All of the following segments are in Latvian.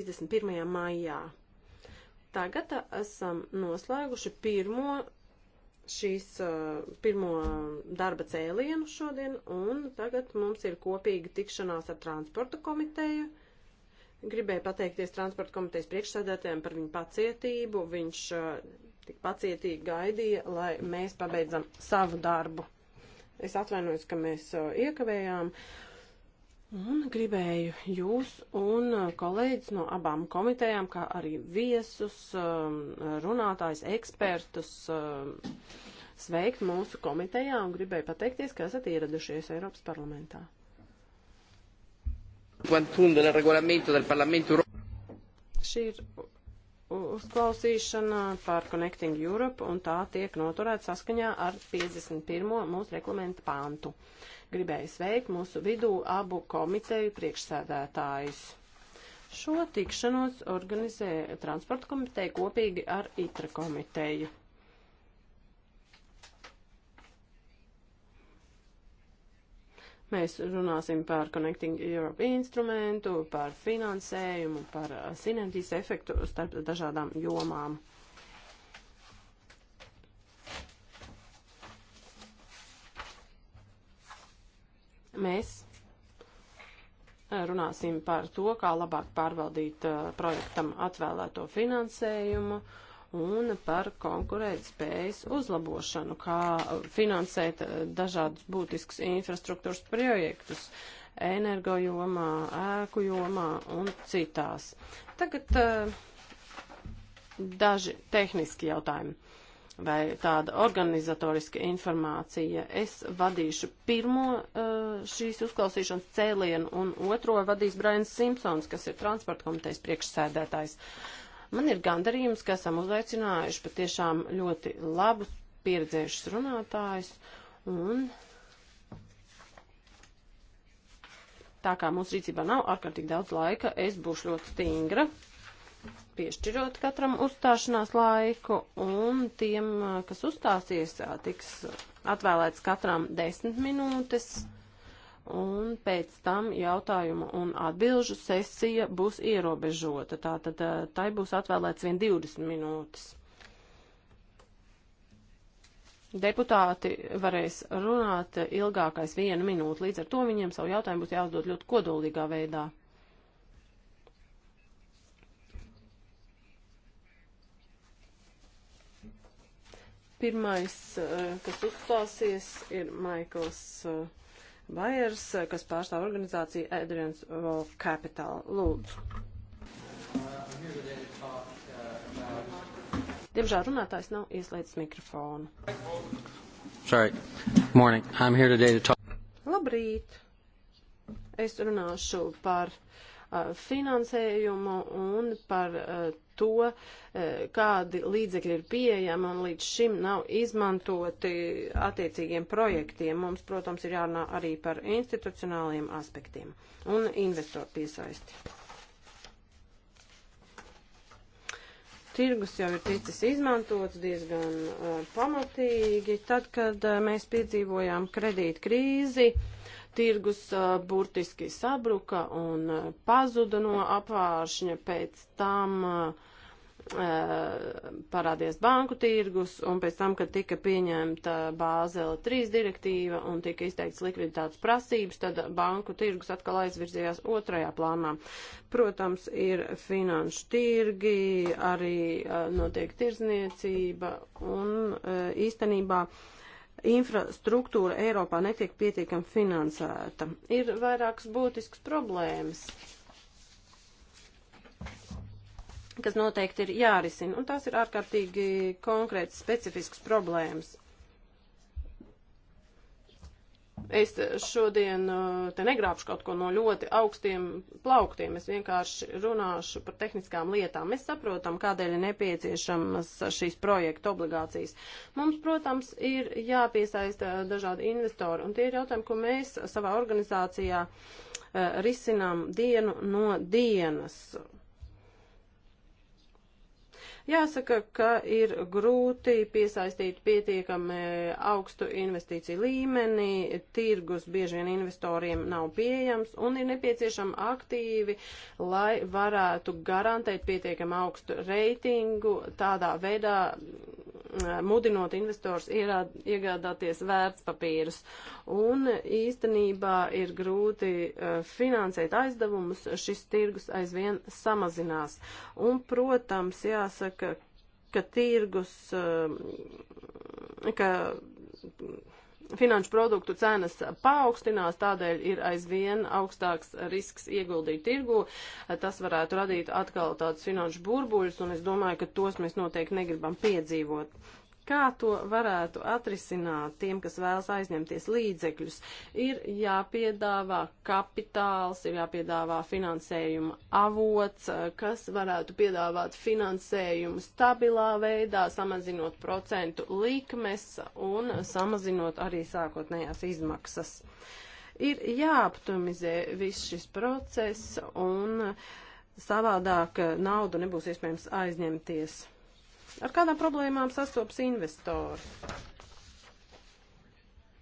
31. maijā. Tagad uh, esam noslēguši pirmo šīs uh, pirmo darba cēlienu šodien, un tagad mums ir kopīga tikšanās ar transporta komiteju. Gribēju pateikties transporta komitejas priekšsēdētājiem par viņu pacietību. Viņš uh, tik pacietīgi gaidīja, lai mēs pabeidzam savu darbu. Es atvainojos, ka mēs iekavējām. Uh, Un gribēju jūs un uh, kolēģis no abām komitejām, kā arī viesus, um, runātājs, ekspertus um, sveikt mūsu komitejā un gribēju pateikties, ka esat ieradušies Eiropas parlamentā. Šī ir uzklausīšana par Connecting Europe, un tā tiek noturēta saskaņā ar 51. mūsu reglamentu pāntu. Gribēju sveikt mūsu vidū abu komiteju priekšsēdētājus. Šo tikšanos organizē transporta komiteja kopīgi ar ITRA komiteju. Mēs runāsim par Connecting Europe instrumentu, par finansējumu, par sinerģijas efektu starp dažādām jomām. Mēs eh, runāsim par to, kā labāk pārvaldīt uh, projektam atvēlēto finansējumu un par konkurētspējas uzlabošanu, kā eh, finansēt dažādus būtiskus infrastruktūras projektus energojomā, ēku jomā un citās. Tagad uh, daži tehniski jautājumi vai tāda organizatoriska informācija. Es vadīšu pirmo uh, šīs uzklausīšanas cēlienu un otro vadīs Brains Simpsons, kas ir transporta komitejas priekšsēdētājs. Man ir gandarījums, ka esam uzaicinājuši patiešām ļoti labus pieredzējušus runātājus un tā kā mūsu rīcībā nav ārkārtīgi daudz laika, es būšu ļoti stingra piešķirot katram uzstāšanās laiku, un tiem, kas uzstāsies, tiks atvēlēts katram desmit minūtes, un pēc tam jautājumu un atbilžu sesija būs ierobežota, tātad tai būs atvēlēts vien 20 minūtes. Deputāti varēs runāt ilgākais vienu minūti, līdz ar to viņiem savu jautājumu būs jāuzdod ļoti kodolīgā veidā. Pirmais, eh, kas uzstāsies, ir Maikls Vairs, eh, eh, kas pārstāv organizāciju Adrians Wall Capital. Lūdzu. Diemžēl runātājs nav ieslēdzis mikrofonu. Sorry. Morning. I'm here today to talk. Labrīt. Es runāšu par uh, Uh, finansējumu un par uh, to, uh, kādi līdzekļi ir pieejami un līdz šim nav izmantoti attiecīgiem projektiem. Mums, protams, ir jārunā arī par institucionāliem aspektiem un investoru piesaisti. tirgus jau ir ticis izmantots diezgan uh, pamatīgi. Tad, kad uh, mēs piedzīvojām kredīt krīzi, uh, tirgus uh, burtiski sabruka un uh, pazuda no apvāršņa, pēc tam uh, parādījās banku tirgus, un pēc tam, kad tika pieņemta Bāzela 3 direktīva un tika izteikts likviditātes prasības, tad banku tirgus atkal aizvirzījās otrajā plānā. Protams, ir finanšu tirgi, arī notiek tirzniecība, un īstenībā uh, infrastruktūra Eiropā netiek pietiekami finansēta. Ir vairākas būtiskas problēmas, kas noteikti ir jārisina, un tās ir ārkārtīgi konkrētas specifiskas problēmas. Es šodien eh, te negrābšu kaut ko no ļoti augstiem plauktiem, es vienkārši runāšu par tehniskām lietām. Mēs saprotam, kādēļ ir nepieciešamas šīs projekta obligācijas. Mums, protams, ir jāpiesaista dažādi investori, un tie ir jautājumi, ko mēs savā organizācijā eh, risinām dienu no dienas Jāsaka, ka ir grūti piesaistīt pietiekami augstu investīciju līmeni, tirgus bieži vien investoriem nav pieejams un ir nepieciešama aktīvi, lai varētu garantēt pietiekami augstu reitingu tādā veidā mudinot investors ierād, iegādāties vērtspapīrus. Un īstenībā ir grūti uh, finansēt aizdevumus, šis tirgus aizvien samazinās. Un, protams, jāsaka, jāsaka, ka tirgus, um, ka finanšu produktu cenas paaugstinās, tādēļ ir aizvien augstāks risks ieguldīt tirgu. Tas varētu radīt atkal tādus finanšu burbuļus, un es domāju, ka tos mēs noteikti negribam piedzīvot. Kā to varētu atrisināt tiem, kas vēlas aizņemties līdzekļus? Ir jāpiedāvā kapitāls, ir jāpiedāvā finansējuma avots, eh, kas varētu piedāvāt finansējumu stabilā veidā, samazinot procentu likmes un samazinot arī sākotnējās izmaksas. Ir jāoptimizē viss šis process un savādāk naudu nebūs iespējams aizņemties. Ar kādām problēmām sastopas investors?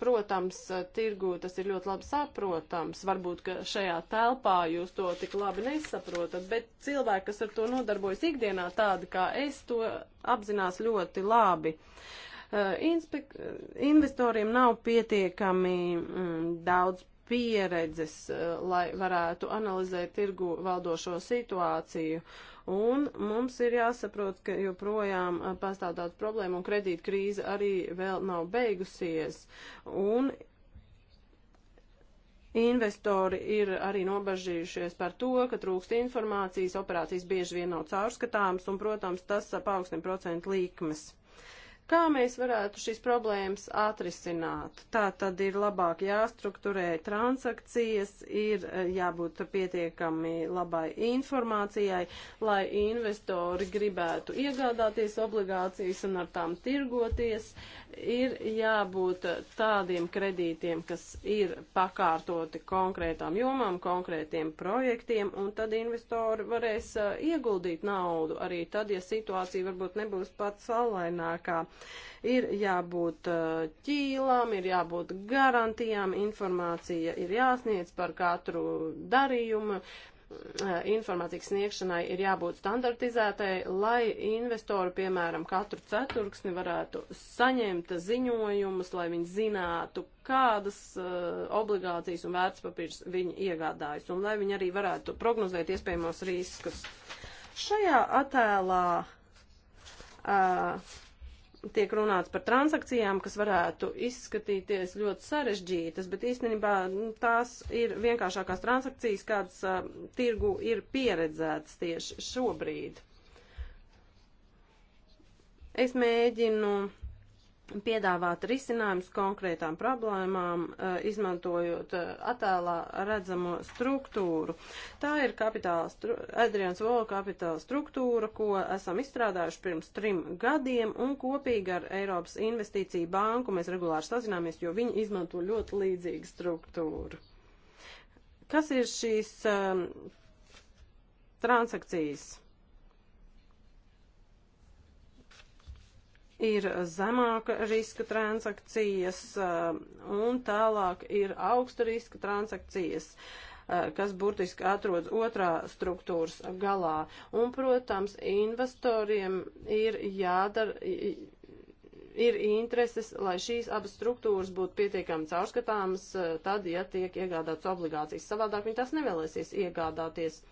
Protams, tirgū tas ir ļoti labi saprotams. Varbūt, ka šajā telpā jūs to tik labi nesaprotat, bet cilvēki, kas ar to nodarbojas ikdienā, tādi kā es, to apzinās ļoti labi. Eh, inspek eh, investoriem nav pietiekami mm, daudz pieredzes, eh, lai varētu analizēt tirgu valdošo situāciju. Uh, Un mums ir jāsaprot, ka joprojām uh, pastāv daudz problēmu un kredīt krīze arī vēl nav beigusies. Un Investori ir arī nobažījušies par to, ka trūkst informācijas, operācijas bieži vien nav caurskatāmas un, protams, tas uh, paaugstina procentu likmes. Kā mēs varētu šīs problēmas atrisināt? Tā tad ir labāk jāstrukturē transakcijas, ir eh, jābūt pietiekami labai informācijai, lai investori gribētu iegādāties obligācijas un ar tām tirgoties. Ir jābūt tādiem kredītiem, kas ir pakārtoti konkrētām jomām, konkrētiem projektiem, un tad investori varēs eh, ieguldīt naudu arī tad, ja situācija varbūt nebūs pats saulainākā. Ir jābūt uh, ķīlām, ir jābūt garantijām, informācija ir jāsniedz par katru darījumu, uh, informācijas sniegšanai ir jābūt standartizētai, lai investori, piemēram, katru ceturksni varētu saņemt ziņojumus, lai viņi zinātu, kādas uh, obligācijas un vērtspapīrs viņi iegādājas, un lai viņi arī varētu prognozēt iespējamos riskus. Šajā attēlā uh, tiek runāts par transakcijām, kas varētu izskatīties ļoti sarežģītas, bet īstenībā nu, tās ir vienkāršākās transakcijas, kādas uh, tirgu ir pieredzētas tieši šobrīd. Es mēģinu piedāvāt risinājumus konkrētām problēmām, e, izmantojot e, attēlā redzamo struktūru. Tā ir kapitāla, stru... Adrians Vola kapitāla struktūra, ko esam izstrādājuši pirms trim gadiem, un kopīgi ar Eiropas investīciju banku mēs regulāri sazināmies, jo viņi izmanto ļoti līdzīgu struktūru. Kas ir šīs um, transakcijas? ir zemāka riska transakcijas eh, un tālāk ir augsta riska transakcijas eh, kas burtiski atrodas otrā struktūras galā. Un, protams, investoriem ir jādara, ir intereses, lai šīs abas struktūras būtu pietiekami caurskatāmas, eh, tad, ja tiek iegādāts obligācijas. Savādāk viņi tās nevēlēsies iegādāties.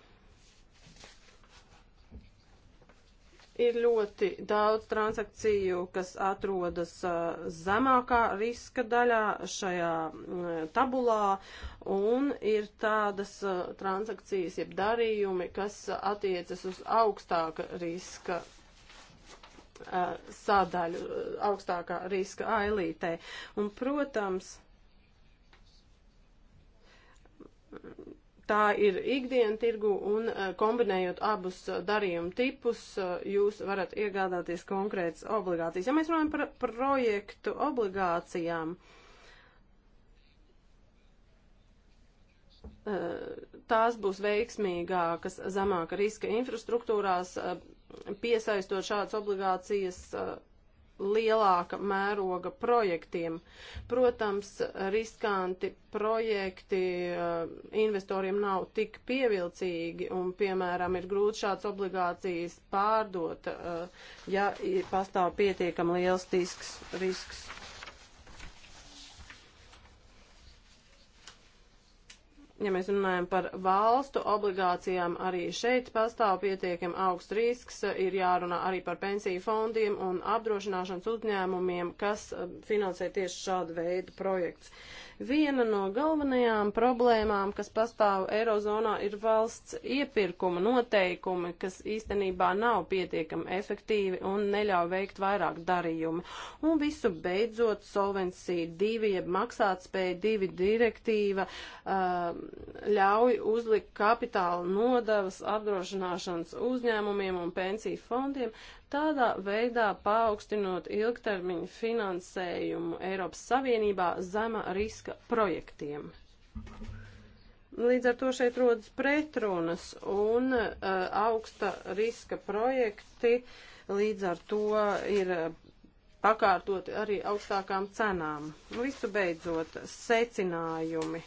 ir ļoti daudz transakciju, kas atrodas zemākā riska daļā šajā tabulā, un ir tādas transakcijas, jeb darījumi, kas attiecas uz augstāka riska sadaļu, augstākā riska ailītē. Un, protams, tā ir ikdienu tirgu un eh, kombinējot abus eh, darījumu tipus, eh, jūs varat iegādāties konkrētas obligācijas. Ja mēs runājam par projektu obligācijām, tās būs veiksmīgākas zamāka riska infrastruktūrās, piesaistot šādas obligācijas lielāka mēroga projektiem. Protams, riskanti projekti eh, investoriem nav tik pievilcīgi un, piemēram, ir grūti šāds obligācijas pārdot, eh, ja pastāv pietiekam liels tisks, risks. ja mēs runājam par valstu obligācijām, arī šeit pastāv pietiekami augsts risks. Ir jārunā arī par pensiju fondiem un apdrošināšanas uzņēmumiem, kas eh, finansē tieši šādu veidu projekts. Viena no galvenajām problēmām, kas pastāv Eirozonā, ir valsts iepirkuma noteikumi, kas īstenībā nav pietiekami efektīvi un neļauj veikt vairāk darījumu. Un visu beidzot Solvency 2, jeb maksātspēja 2 direktīva um, ļauj uzlikt kapitāla nodevas apdrošināšanas uzņēmumiem un pensiju fondiem, Tādā veidā paaugstinot ilgtermiņu finansējumu Eiropas Savienībā zema riska projektiem. Līdz ar to šeit rodas pretrunas un uh, augsta riska projekti līdz ar to ir pakārtoti arī augstākām cenām. Visu beidzot secinājumi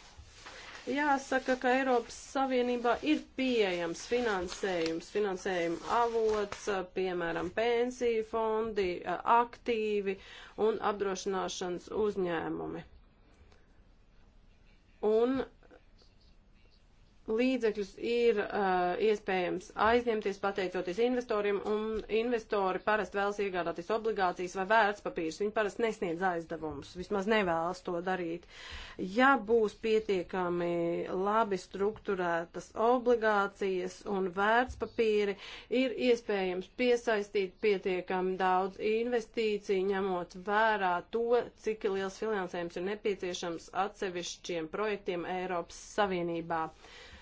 Jāsaka, ka Eiropas Savienībā ir pieejams finansējums, finansējuma avots, piemēram, pensiju fondi, aktīvi un apdrošināšanas uzņēmumi. Un līdzekļus ir uh, iespējams aizņemties pateicoties investoriem, un investori parasti vēlas iegādāties obligācijas vai vērtspapīrus. Viņi parasti nesniedz aizdevumus, vismaz nevēlas to darīt. Ja būs pietiekami labi strukturētas obligācijas un vērtspapīri, ir iespējams piesaistīt pietiekami daudz investīciju, ņemot vērā to, cik liels finansējums ir nepieciešams atsevišķiem projektiem Eiropas Savienībā. Thank you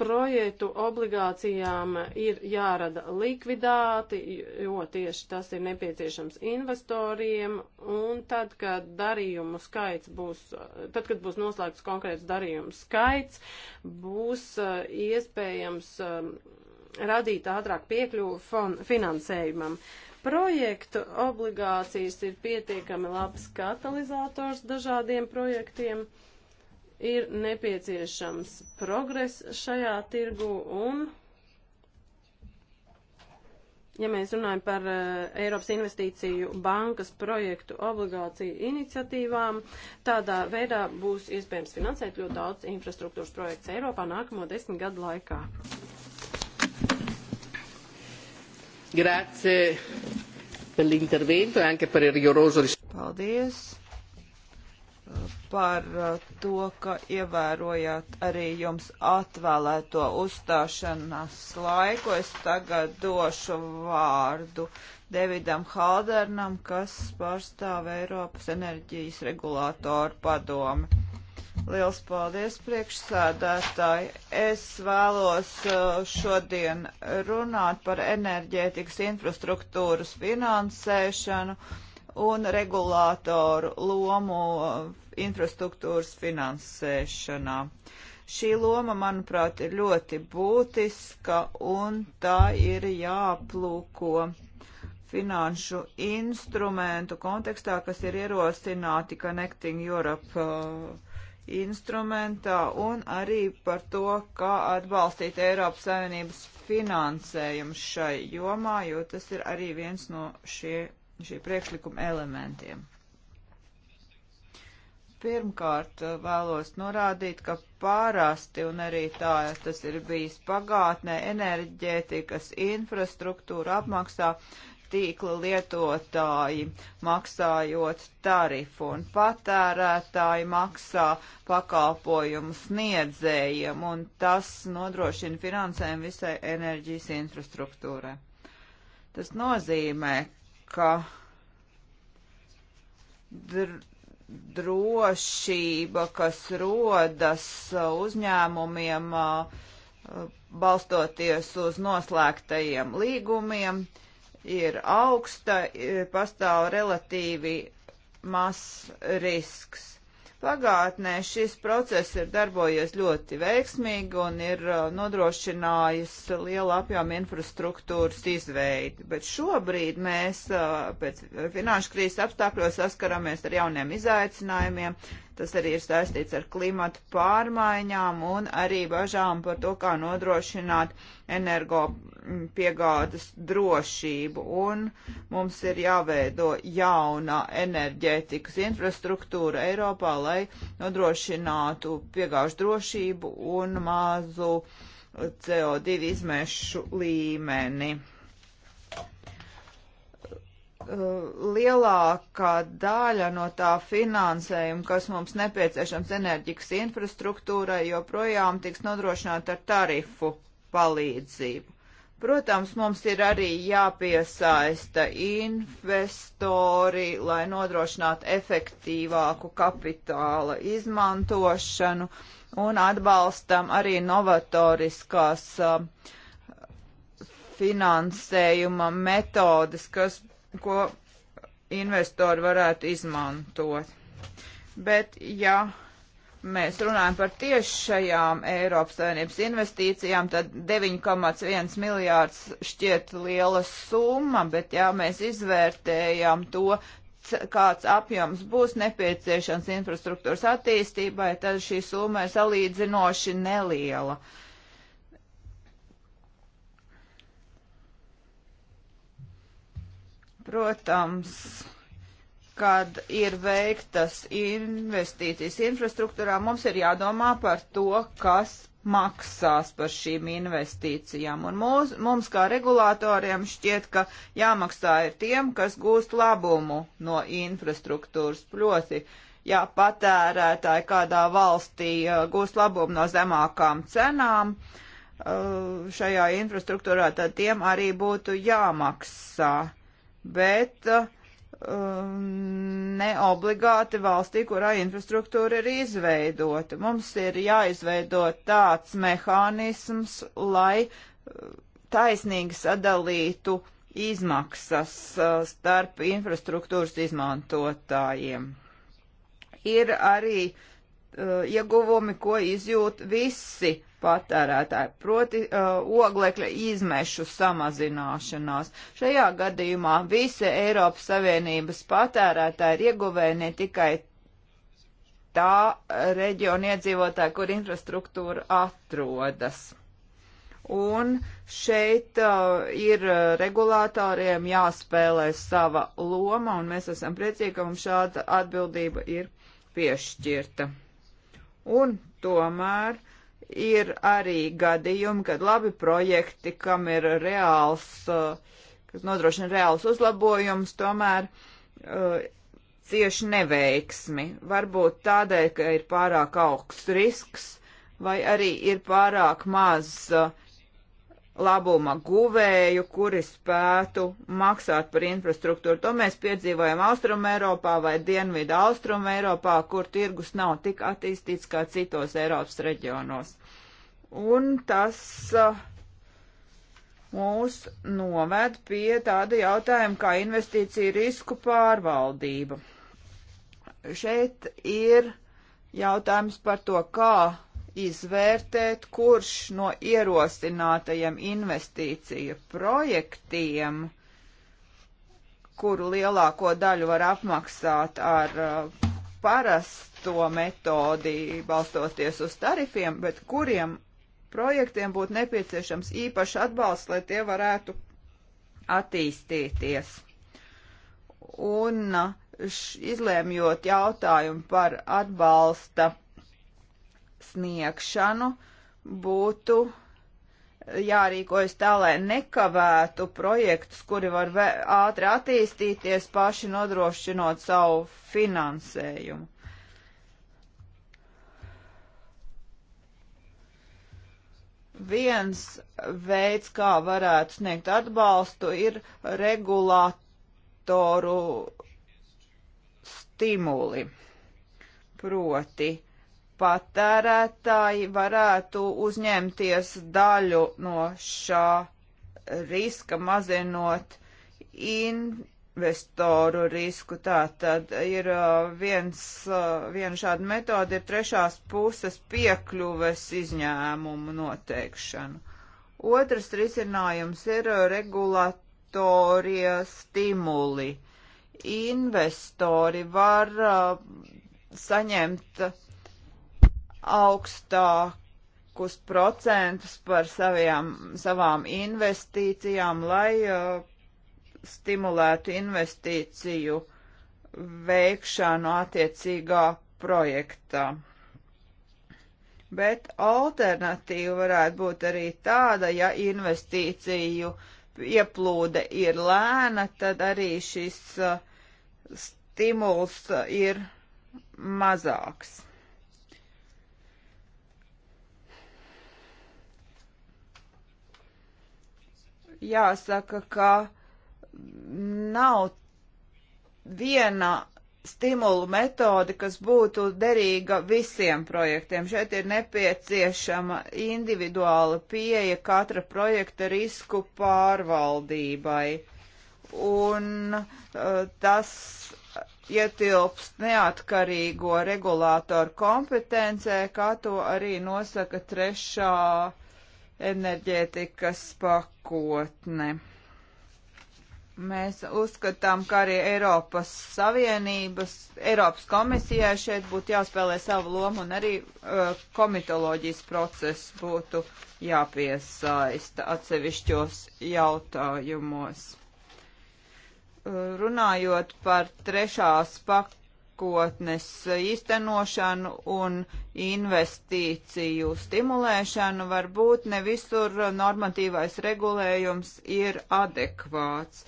projektu obligācijām ir jārada likvidāti, jo tieši tas ir nepieciešams investoriem, un tad, kad darījumu skaits būs, tad, kad būs noslēgts konkrēts darījumu skaits, būs uh, iespējams uh, radīt ātrāk piekļuvu finansējumam. Projektu obligācijas ir pietiekami labs katalizators dažādiem projektiem. Uh, Ir nepieciešams progress šajā tirgu un, ja mēs runājam par uh, Eiropas investīciju bankas projektu obligāciju iniciatīvām, tādā veidā būs iespējams finansēt ļoti daudz infrastruktūras projekts Eiropā nākamo desmit gadu laikā. Grazie per l'intervento e anche per il rigoroso risposto. Paldies par uh, to, ka ievērojāt arī jums atvēlēto uzstāšanās laiku. Es tagad došu vārdu Davidam Haldernam, kas pārstāv Eiropas enerģijas regulātoru padomi. Liels paldies priekšsēdētāji. Es vēlos uh, šodien runāt par enerģētikas infrastruktūras finansēšanu un regulātoru lomu infrastruktūras finansēšanā. Šī loma, manuprāt, ir ļoti būtiska un tā ir jāplūko finanšu instrumentu kontekstā, kas ir ierosināti Connecting Europe uh, instrumentā un arī par to, kā atbalstīt Eiropas Savienības finansējumu šai jomā, jo tas ir arī viens no šie šī priekšlikuma elementiem. Pirmkārt, eh, vēlos norādīt, ka pārasti, un arī tā tas ir bijis pagātnē, enerģētikas infrastruktūra apmaksā tīkla lietotāji, maksājot tarifu, un patērētāji maksā pakalpojumu sniedzējiem, un tas nodrošina finansējumu visai enerģijas infrastruktūrai. Tas nozīmē, ka dr drošība, kas rodas uzņēmumiem, balstoties uz noslēgtajiem līgumiem, ir augsta, pastāv relatīvi mazs risks. Pagātnē šis process ir darbojies ļoti veiksmīgi un ir uh, nodrošinājis lielu apjomu infrastruktūras izveidi, bet šobrīd mēs uh, pēc finanšu krīzes apstākļos saskaramies ar jauniem izaicinājumiem, Tas arī ir saistīts ar klimatu pārmaiņām un arī bažām par to, kā nodrošināt energo mm, piegādes drošību. Un mums ir jāveido jauna enerģētikas infrastruktūra Eiropā, lai nodrošinātu piegāžu drošību un mazu CO2 izmešu līmeni. Uh, lielākā daļa no tā finansējuma, kas mums nepieciešams enerģikas infrastruktūrai, joprojām tiks nodrošināta ar tarifu palīdzību. Protams, mums ir arī jāpiesaista investori, lai nodrošinātu efektīvāku kapitāla izmantošanu un atbalstam arī novatoriskās uh, finansējuma metodes, kas ko investori varētu izmantot. Bet, ja mēs runājam par tiešajām Eiropas Savienības investīcijām, tad 9,1 miljārds šķiet liela summa, bet ja mēs izvērtējam to, kāds apjoms būs nepieciešams infrastruktūras attīstībai, tad šī summa ir salīdzinoši neliela. Uh, Protams, kad ir veiktas investīcijas infrastruktūrā, mums ir jādomā par to, kas maksās par šīm investīcijām. Un mūs, mums, kā regulātoriem, šķiet, ka jāmaksā ir tiem, kas gūst labumu no infrastruktūras. Proti, ja patērētāji kādā valstī uh, gūst labumu no zemākām cenām uh, šajā infrastruktūrā, tad tiem arī būtu jāmaksā bet uh, um, ne obligāti valstī, kurā infrastruktūra ir izveidota. Mums ir jāizveido tāds mehānisms, lai uh, taisnīgi sadalītu izmaksas uh, starp infrastruktūras izmantotājiem. Ir arī uh, Uh, ieguvumi, ko izjūt visi patērētāji, proti uh, oglekļa izmešu samazināšanās. Šajā gadījumā visi Eiropas Savienības patērētāji ir ieguvēji ne tikai tā reģiona iedzīvotāji, kur infrastruktūra atrodas. Un šeit uh, ir regulātoriem jāspēlē sava loma, un mēs esam priecīgi, ka mums šāda atbildība ir piešķirta. Un tomēr ir arī gadījumi, kad labi projekti, kam ir reāls, eh, kas nodrošina reāls uzlabojums, tomēr uh, cieši neveiksmi. Varbūt tādēļ, ka ir pārāk augsts risks vai arī ir pārāk maz uh, labuma guvēju, kuri spētu maksāt par infrastruktūru. To mēs piedzīvojam Austrum Eiropā vai Dienvidu Austrum Eiropā, kur tirgus nav tik attīstīts kā citos Eiropas reģionos. Un tas uh, mūs noved pie tāda jautājuma kā investīcija risku pārvaldība. Šeit ir jautājums par to, kā izvērtēt, kurš no ierosinātajiem investīciju projektiem, kuru lielāko daļu var apmaksāt ar uh, parasto metodi, balstoties uz tarifiem, bet kuriem projektiem būtu nepieciešams īpaši atbalsts, lai tie varētu attīstīties. Un uh, š, izlēmjot jautājumu par atbalsta sniegšanu būtu jārīkojas tā, lai nekavētu projektus, kuri var ātri attīstīties, paši nodrošinot savu finansējumu. Viens veids, kā varētu sniegt atbalstu, ir regulātoru stimuli. Proti, patērētāji varētu uzņemties daļu no šā riska, mazinot investoru risku. Tātad ir viens, viena šāda metode ir trešās puses piekļuves izņēmumu noteikšana. Otrs risinājums ir regulatorie stimuli. Investori var saņemt uh, augstākus procentus par savajām, savām investīcijām, lai uh, stimulētu investīciju veikšanu attiecīgā projektā. Bet alternatīva varētu būt arī tāda, ja investīciju ieplūde ir lēna, tad arī šis uh, stimuls ir mazāks. jāsaka, ka nav viena stimulu metodi, kas būtu derīga visiem projektiem. Šeit ir nepieciešama individuāla pieeja katra projekta risku pārvaldībai. Un eh, tas ietilpst neatkarīgo regulātoru kompetencē, kā to arī nosaka trešā enerģētikas pakotne. Mēs uzskatām, ka arī Eiropas Savienības, Eiropas komisijai šeit būtu jāspēlē savu lomu un arī uh, komitoloģijas process būtu jāpiesaista atsevišķos jautājumos. Uh, runājot par trešās pak nākotnes īstenošanu un investīciju stimulēšanu, varbūt ne visur normatīvais regulējums ir adekvāts.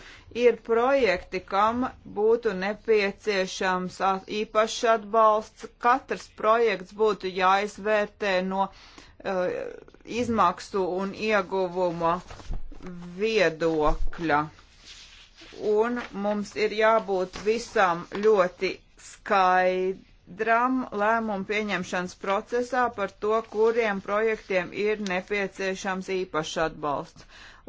Ir projekti, kam būtu nepieciešams īpašs atbalsts. Katrs projekts būtu jāizvērtē no uh, izmaksu un ieguvuma viedokļa un mums ir jābūt visam ļoti skaidram lēmumu pieņemšanas procesā par to, kuriem projektiem ir nepieciešams īpašs atbalsts.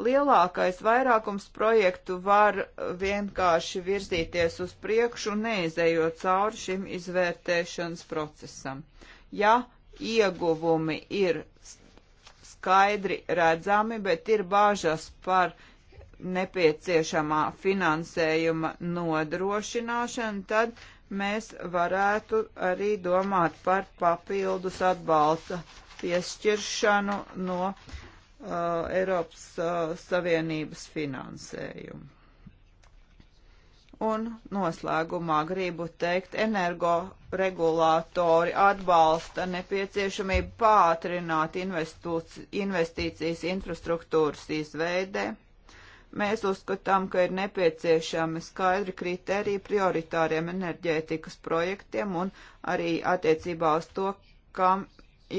Lielākais vairākums projektu var vienkārši virzīties uz priekšu, neizējot cauri šim izvērtēšanas procesam. Ja ieguvumi ir skaidri redzami, bet ir bāžas par nepieciešamā finansējuma nodrošināšanu, tad mēs varētu arī domāt par papildus atbalsta piešķiršanu no uh, Eiropas uh, Savienības finansējumu. Un noslēgumā gribu teikt, energoregulātori atbalsta nepieciešamību pātrināt investīcijas infrastruktūras izveidē Mēs uzskatām, ka ir nepieciešami skaidri kriteriji prioritāriem enerģētikas projektiem un arī attiecībā uz to, kam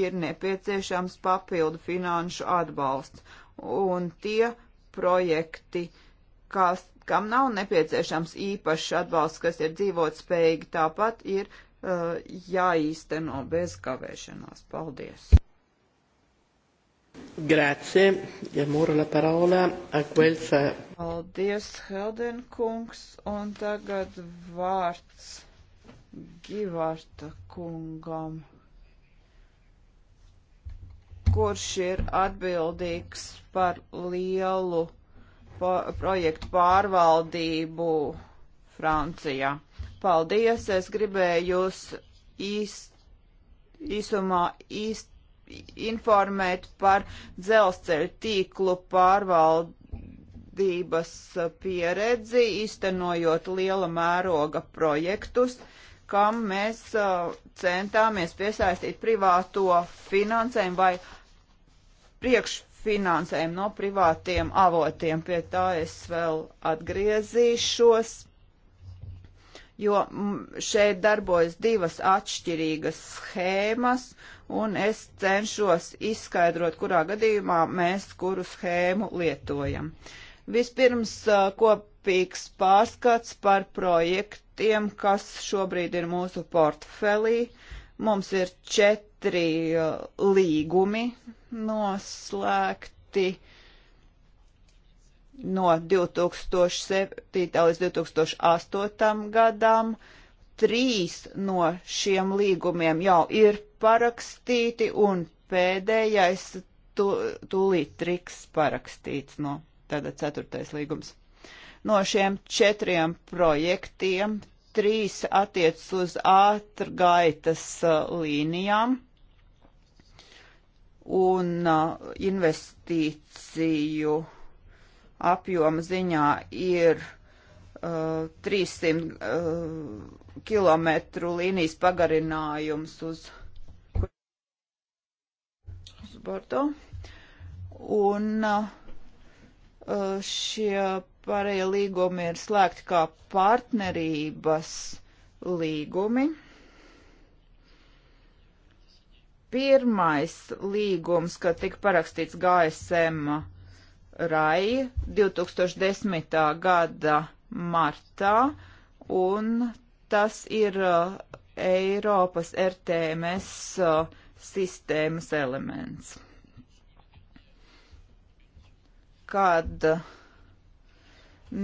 ir nepieciešams papildu finanšu atbalsts. Un tie projekti, kas, kam nav nepieciešams īpašs atbalsts, kas ir dzīvot spējīgi, tāpat ir uh, jāīsteno bez kavēšanās. Paldies! Grācie, ja mūra la parola, Aguelfa. Paldies, Heldenkungs, un tagad vārds Givarta kungam, kurš ir atbildīgs par lielu po projektu pārvaldību Francijā. Paldies, es gribēju jūs īst, īsumā īst informēt par dzelzceļa tīklu pārvaldības uh, pieredzi, iztenojot liela mēroga projektus, kam mēs uh, centāmies piesaistīt privāto finansējumu vai priekšfinansējumu no privātiem avotiem. Pie tā es vēl atgriezīšos jo mm, šeit darbojas divas atšķirīgas schēmas, un es cenšos izskaidrot, kurā gadījumā mēs kuru schēmu lietojam. Vispirms kopīgs pārskats par projektiem, kas šobrīd ir mūsu portfelī. Mums ir četri līgumi noslēgti no 2007. līdz 2008. gadam. Trīs no šiem līgumiem jau ir parakstīti un pēdējais tu, tūlīt triks parakstīts no tātad ceturtais līgums. No šiem četriem projektiem trīs attiec uz ātrgaitas uh, līnijām un uh, investīciju apjoma ziņā ir uh, 300 uh, kilometru līnijas pagarinājums uz, uz Bordo. Un uh, šie pārējie līgumi ir slēgti kā partnerības līgumi. Pirmais līgums, kad tika parakstīts GSM RAI 2010. gada martā, un Tas ir uh, Eiropas RTMS uh, sistēmas elements. Kad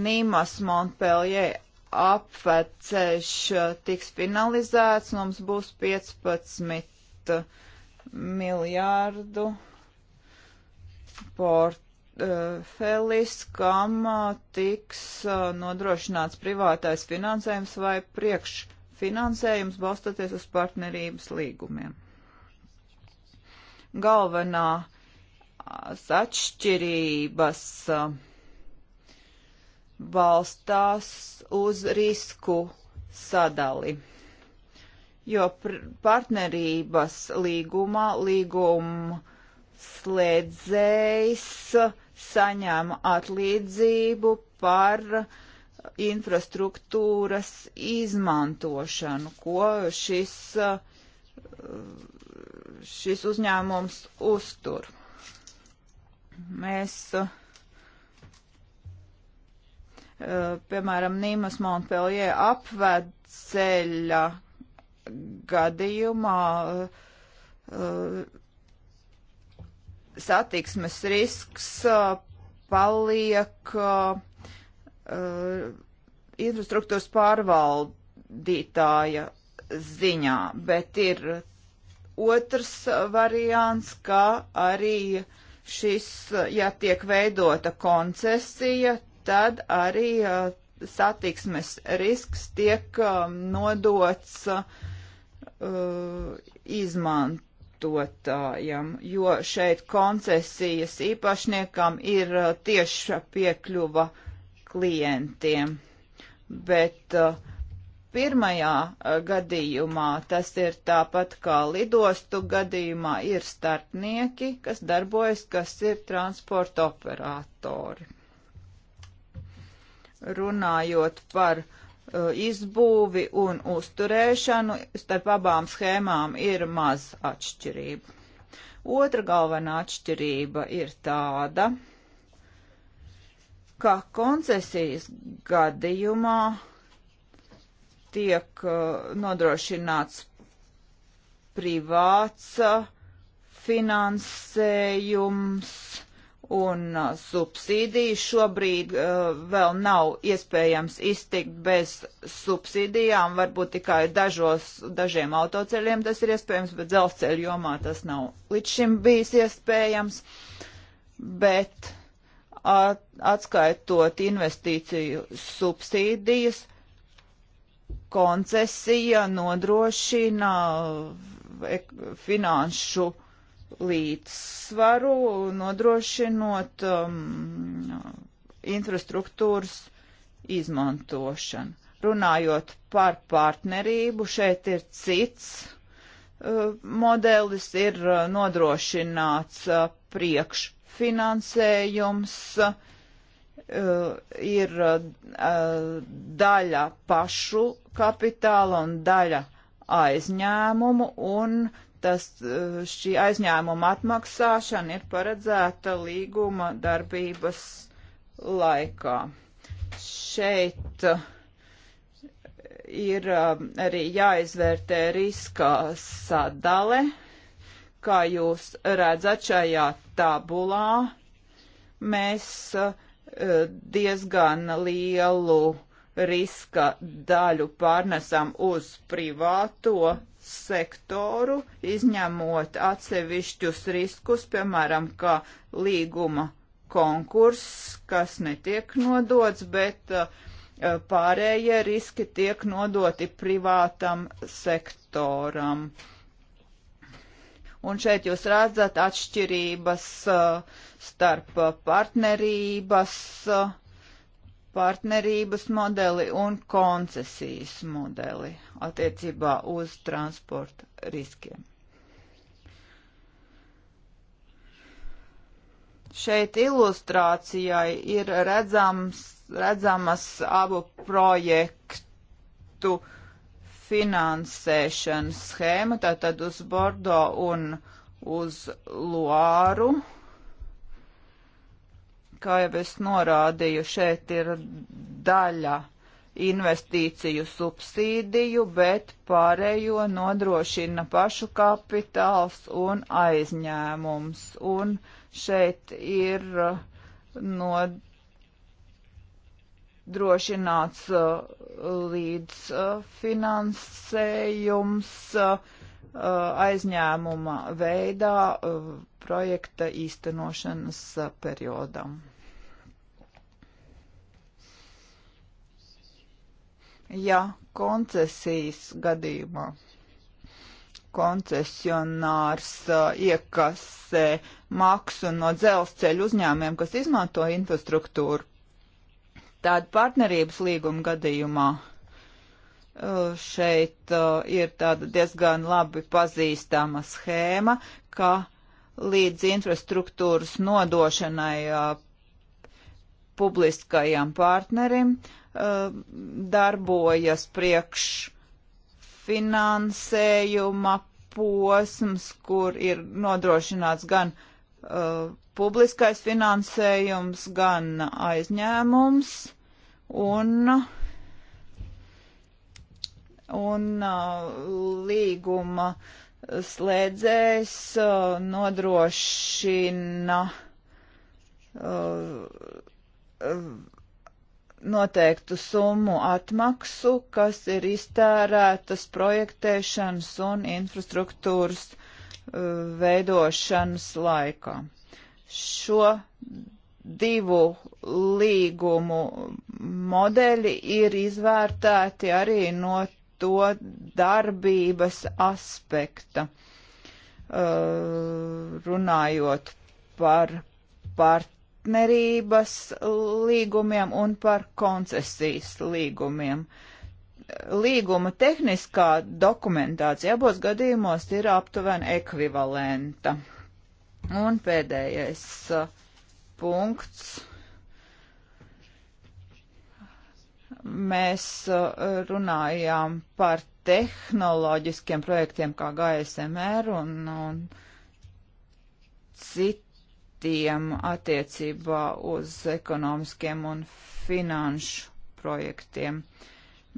Nīmas Montpellier apveceļš uh, tiks finalizēts, mums būs 15 uh, miljārdu portu portfelis, eh, kam eh, tiks eh, nodrošināts privātais finansējums vai priekšfinansējums balstoties uz partnerības līgumiem. Galvenā atšķirības balstās uz risku sadali jo partnerības līgumā līguma slēdzējs saņēma atlīdzību par infrastruktūras izmantošanu, ko šis, šis uzņēmums uztur. Mēs, piemēram, Nīmas Montpellier apvedceļa gadījumā satiksmes risks uh, paliek uh, uh, infrastruktūras pārvaldītāja ziņā, bet ir otrs variants, ka arī šis, ja tiek veidota koncesija, tad arī satiksmes risks tiek um, nodots uh, izmant lietotājam, jo šeit koncesijas īpašniekam ir uh, tieša piekļuva klientiem. Bet uh, pirmajā uh, gadījumā tas ir tāpat kā lidostu gadījumā ir starpnieki, kas darbojas, kas ir transporta operatori. Runājot par uh, Uh, izbūvi un uzturēšanu, starp abām schēmām ir maz atšķirība. Otra galvenā atšķirība ir tāda, ka koncesijas gadījumā tiek uh, nodrošināts privāts uh, finansējums un uh, subsīdijas. Šobrīd uh, vēl nav iespējams iztikt bez subsīdijām, varbūt tikai dažos, dažiem autoceļiem tas ir iespējams, bet dzelzceļu jomā tas nav līdz šim bijis iespējams. Bet at, atskaitot investīciju subsīdijas, koncesija nodrošina uh, finanšu uh, līdzsvaru, nodrošinot um, infrastruktūras izmantošanu. Runājot par partnerību, šeit ir cits uh, modelis, ir uh, nodrošināts uh, priekšfinansējums, uh, ir uh, daļa pašu kapitāla un daļa aizņēmumu, un tas, eh, šī aizņēmuma atmaksāšana ir paredzēta līguma darbības laikā. Šeit eh, ir eh, arī jāizvērtē riska sadale, kā jūs redzat šajā tabulā. Mēs diezgan lielu riska daļu pārnesam uz privāto sektoru, izņemot atsevišķus riskus, piemēram, kā līguma konkurss, kas netiek nodots, bet uh, pārējie riski tiek nodoti privātam sektoram. Un šeit jūs redzat atšķirības uh, starp partnerības uh, partnerības modeli un koncesijas modeli attiecībā uz transporta riskiem. Šeit ilustrācijai ir redzams, redzamas abu projektu finansēšanas schēma, tātad uz Bordo un uz Loāru. Kā jau es norādīju, šeit ir daļa investīciju subsīdiju, bet pārējo nodrošina pašu kapitāls un aizņēmums. Un šeit ir uh, nodrošināts uh, līdzfinansējums uh, aizņēmuma veidā projekta īstenošanas periodam. ja koncesijas gadījumā koncesionārs uh, iekasē maksu no dzelzceļu uzņēmiem, kas izmanto infrastruktūru, tad partnerības līguma gadījumā uh, šeit uh, ir tāda diezgan labi pazīstama schēma, ka līdz infrastruktūras nodošanai publiskajam partnerim eh, darbojas priekš finansējuma posms, kur ir nodrošināts gan uh, publiskais finansējums, gan aizņēmums, un, un uh, līguma slēdzējs uh, nodrošina uh, noteiktu summu atmaksu, kas ir iztērētas projektēšanas un infrastruktūras uh, veidošanas laikā. Šo divu līgumu modeļi ir izvērtēti arī no to darbības aspekta, uh, runājot par partiju partnerības līgumiem un par koncesijas līgumiem. Līguma tehniskā dokumentācija abos gadījumos ir aptuveni ekvivalenta. Un pēdējais uh, punkts. Mēs uh, runājām par tehnoloģiskiem projektiem kā GSMR un, un citu projektiem attiecībā uz ekonomiskiem un finanšu projektiem.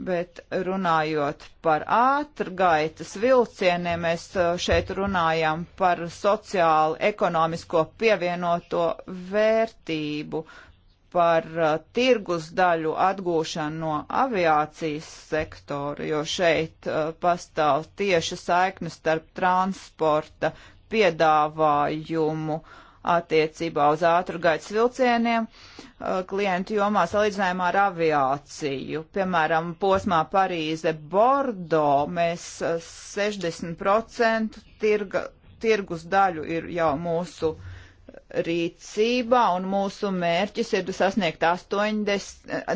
Bet runājot par ātrgaitas vilcieniem, mēs uh, šeit runājam par sociāli ekonomisko pievienoto vērtību, par uh, tirgus daļu atgūšanu no aviācijas sektora, jo šeit uh, pastāv tieša saikne starp transporta piedāvājumu uh, attiecībā uz ātrgaitas vilcieniem uh, klientu jomā salīdzinājumā ar aviāciju. Piemēram, posmā Parīze-Bordo mēs 60% uh, tirga, tirgus daļu ir jau mūsu rīcībā, un mūsu mērķis ir sasniegt 80,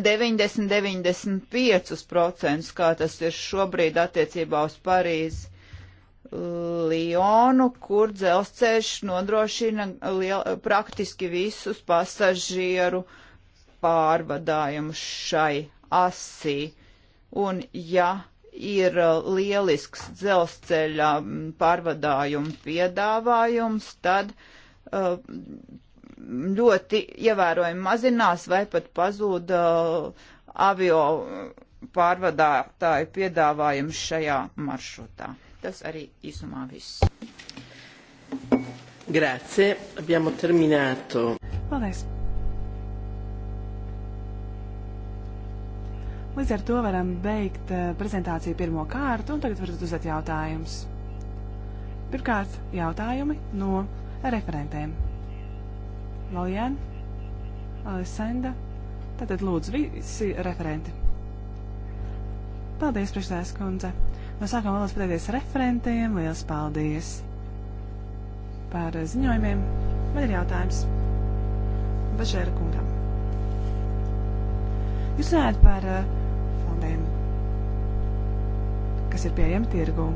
90, 95%, kā tas ir šobrīd attiecībā uz Parīzi Lionu, kur dzelzceļš nodrošina liel, praktiski visus pasažieru pārvadājumus šai asī. Un ja ir lielisks dzelzceļa pārvadājumu piedāvājums, tad uh, ļoti ievērojami mazinās vai pat pazūda uh, avio pārvadātāju piedāvājums šajā maršrutā. Tas arī īsumā viss. Grazie, abbiamo terminato. Paldies. Līdz ar to varam beigt eh, prezentāciju pirmo kārtu, un tagad varat uzdot jautājumus. Pirmkārt, jautājumi no referentēm. Valjēn, Alessandra, tātad lūdzu visi referenti. Paldies, priekšsēdētājas kundze! No sākuma vēlos pateikties referentiem. Lielas paldies par ziņojumiem. Man ir jautājums Bažēra kungam. Jūs runājat par eh, fondiem, kas ir pieejami tirgū.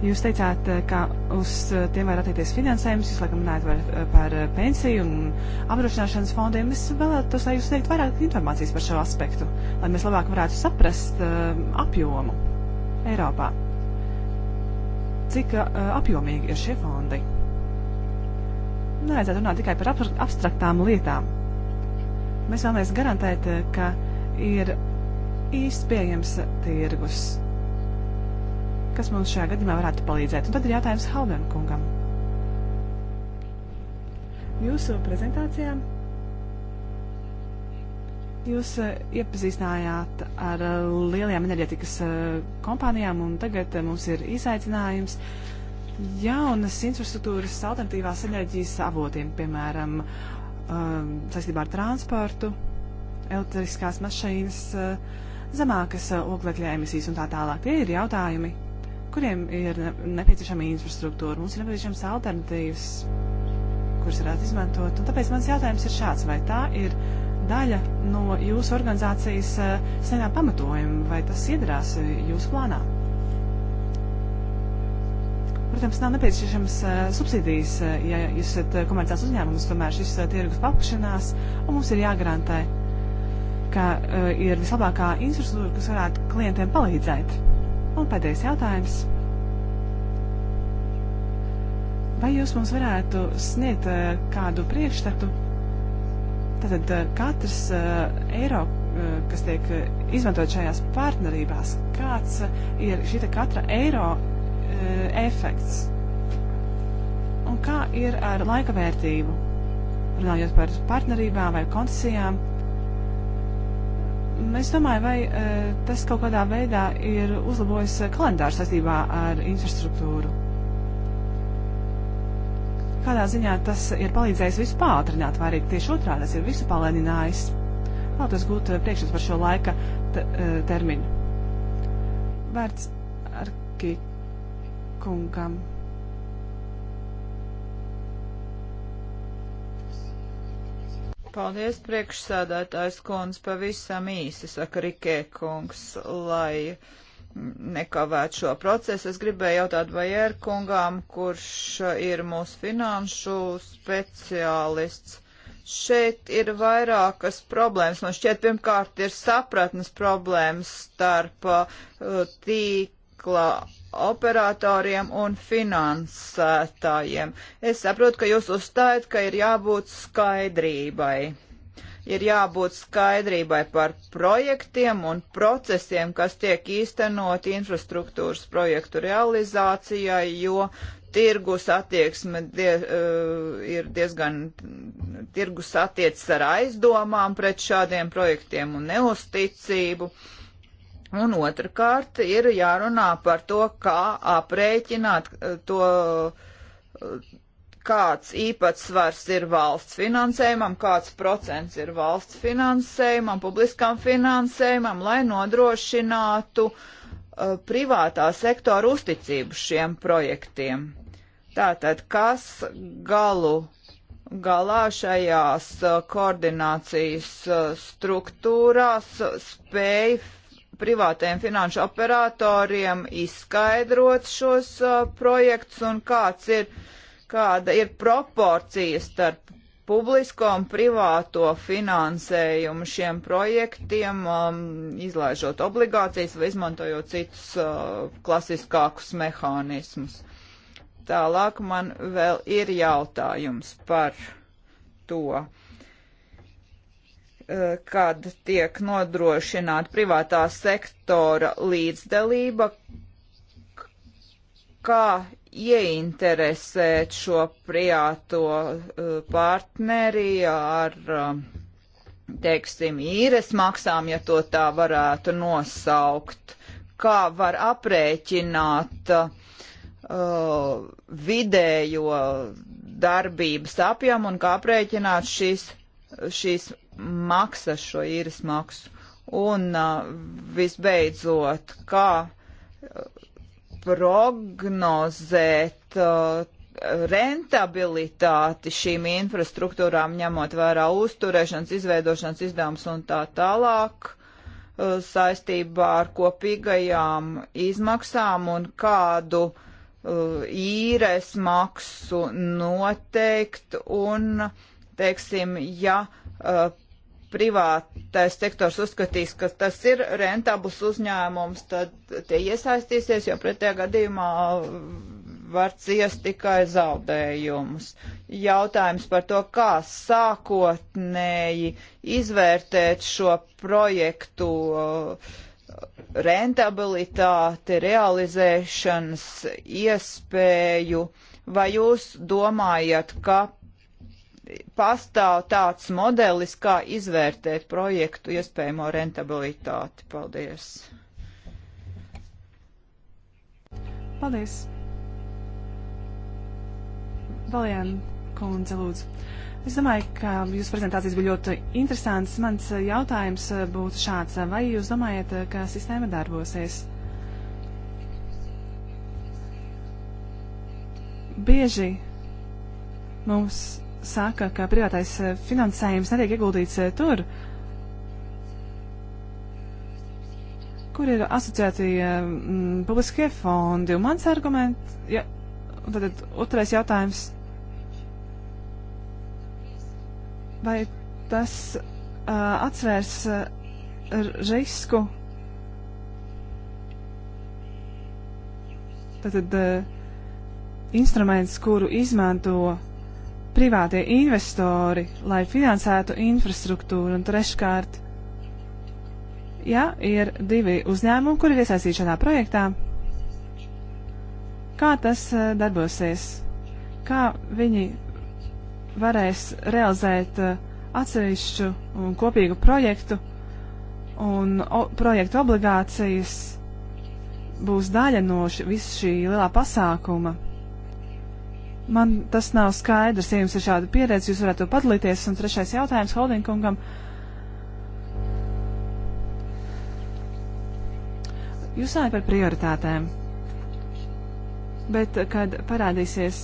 Jūs teicāt, eh, ka uz eh, tiem var attiekties finansējums, jūs laikam runājat par, eh, par pensiju un apdrošināšanas fondiem. Es vēlētos, lai jūs sniegt vairāk informācijas par šo aspektu, lai mēs labāk varētu saprast uh, apjomu Eiropā. Cik uh, apjomīgi ir šie fondi? Nevajadzētu runāt tikai par abstraktām lietām. Mēs vēlamies garantēt, ka ir īsts pieejams tirgus kas mums šajā gadījumā varētu palīdzēt. Un tad ir jautājums Haldem kungam. Jūsu prezentācijā jūs eh, iepazīstinājāt ar eh, lielajām enerģetikas eh, kompānijām, un tagad mums ir izaicinājums jaunas infrastruktūras alternatīvās enerģijas avotiem, piemēram, saistībā ar transportu, elektriskās mašīnas, zemākas oglekļa emisijas un tā tālāk. Tie ir jautājumi, kuriem ir nepieciešama infrastruktūra. Mums ir nepieciešams alternatīvas, kuras varētu izmantot. Un tāpēc mans jautājums ir šāds, vai tā ir daļa no jūsu organizācijas eh, senā pamatojuma, vai tas iedarās eh, jūsu plānā? Protams, nav nepieciešams eh, subsīdijas, ja jūs esat komerciāls uzņēmums, tomēr šis tirgus paplašanās, un mums ir jāgarantē, ka ir vislabākā infrastruktūra, kas varētu klientiem palīdzēt. Un pēdējais jautājums. Vai jūs mums varētu sniegt eh, kādu priekšstatu? Tātad eh, katrs eh, eiro, kas tiek izmantot šajās partnerībās, kāds ir šī katra eiro efekts? Un kā ir ar laika vērtību? Runājot par partnerībām vai koncesijām, Es domāju, vai eh, tas kaut kādā veidā ir uzlabojis eh, kalendārs saistībā ar infrastruktūru. Kādā ziņā tas ir palīdzējis visu pātrināt, vai arī tieši otrādi tas ir visu palēninājis. Vēlos gūt eh, priekšstats par šo laika termiņu. Vērts ar kikungam. Paldies, priekšsādātājs kundz, pavisam īsi, saka Rikē kungs, lai nekavēt šo procesu. Es gribēju jautāt Vajēr er kungām, kurš ir mūsu finanšu speciālists. Šeit ir vairākas problēmas. Man šķiet, pirmkārt, ir sapratnes problēmas starp uh, tīkla operatoriem un finansētājiem. Es saprotu, ka jūs uzstājat, ka ir jābūt skaidrībai. Ir jābūt skaidrībai par projektiem un procesiem, kas tiek īstenoti infrastruktūras projektu realizācijai, jo tirgus attieksme die, uh, ir diezgan, tirgus attiecas ar aizdomām pret šādiem projektiem un neusticību. Uh, Un otrkārt ir jārunā par to, kā aprēķināt eh, to, eh, kāds īpatsvars ir valsts finansējumam, kāds procents ir valsts finansējumam, publiskam finansējumam, lai nodrošinātu uh, privātā sektora uzticību šiem projektiem. Tātad, kas galu galā šajās koordinācijas struktūrās spēj privātajiem finanšu operatoriem izskaidrot šos uh, projektus un kāds ir, kāda ir proporcija starp publisko un privāto finansējumu šiem projektiem, um, izlaižot obligācijas vai izmantojot citus uh, klasiskākus mehānismus. Tālāk man vēl ir jautājums par to. Uh, Eh, kad tiek nodrošināta privātā sektora līdzdalība, kā ieinteresēt šo privāto eh, partneri ar, eh, teiksim, īres maksām, ja to tā varētu nosaukt, kā var aprēķināt uh, vidējo darbības apjomu un kā aprēķināt šīs, šīs maksā šo īres maksu. Un visbeidzot, kā prognozēt rentabilitāti šīm infrastruktūrām, ņemot vērā uzturēšanas, izveidošanas izdevumus un tā tālāk saistībā ar kopīgajām izmaksām un kādu īres maksu noteikt un, teiksim, ja privātais sektors uzskatīs, ka tas ir rentabls uzņēmums, tad tie iesaistīsies, jo pretējā gadījumā var ciest tikai zaudējumus. Jautājums par to, kā sākotnēji izvērtēt šo projektu uh, rentabilitāti, realizēšanas iespēju, vai jūs domājat, ka pastāv tāds modelis, kā izvērtēt projektu iespējamo rentabilitāti. Paldies! Paldies! Valjēna kundze, lūdzu. Es domāju, ka jūsu prezentācijas bija ļoti interesants. Mans jautājums būtu šāds. Vai jūs domājat, ka sistēma darbosies? Bieži mums saka, ka privātais eh, finansējums netiek ieguldīts eh, tur, kur ir asociēti mm, publiskie fondi. Un mans arguments, ja, un tad otrais jautājums, vai tas uh, atsvērs uh, risku? Tātad uh, instruments, kuru izmanto privātie investori, lai finansētu infrastruktūru. Un treškārt, ja ir divi uzņēmumi, kuri ir iesaistīti šādā projektā, kā tas eh, darbosies? Kā viņi varēs realizēt eh, atsevišķu un kopīgu projektu un o, projektu obligācijas būs daļa no š, visu šī lielā pasākuma? Man tas nav skaidrs, ja jums ir šāda pieredze, jūs varētu padalīties. Un trešais jautājums Holdingam. Jūs runājat par prioritātēm, bet kad parādīsies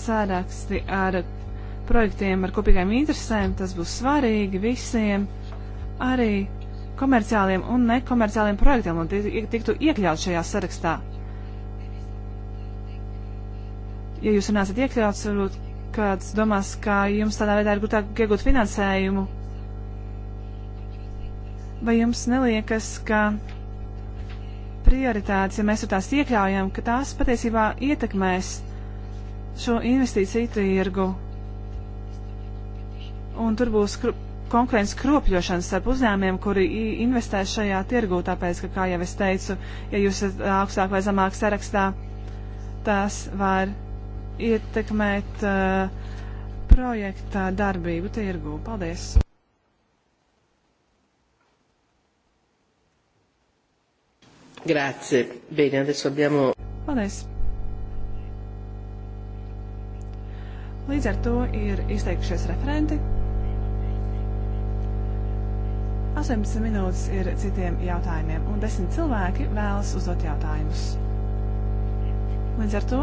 sāraksti ar projektiem ar kopīgām interesēm, tas būs svarīgi visiem, arī komerciāliem un nekomerciāliem projektiem, un tie tiktu iekļaut šajā sarakstā. ja jūs runāsiet iekļauts, varbūt kāds domās, ka jums tādā veidā ir grūtāk iegūt finansējumu. Vai jums neliekas, ka prioritātes, ja mēs tās iekļaujam, ka tās patiesībā ietekmēs šo investīciju tirgu. Un tur būs kru, konkurences kropļošana starp uzņēmiem, kuri investē šajā tirgu, tāpēc, ka, kā jau es teicu, ja jūs esat augstāk vai zemāk sarakstā, tas var ietekmēt uh, eh, projekta darbību tirgū. Paldies! Grazie. Bene, adesso abbiamo... Paldies! Līdz ar to ir izteikušies referenti. 18 minūtes ir citiem jautājumiem, un 10 cilvēki vēlas uzdot jautājumus. Līdz ar to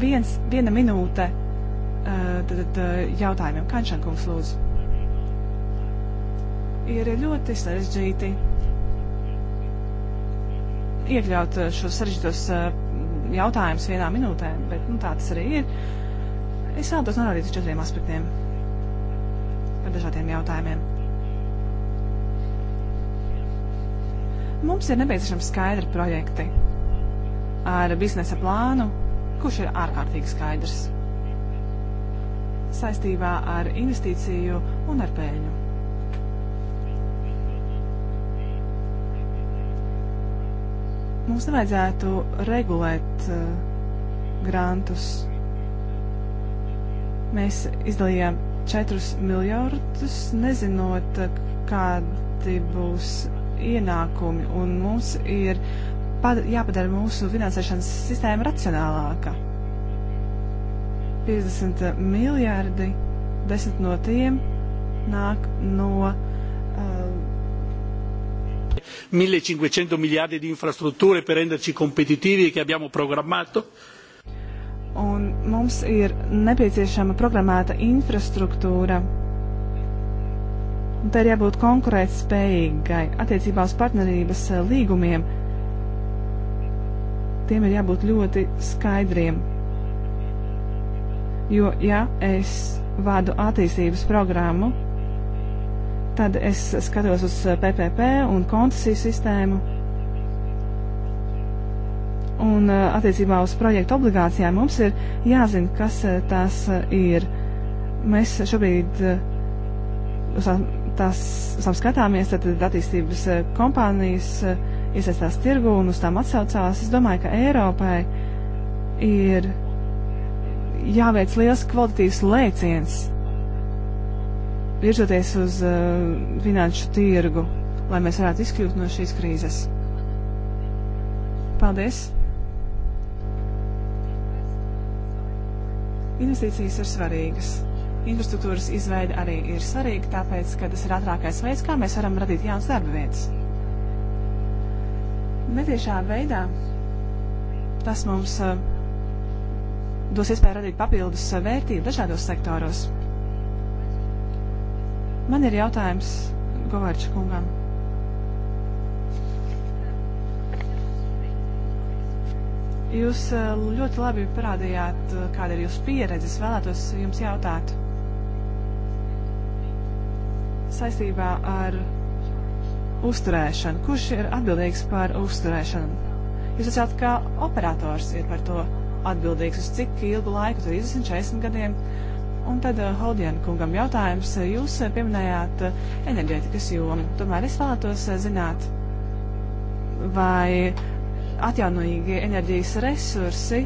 viens, viena minūte eh, tad, tad, eh, jautājumiem. Kančankungs, lūdzu. Ir ļoti sarežģīti iekļaut eh, šos sarežģītos jautājumus vienā minūtē, bet nu, tā tas arī ir. Es vēlos norādīt uz četriem aspektiem par dažādiem jautājumiem. Mums ir nepieciešami skaidri projekti ar biznesa plānu, kurš ir ārkārtīgi skaidrs saistībā ar investīciju un ar pēļņu. Mums nevajadzētu regulēt uh, grantus. Mēs izdalījām 4 miljardus, nezinot, kādi būs ienākumi, un mums ir uh, jāpadara mūsu finansēšanas sistēma racionālāka. 50 miljārdi, 10 no tiem nāk no. Uh, 1500 miliardi di infrastrutture per renderci competitivi che abbiamo programmato. Un mums ir nepieciešama programmēta infrastruktūra. Un te ir jābūt konkurētspējīgai attiecībā uz partnerības uh, līgumiem tiem ir jābūt ļoti skaidriem. Jo, ja es vadu attīstības programmu, tad es skatos uz PPP un koncesiju sistēmu. Un eh, attiecībā uz projektu obligācijām mums ir jāzina, kas eh, tās eh, ir. Mēs šobrīd uz tās, tās skatāmies, tad attīstības kompānijas iesaistās tirgu un uz tām atsaucās. Es domāju, ka Eiropai ir jāveic liels kvalitatīvs lēciens virzoties uz uh, finanšu tirgu, lai mēs varētu izkļūt no šīs krīzes. Paldies! Investīcijas ir svarīgas. Infrastruktūras izveide arī ir svarīga, tāpēc, ka tas ir ātrākais veids, kā mēs varam radīt jaunas darba vietas netiešā veidā tas mums eh, dos iespēju radīt papildus eh, vērtību dažādos sektoros. Man ir jautājums Govārča kungam. Jūs eh, ļoti labi parādījāt, kāda ir jūsu pieredze. Es vēlētos jums jautāt saistībā ar uzturēšanu. Kurš ir atbildīgs par uzturēšanu? Jūs esat kā operators ir par to atbildīgs, uz cik ilgu laiku, 30, 40 gadiem. Un tad uh, eh, Haudienu kungam jautājums. Jūs uh, pieminējāt uh, enerģētikas jomu. Tomēr es vēlētos zināt, vai atjaunojīgie enerģijas resursi,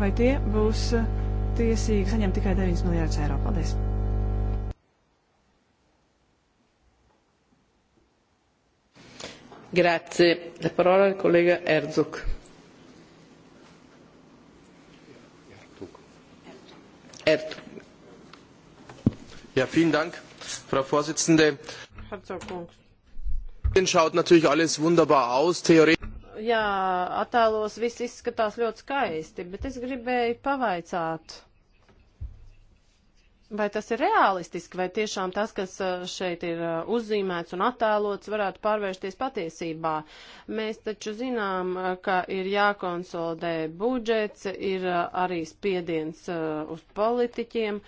vai tie būs tiesīgi saņemt tikai 9 miljārdus eiro. Paldies! Grazie. La parola al collega Herzog. Herzog. Ja, vielen Dank, Frau Vorsitzende. Herzog. Schaut natürlich alles wunderbar aus, theoretisch jā, attēlos viss izskatās ļoti skaisti, bet es gribēju pavaicāt, Vai tas ir realistiski, vai tiešām tas, kas uh, šeit ir uh, uzzīmēts un attēlots, varētu pārvērsties patiesībā? Mēs taču zinām, uh, ka ir jākonsolidē budžets, ir arī spiediens uz politiķiem,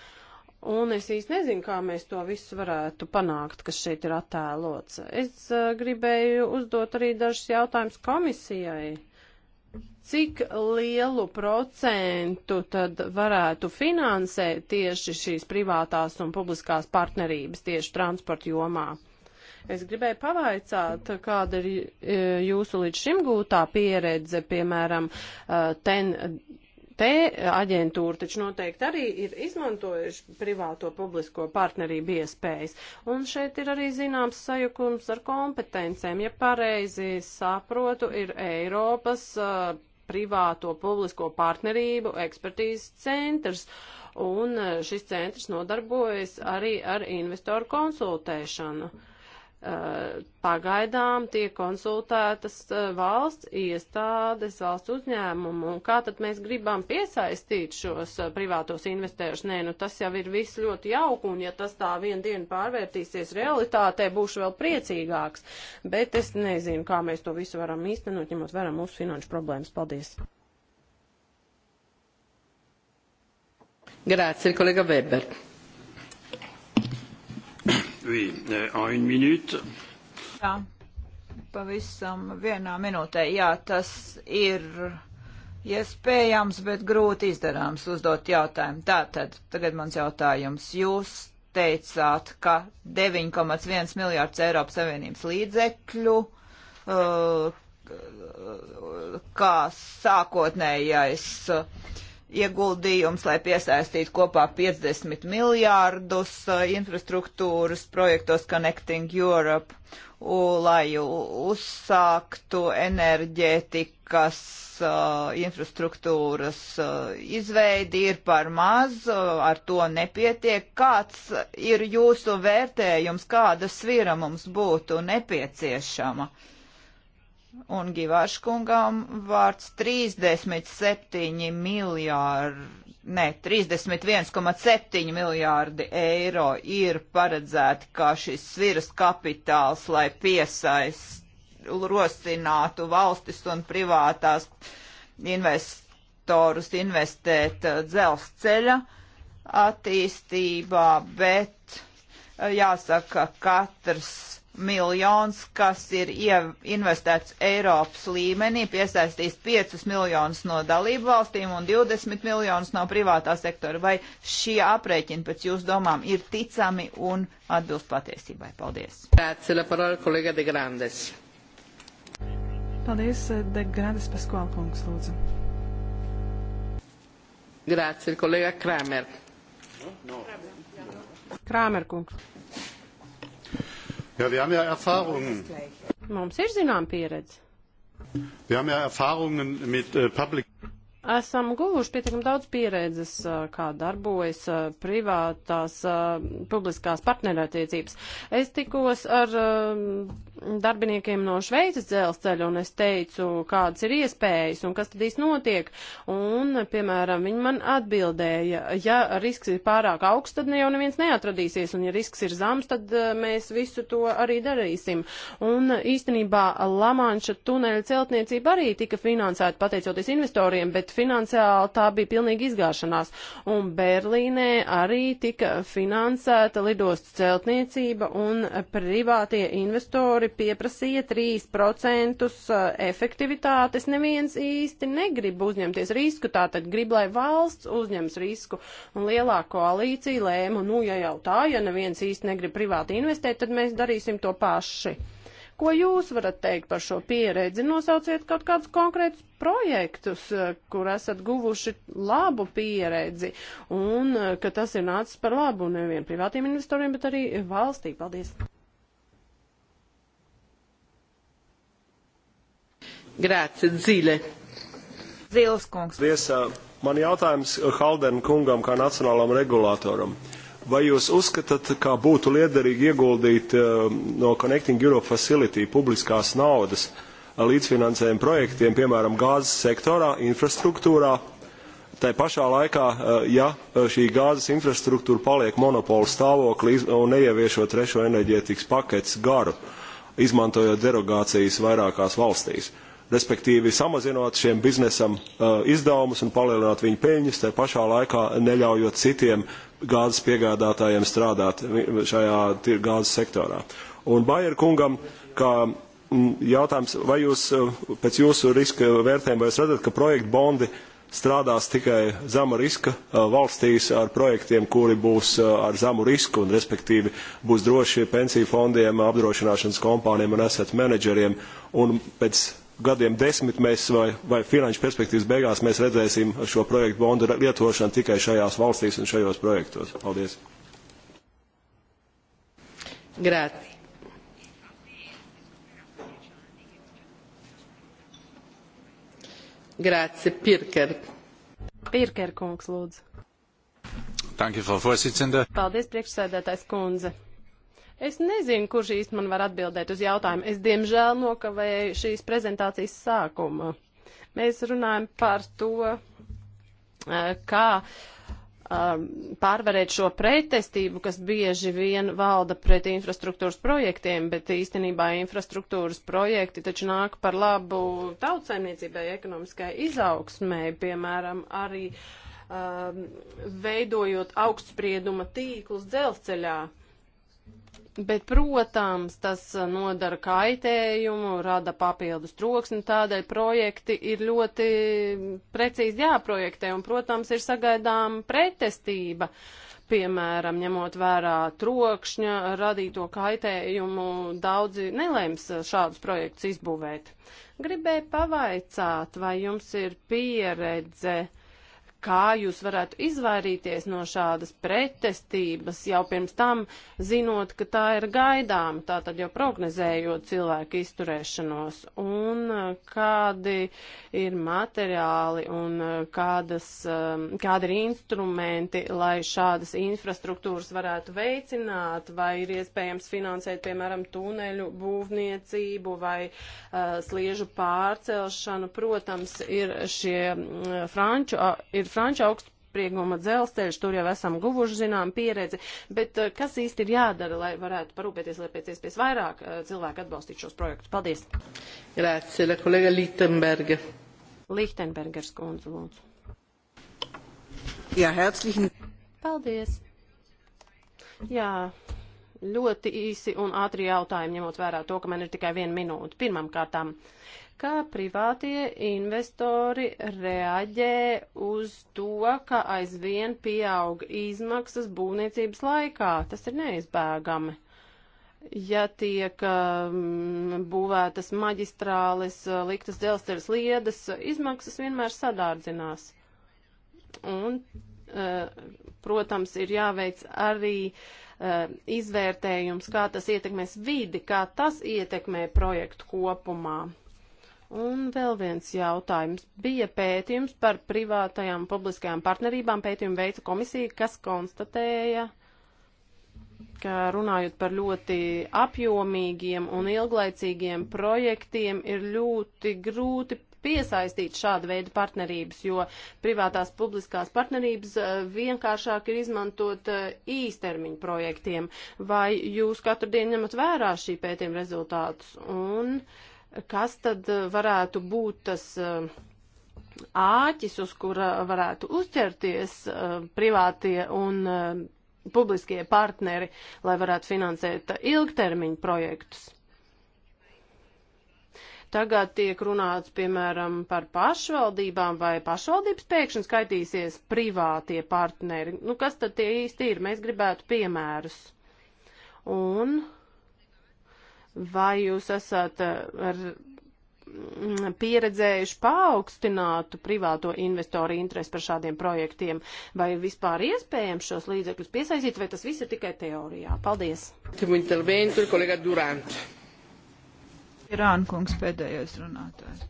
un es īsti nezinu, kā mēs to visu varētu panākt, kas šeit ir attēlots. Es gribēju uzdot arī dažus jautājumus komisijai cik lielu procentu tad varētu finansēt tieši šīs privātās un publiskās partnerības tieši transporta jomā? Es gribēju pavaicāt, kāda ir e, jūsu līdz šim gūtā pieredze, piemēram, e, ten. Te aģentūra taču noteikti arī ir izmantojuši privāto publisko partnerību iespējas. Un šeit ir arī zināms sajukums ar kompetencēm. Ja pareizi saprotu, ir Eiropas uh, privāto publisko partnerību ekspertīzes centrs. Un eh, šis centrs nodarbojas arī ar investoru konsultēšanu. Uh, pagaidām tiek konsultētas e, valsts iestādes, valsts uzņēmumu, un kā tad mēs gribam piesaistīt šos e, privātos investēšus? Nē, nu tas jau ir viss ļoti jauk, un ja tas tā vien dienu pārvērtīsies realitātē, būšu vēl priecīgāks, bet es nezinu, kā mēs to visu varam īstenot, ņemot vērā mūsu finanšu problēmas. Paldies! Grazie, kolega Weber. Oui, euh, en une minute. Jā, pavisam vienā minūtē. Jā, tas ir iespējams, ja bet grūti izdarāms uzdot jautājumu. Tātad, tagad mans jautājums. Jūs teicāt, ka 9,1 miljārds Eiropas Savienības līdzekļu, uh, uh kā sākotnējais uh, ieguldījums, lai piesaistītu kopā 50 miljārdus uh, infrastruktūras projektos Connecting Europe, u, lai uzsāktu enerģētikas uh, infrastruktūras uh, izveidi ir par maz, ar to nepietiek. Kāds ir jūsu vērtējums, kāda svira mums būtu nepieciešama? Uh, un Givārškungam vārds 37 miljārdi, ne, 31,7 miljārdi eiro ir paredzēti kā šis sviras kapitāls, lai piesaistinātu valstis un privātās investorus investēt eh, dzelzceļa attīstībā, bet eh, jāsaka, katrs miljons, kas ir investēts Eiropas līmenī, piesaistīs 5 miljonus no dalību valstīm un 20 miljonus no privātā sektora. Vai šie aprēķini pēc jūsu domām ir ticami un atbilst patiesībai? Paldies. Paldies, De Grandes Paskola kungs, lūdzu. Grazie, kolēģa Kramer. No, no. Kramer kungs. Ja, wir haben ja Erfahrungen. Mums ir zinām pieredze. Wir haben ja Erfahrungen mit äh, Public. Esam guvuši pietiekami daudz pieredzes, äh, kā darbojas äh, privātās äh, publiskās partnerattiecības. Es tikos ar darbiniekiem no Šveices dzelzceļa, un es teicu, kādas ir iespējas un kas tad īsti notiek. Un, piemēram, viņi man atbildēja, ja risks ir pārāk augsts, tad ne jau neviens neatradīsies, un ja risks ir zams, tad eh, mēs visu to arī darīsim. Un īstenībā Lamanša tuneļa celtniecība arī tika finansēta pateicoties investoriem, bet finansiāli tā bija pilnīgi izgāšanās. Un Berlīnē arī tika finansēta lidostas celtniecība un privātie investori pieprasīja 3% uh, efektivitātes. Neviens īsti negrib uzņemties risku, tātad grib, lai valsts uzņems risku. Un lielā koalīcija lēma, nu, ja jau tā, ja neviens īsti negrib privāti investēt, tad mēs darīsim to paši. Ko jūs varat teikt par šo pieredzi? Nosauciet kaut kādus konkrētus projektus, uh, kur esat guvuši labu pieredzi un uh, ka tas ir nācis par labu nevien privātiem investoriem, bet arī valstī. Paldies! Grāci, dzīle. Zīles kungs. Paldies, man jautājums Halden kungam kā nacionālam regulātoram. Vai jūs uzskatāt, kā būtu liederīgi ieguldīt no Connecting Europe Facility publiskās naudas līdzfinansējuma projektiem, piemēram, gāzes sektorā, infrastruktūrā? Tā pašā laikā, ja šī gāzes infrastruktūra paliek monopolu stāvoklī un neieviešo trešo enerģētikas paketes garu, izmantojot derogācijas vairākās valstīs. Uh, respektīvi samazinot šiem biznesam uh, izdevumus un palielināt viņu peļņas, tai pašā laikā neļaujot citiem gāzes piegādātājiem strādāt šajā gāzes sektorā. Un Bajer kungam, kā mm, jautājums, vai jūs uh, pēc jūsu riska vērtējuma, vai jūs redzat, ka projekta bondi strādās tikai zema riska uh, valstīs ar projektiem, kuri būs uh, ar zemu risku un, respektīvi, būs droši pensiju fondiem, apdrošināšanas kompāniem un asset menedžeriem, un pēc gadiem desmit mēs vai, vai finanšu perspektīvas beigās mēs redzēsim šo projektu bondu lietošanu tikai šajās valstīs un šajos projektos. Paldies. Grāti. Grāci, Pirker. Pirker kungs, lūdzu. Thank you, Frau Vorsitzende. Paldies, priekšsēdētājs kundze. Es nezinu, kurš īsti man var atbildēt uz jautājumu. Es diemžēl nokavēju šīs prezentācijas sākumu. Mēs runājam par to, eh, kā ehm, pārvarēt šo pretestību, kas bieži vien valda pret infrastruktūras projektiem, bet īstenībā infrastruktūras projekti taču nāk par labu tautsaimniecībai, ekonomiskai izaugsmai, piemēram, arī um, veidojot augstsprieduma tīklus dzelzceļā. Uh, Bet, protams, tas uh, nodara kaitējumu, rada papildus troksni, tādēļ projekti ir ļoti precīzi jāprojektē, un, protams, ir sagaidām pretestība, piemēram, ņemot vērā trokšņa radīto kaitējumu, daudzi nelēms uh, šādus projektus izbūvēt. Gribēju pavaicāt, vai jums ir pieredze? Uh, kā jūs varētu izvairīties no šādas pretestības jau pirms tam, zinot, ka tā ir gaidām, tātad jau prognozējot cilvēku izturēšanos, un e, kādi ir materiāli un e, kādas, e, kādi ir instrumenti, lai šādas infrastruktūras varētu veicināt, vai ir iespējams finansēt, piemēram, tuneļu būvniecību vai uh, sliežu pārcelšanu. Protams, ir šie uh, franču, uh, ir franču augstprieguma dzelzceļš, tur jau esam guvuši zinām pieredzi, bet eh, kas īsti ir jādara, lai varētu parūpēties, lai pēc iespējas vairāk eh, cilvēku atbalstītu šos projektus? Paldies! Grācie, la kolega Lichtenberga. Lichtenbergers kundze, lūdzu. Jā, herzlichen. Paldies. Jā, ļoti īsi un ātri jautājumi, ņemot vērā to, ka man ir tikai viena minūte. Pirmam kārtām, kā privātie investori reaģē uz to, ka aizvien pieaug izmaksas būvniecības laikā. Tas ir neizbēgami ja tiek um, būvētas maģistrāles, uh, liktas dzelzceļas liedas, izmaksas vienmēr sadārdzinās. Un, uh, protams, ir jāveic arī uh, izvērtējums, kā tas ietekmēs vidi, kā tas ietekmē projektu kopumā. Un vēl viens jautājums. Bija pētījums par privātajām publiskajām partnerībām. Pētījumu veica komisija, kas konstatēja, ka runājot par ļoti apjomīgiem un ilglaicīgiem projektiem, ir ļoti grūti piesaistīt šādu veidu partnerības, jo privātās publiskās partnerības eh, vienkāršāk ir izmantot eh, īstermiņu projektiem. Vai jūs katru dienu ņemat vērā šī pētījuma rezultātus? Un, uh, kas tad eh, varētu būt tas eh, āķis, uz kura varētu uzķerties eh, privātie un publiskie partneri, lai varētu finansēt ilgtermiņu projektus. Tagad tiek runāts, piemēram, par pašvaldībām, vai pašvaldības pēkšņi skaitīsies privātie partneri. Nu, kas tad tie īsti ir? Mēs gribētu piemērus. Un vai jūs esat eh, ar mm, pieredzējuši paaugstinātu privāto investoru interesi par šādiem projektiem, vai vispār iespējams šos līdzekļus piesaistīt, vai tas viss ir tikai teorijā? Paldies! Irānkungs pēdējais runātājs.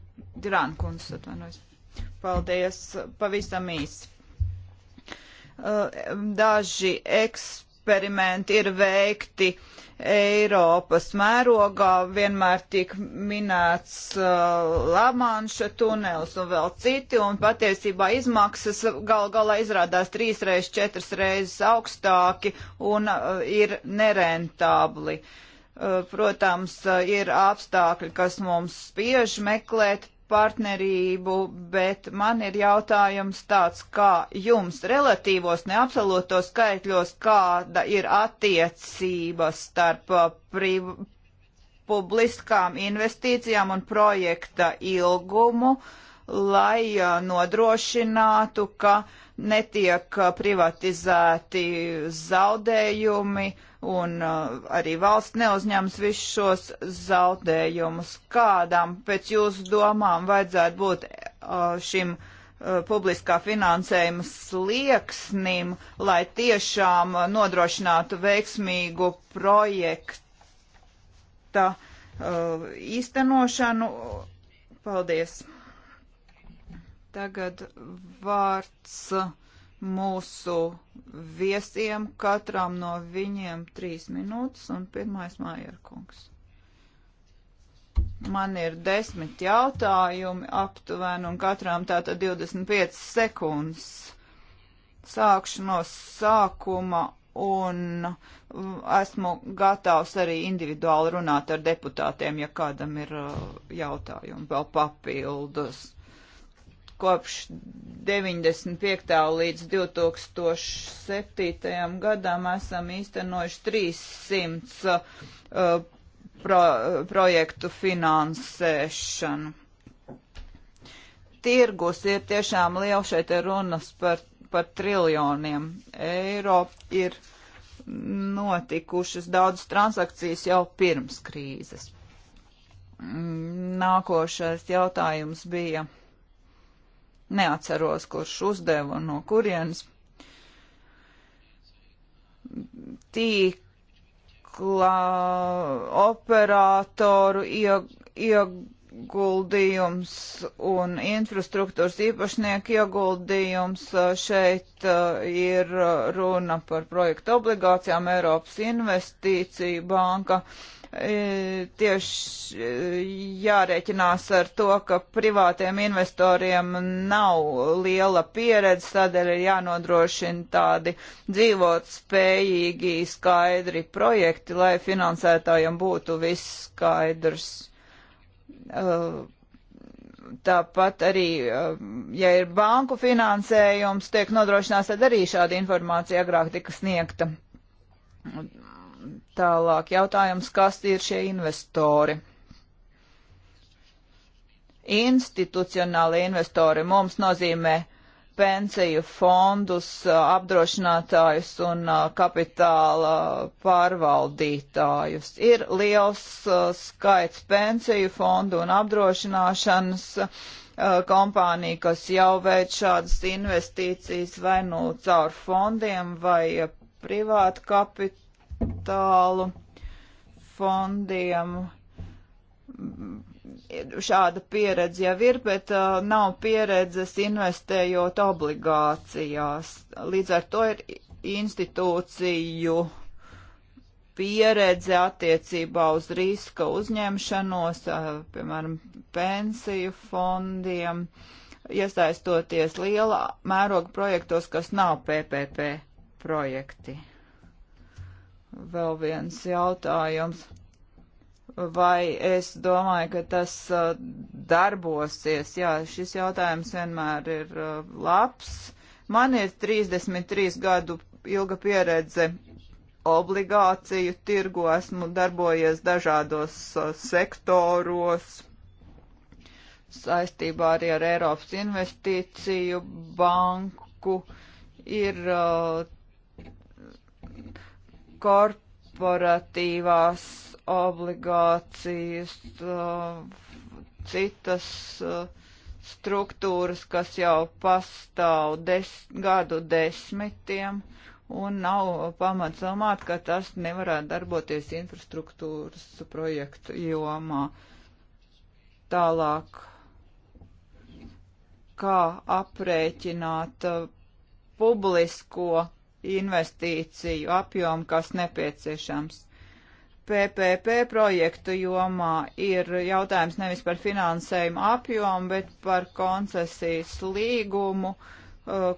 Irānkungs, atvainojos. Paldies, pavisam īsi. Uh, daži eksperti eksperimenti ir veikti Eiropas mērogā, vienmēr tiek minēts uh, Lamanša tunels un vēl citi, un patiesībā izmaksas gal galā izrādās trīsreiz, četras reizes augstāki un uh, ir nerentabli. Uh, protams, uh, ir apstākļi, kas mums spiež meklēt partnerību, bet man ir jautājums tāds, kā jums relatīvos, ne absolūto skaitļos, kāda ir attiecība starp uh, priv, publiskām investīcijām un projekta ilgumu, lai uh, nodrošinātu, ka netiek uh, privatizēti zaudējumi, uh, un uh, arī valsts neuzņems visus šos zaudējumus. Kādām pēc jūsu domām vajadzētu būt uh, šim uh, publiskā finansējuma slieksnim, lai tiešām uh, nodrošinātu veiksmīgu projekta uh, īstenošanu? Paldies! Tagad vārds. Uh, mūsu viesiem, katram no viņiem trīs minūtes un pirmais mājierkungs. Man ir desmit jautājumi aptuveni un katram tātad 25 sekundes. Sākšu no sākuma un esmu gatavs arī individuāli runāt ar deputātiem, ja kādam ir uh, jautājumi vēl papildus kopš 95. līdz 2007. gadam esam īstenojuši 300 uh, pro, projektu finansēšanu. Tirgus ir tiešām liels, šeit ir runas par, par triljoniem eiro, ir notikušas daudz transakcijas jau pirms krīzes. Nākošais jautājums bija neatceros, kurš uzdeva un no kurienes. Tīkla operātoru ieguldījums un infrastruktūras īpašnieku ieguldījums šeit eh, ir runa par projektu obligācijām Eiropas investīcija banka tieši eh, jārēķinās ar to, ka privātiem investoriem nav liela pieredze, tādēļ ir jānodrošina tādi dzīvot spējīgi, skaidri projekti, lai finansētājiem būtu viss skaidrs. Eh, tāpat arī, eh, ja ir banku finansējums, tiek nodrošināts, tad arī šāda informācija agrāk tika sniegta Tālāk jautājums, kas ir šie investori? Institucionāli investori mums nozīmē pensiju fondus, apdrošinātājus un kapitāla pārvaldītājus. Ir liels skaits pensiju fondu un apdrošināšanas kompāniju, kas jau veic šādas investīcijas vai nu caur fondiem vai privātu kapitālu kapitālu fondiem. Šāda pieredze jau ir, bet uh, nav pieredzes investējot obligācijās. Līdz ar to ir institūciju pieredze attiecībā uz riska uzņemšanos, uh, piemēram, pensiju fondiem, iesaistoties liela mēroga projektos, kas nav PPP projekti vēl viens jautājums. Vai es domāju, ka tas uh, darbosies? Jā, šis jautājums vienmēr ir uh, labs. Man ir 33 gadu ilga pieredze obligāciju tirgu, esmu darbojies dažādos uh, sektoros saistībā arī ar Eiropas investīciju banku. Ir uh, korporatīvās obligācijas, uh, citas uh, struktūras, kas jau pastāv des, gadu desmitiem, un nav pamats domāt, ka tas nevarētu darboties infrastruktūras projektu jomā. Tālāk, kā aprēķināt uh, publisko investīciju apjomu, kas nepieciešams. PPP projektu jomā ir jautājums nevis par finansējumu apjomu, bet par koncesijas līgumu, eh,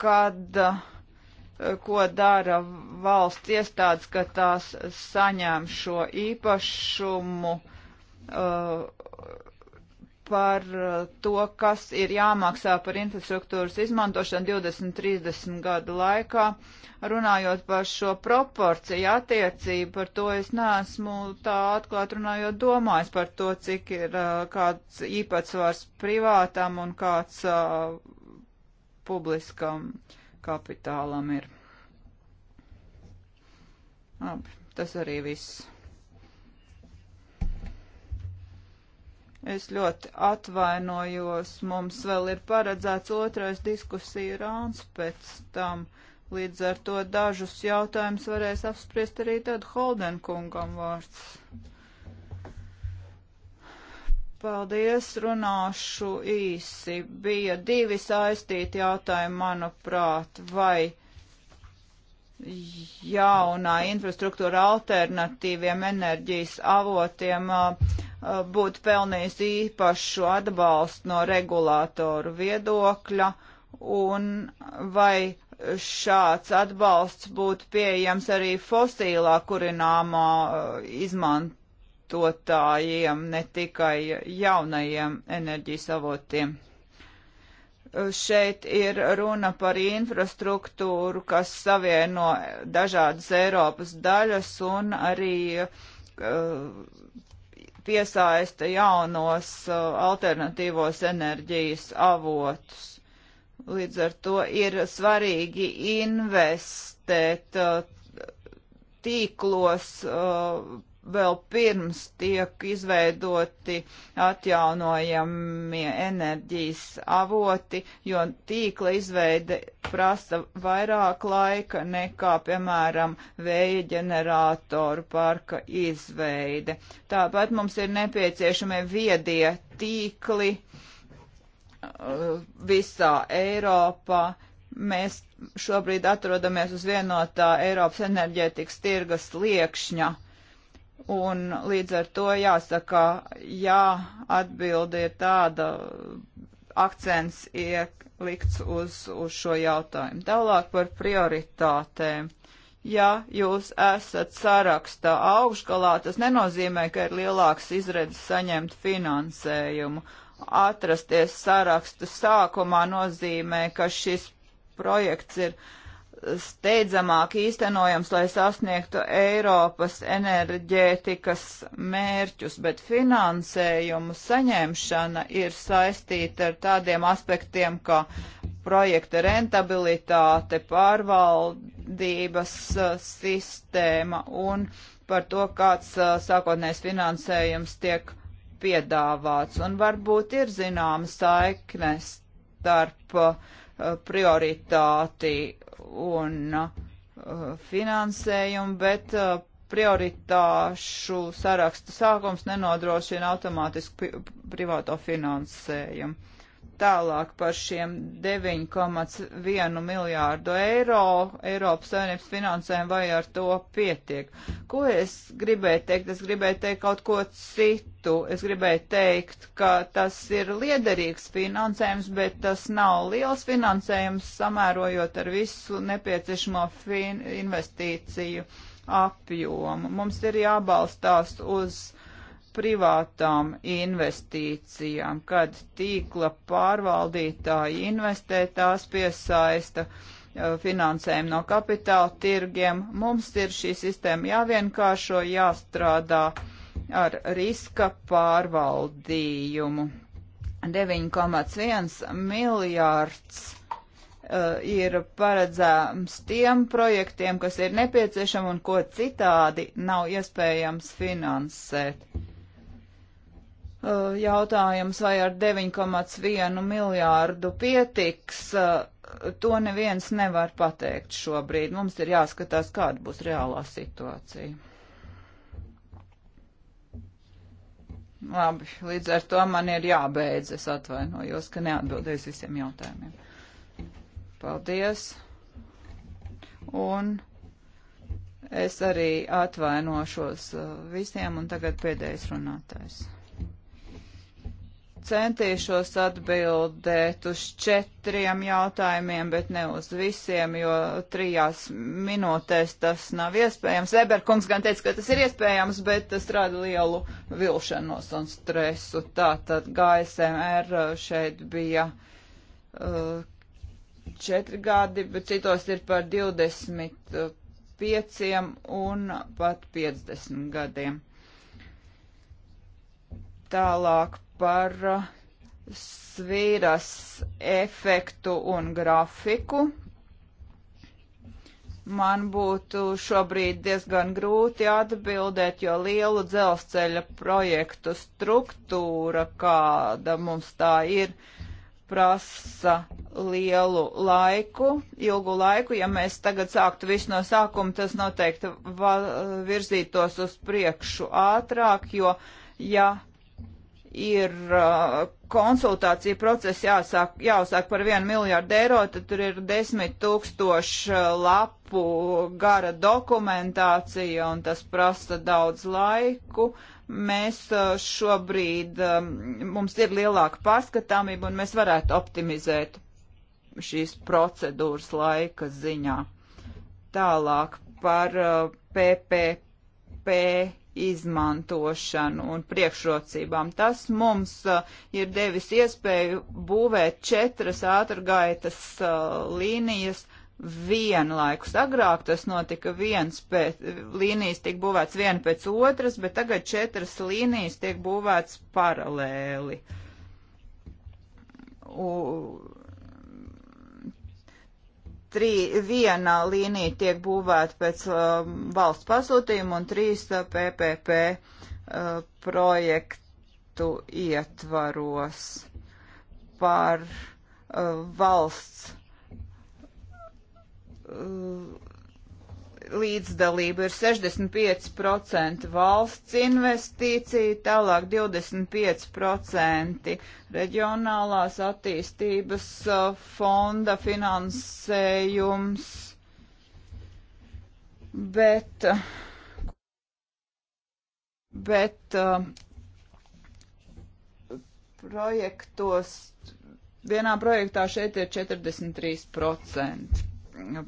kad, eh, ko dara valsts iestādes, ka tās saņem šo īpašumu eh, par eh, to, kas ir jāmaksā par infrastruktūras izmantošanu 20-30 gadu laikā. Runājot par šo proporciju attiecību, par to es neesmu tā atklāt runājot domājis par to, cik ir eh, kāds īpatsvars privātam un kāds uh, publiskam kapitālam ir. Labi, tas arī viss. Es ļoti atvainojos, mums vēl ir paredzēts otrais diskusija rāns pēc tam. Līdz ar to dažus jautājumus varēs apspriest arī tad Holdenkungam vārds. Paldies, runāšu īsi. Bija divi saistīti jautājumi, manuprāt, vai jaunā infrastruktūra alternatīviem enerģijas avotiem uh, Uh, būtu pelnījis īpašu atbalstu no regulātoru viedokļa un vai šāds atbalsts būtu pieejams arī fosīlā kurināmā uh, izmantotājiem, ne tikai jaunajiem enerģijas avotiem. Uh, šeit ir runa par infrastruktūru, kas savieno dažādas Eiropas daļas un arī uh, piesaista jaunos uh, alternatīvos enerģijas avotus. Līdz ar to ir svarīgi investēt uh, tīklos uh, vēl pirms tiek izveidoti atjaunojamie enerģijas avoti, jo tīkla izveide prasa vairāk laika nekā, piemēram, vēja ģeneratoru parka izveide. Tāpat mums ir nepieciešami viedie tīkli uh, visā Eiropā mēs šobrīd atrodamies uz vienotā Eiropas enerģētikas tirgas liekšņa. Un līdz ar to jāsaka, jā, atbildi ir tāda, akcents iek likts uz, uz šo jautājumu. Tālāk par prioritātēm. Ja jūs esat sarakstā augšgalā, tas nenozīmē, ka ir lielāks izredzes saņemt finansējumu. Atrasties sarakstu sākumā nozīmē, ka šis projekts ir uh, steidzamāk īstenojams, lai sasniegtu Eiropas enerģētikas mērķus, bet finansējumu saņemšana ir saistīta ar tādiem aspektiem, kā projekta rentabilitāte, pārvaldības sistēma un par to, kāds sākotnējs finansējums tiek piedāvāts. Un varbūt ir zināma saikne starp prioritāti un uh, finansējumu, bet uh, prioritāšu sarakstu sākums nenodrošina automātisku privāto finansējumu. Tālāk par šiem 9,1 miljārdu eiro Eiropas Savienības finansēm vai ar to pietiek. Ko es gribēju teikt? Es gribēju teikt kaut ko citu. Es gribēju teikt, ka tas ir liederīgs finansējums, bet tas nav liels finansējums samērojot ar visu nepieciešamo investīciju apjomu. Mums ir jābalstās uz privātām investīcijām, kad tīkla pārvaldītāji investē, tās piesaista e, finansējumu no kapitāla tirgiem. Mums ir šī sistēma jāvienkāršo, jāstrādā ar riska pārvaldījumu. 9,1 miljārds e, ir paredzēms tiem projektiem, kas ir nepieciešami un ko citādi nav iespējams finansēt. Eh, jautājums, vai ar 9,1 miljārdu pietiks, eh, to neviens nevar pateikt šobrīd. Mums ir jāskatās, kāda būs reālā situācija. Labi, līdz ar to man ir jābeidz. Es atvainojos, ka neatbildēju visiem jautājumiem. Paldies. Un es arī atvainošos eh, visiem, un tagad pēdējais runātājs centīšos atbildēt uz četriem jautājumiem, bet ne uz visiem, jo trijās minūtēs tas nav iespējams. Eberkungs gan teica, ka tas ir iespējams, bet tas rada lielu vilšanos un stresu. Tātad GSMR uh, šeit bija uh, četri gadi, bet citos ir par 25 un pat 50 gadiem. Tālāk par svīras efektu un grafiku. Man būtu šobrīd diezgan grūti atbildēt, jo lielu dzelzceļa projektu struktūra, kāda mums tā ir, prasa lielu laiku, ilgu laiku. Ja mēs tagad sāktu visu no sākuma, tas noteikti virzītos uz priekšu ātrāk, jo, ja ir uh, konsultācija process jāsāk, jāuzsāk par vienu miljārdu eiro, tad tur ir desmit tūkstoši uh, lapu gara dokumentācija un tas prasa daudz laiku. Mēs uh, šobrīd, um, mums ir lielāka paskatāmība un mēs varētu optimizēt šīs procedūras laika ziņā. Tālāk par uh, PPP izmantošanu un priekšrocībām. Tas mums uh, ir devis iespēju būvēt četras ātrgaitas uh, līnijas vienlaikus. Agrāk tas notika viens pēc, līnijas tiek būvēts viena pēc otras, bet tagad četras līnijas tiek būvēts paralēli. U, trī, viena līnija tiek būvēta pēc uh, valsts pasūtījuma un trīs uh, PPP uh, projektu ietvaros par uh, valsts uh, līdzdalība ir 65% valsts investīcija, tālāk 25% reģionālās attīstības uh, fonda finansējums. Bet, uh, bet uh, projektos, vienā projektā šeit ir 43%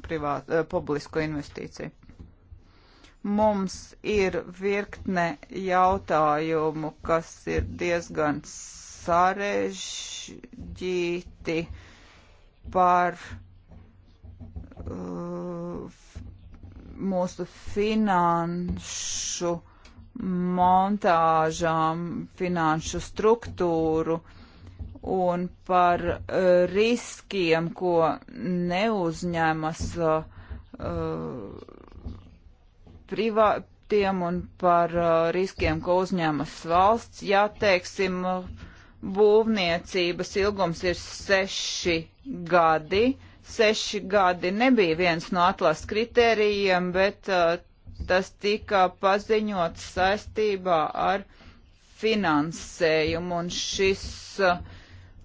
privāt, eh, publisko investīciju. Mums ir virkne jautājumu, kas ir diezgan sarežģīti par uh, mūsu finanšu montāžām, finanšu struktūru. Uh, un par eh, riskiem, ko neuzņemas eh, privātiem un par eh, riskiem, ko uzņemas valsts. Ja, teiksim, būvniecības ilgums ir seši gadi, seši gadi nebija viens no atlases kritērijiem, bet uh, tas tika paziņots saistībā ar finansējumu, un šis uh,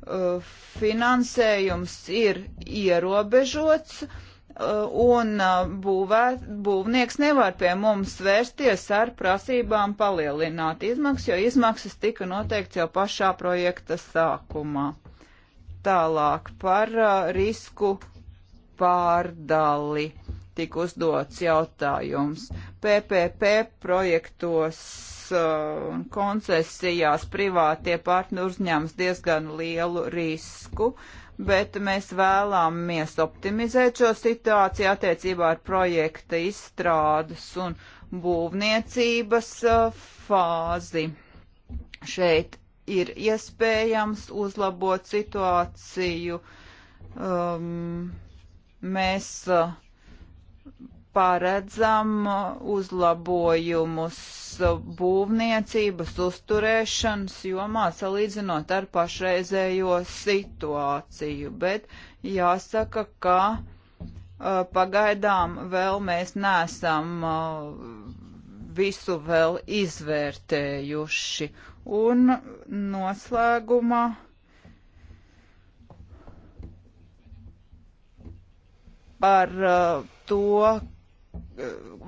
Uh, finansējums ir ierobežots, uh, un uh, būvē, būvnieks nevar pie mums vērsties ar prasībām palielināt izmaksas, jo izmaksas tika noteikts jau pašā projekta sākumā. Tālāk par risku pārdali tika uzdots jautājums. PPP projektos Uh, un koncesijās privātie partneri uzņems diezgan lielu risku, bet mēs vēlamies optimizēt šo situāciju attiecībā ar projekta izstrādes un būvniecības uh, fāzi. Šeit ir iespējams uzlabot situāciju. Um, mēs uh, paredzam uzlabojumus būvniecības uzturēšanas jomā salīdzinot ar pašreizējo situāciju, bet jāsaka, ka uh, pagaidām vēl mēs nesam uh, visu vēl izvērtējuši. Un noslēgumā. Par uh, to,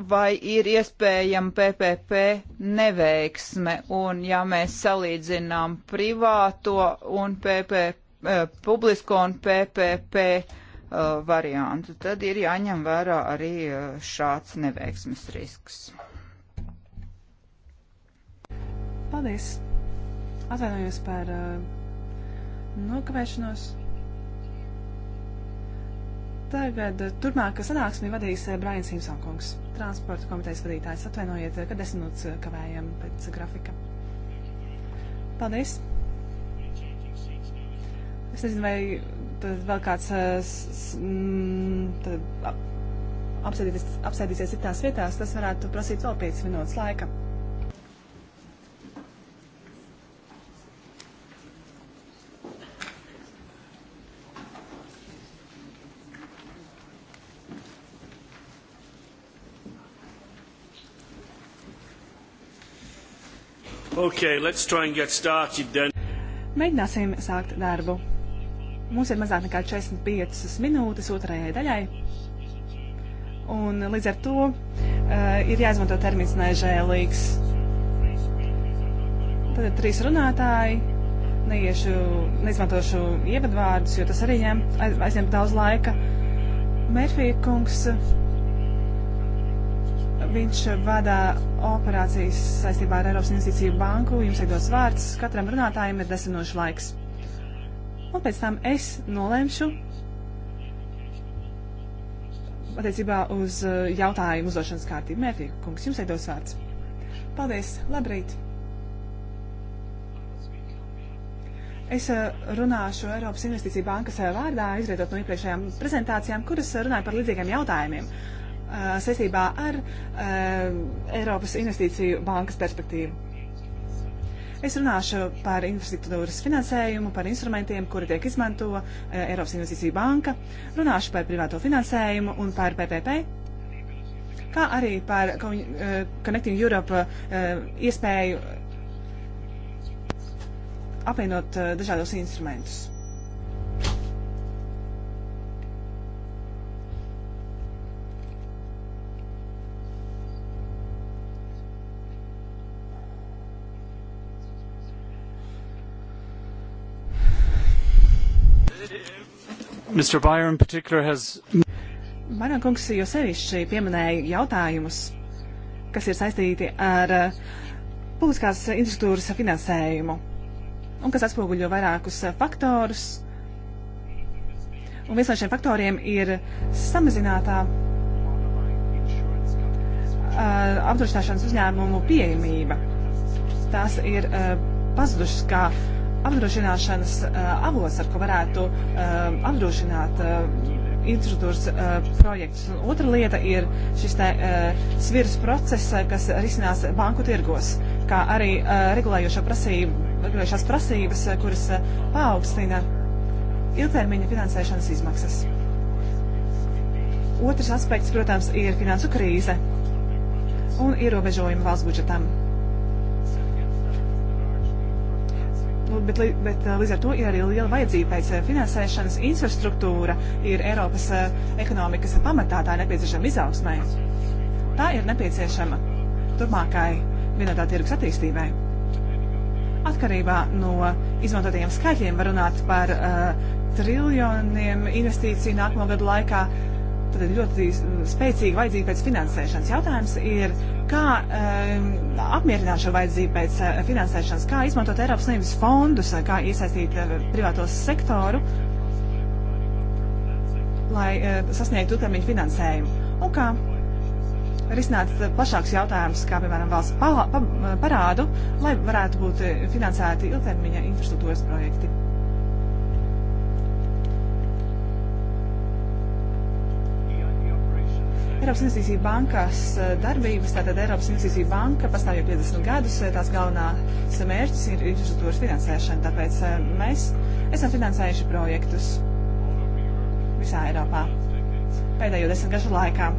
vai ir iespējama PPP neveiksme, un ja mēs salīdzinām privāto un PPP, eh, publisko un PPP eh, variantu, tad ir jāņem vērā arī eh, šāds neveiksmes risks. Paldies! Atvainojos par uh, nokavēšanos. Tagad turpmākā sanāksmi vadīs eh, Brains Simpsonkungs, transporta komitejas vadītājs. Atvainojiet, eh, ka desmit minūtes eh, kavējam pēc grafika. Paldies! Es nezinu, vai tad vēl kāds mm, tad apsēdīsies citās vietās, tas varētu prasīt vēl 5 minūtes laika. Okay, let's try and get started then. Mēģināsim sākt darbu. Mums ir mazāk nekā 45 minūtes otrajai daļai. Un līdz ar to uh, ir jāizmanto termins nežēlīgs. Tad ir trīs runātāji. Neiešu, neizmantošu ievadvārdus, jo tas arī aizņem daudz laika. Mērfija kungs. Uh, Viņš vada operācijas saistībā ar Eiropas Investīciju banku. Jums ir dots vārds, katram runātājam ir desmit minūšu laiks. Un pēc tam es nolēmšu attiecībā uz eh, jautājumu uzdošanas kārtību. Mērķi, kungs, jums ir dots vārds. Paldies, labrīt! Es eh, runāšu Eiropas Investīcija bankas eh, vārdā, izrietot no iepriekšējām prezentācijām, kuras runāja par līdzīgiem jautājumiem. Uh, saistībā ar uh, Eiropas investīciju bankas perspektīvu. Es runāšu par infrastruktūras finansējumu, par instrumentiem, kuri tiek izmanto uh, Eiropas Investīcija banka, runāšu par privāto finansējumu un par PPP, kā arī par Connecting Europe iespēju apvienot dažādos instrumentus. Mr. Byer in particular has. Bairon kungs, jūs sevišķi pieminēja jautājumus, kas ir saistīti ar uh, publiskās infrastruktūras finansējumu un kas atspoguļo vairākus uh, faktorus. Un viens no šiem faktoriem ir samazinātā uh, apdrošināšanas uzņēmumu pieejamība. Tās ir uh, pazudušas kā uh, apdrošināšanas eh, avots, ar ko varētu eh, apdrošināt eh, infrastruktūras uh, projektus. Un otra lieta ir šis te, uh, sviras process, kas risinās banku tirgos, kā arī uh, regulējošo prasību, regulējošās prasības, uh, kuras uh, paaugstina ilgtermiņa finansēšanas izmaksas. Otrs aspekts, protams, ir finansu krīze un ierobežojumi valsts budžetam. bet, bet eh, līdz ar to ir arī liela vajadzība pēc eh, finansēšanas. Infrastruktūra ir Eiropas eh, ekonomikas pamatā, tā ir nepieciešama izaugsmai. Tā ir nepieciešama turpmākai vienotā tirgus attīstībai. Atkarībā no izmantotajiem skaitļiem var runāt par uh, triljoniem investīciju nākamo gadu laikā. Uh, tad ļoti uh, spēcīgi vajadzība pēc finansēšanas. Jautājums ir, kā um, apmierināt šo vajadzību pēc uh, finansēšanas, kā izmantot Eiropas Savienības fondus, uh, kā iesaistīt uh, privāto sektoru, lai uh, sasniegtu ilgtermiņu finansējumu. Un kā risināt uh, plašāks jautājums, kā piemēram valsts pa, pa, parādu, lai varētu būt finansēti ilgtermiņa infrastruktūras projekti. Eiropas Investīcija bankas eh, darbības, tātad Eiropas Investīcija banka pastāv jau 50 gadus, eh, tās galvenā samērķis ir infrastruktūras finansēšana, tāpēc eh, mēs esam finansējuši projektus visā Eiropā pēdējo desmit gažu laikā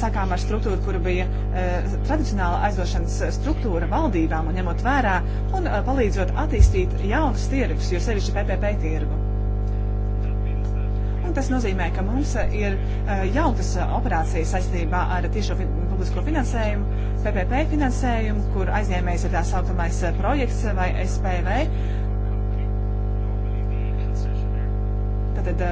sākām ar struktūru, kur bija e, tradicionāla aizdošanas struktūra valdībām un ņemot vērā un e, palīdzot attīstīt jaunus tirgus, jo sevišķi PPP tirgu tas nozīmē, ka mums eh, ir eh, jautas eh, operācijas saistībā ar tiešo fin publisko finansējumu, PPP finansējumu, kur aizņēmējs ir tā saucamais projekts vai SPV. Tātad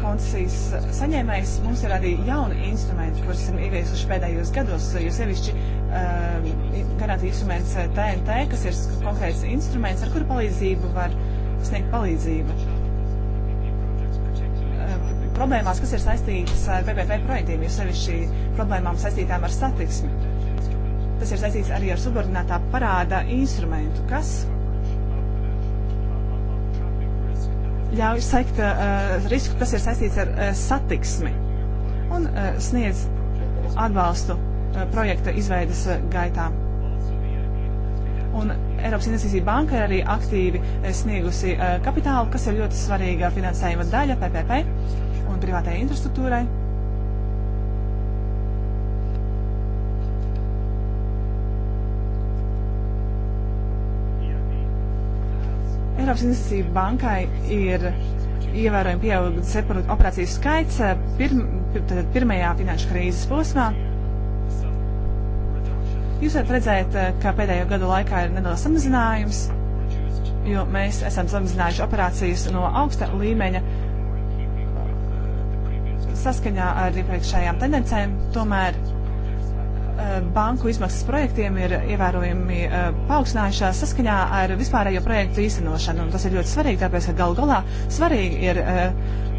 koncesijas saņēmējs mums ir arī jauni instrumenti, kurus esam ieviesuši pēdējos gados, jo sevišķi uh, garantija instruments TNT, kas ir konkrēts instruments, ar kuru palīdzību var sniegt palīdzību problēmās, kas ir saistītas ar PPP projektiem, jo sevišķi problēmām saistītām ar satiksmi. Tas ir saistīts arī ar subordinātā parāda instrumentu, kas ļauj sekt uh, risku, kas ir saistīts ar uh, satiksmi un uh, sniedz atbalstu uh, projekta izveidas uh, gaitā. Un Eiropas Investīcija banka ir arī aktīvi uh, sniegusi uh, kapitālu, kas ir ļoti svarīga finansējuma daļa PPP un privātajai infrastruktūrai. Eiropas Investīcija bankai ir ievērojami pieaugusi operāciju skaits eh, pirm, pirmajā finanšu krīzes posmā. Jūs varat redzēt, eh, ka pēdējo gadu laikā ir nedaudz samazinājums, jo mēs esam samazinājuši operācijas no augsta līmeņa saskaņā ar iepriekšējām tendencēm, tomēr eh, banku izmaksas projektiem ir ievērojami eh, paaugstinājušās saskaņā ar vispārējo projektu īstenošanu. Un tas ir ļoti svarīgi, tāpēc, ka galu galā svarīgi ir eh,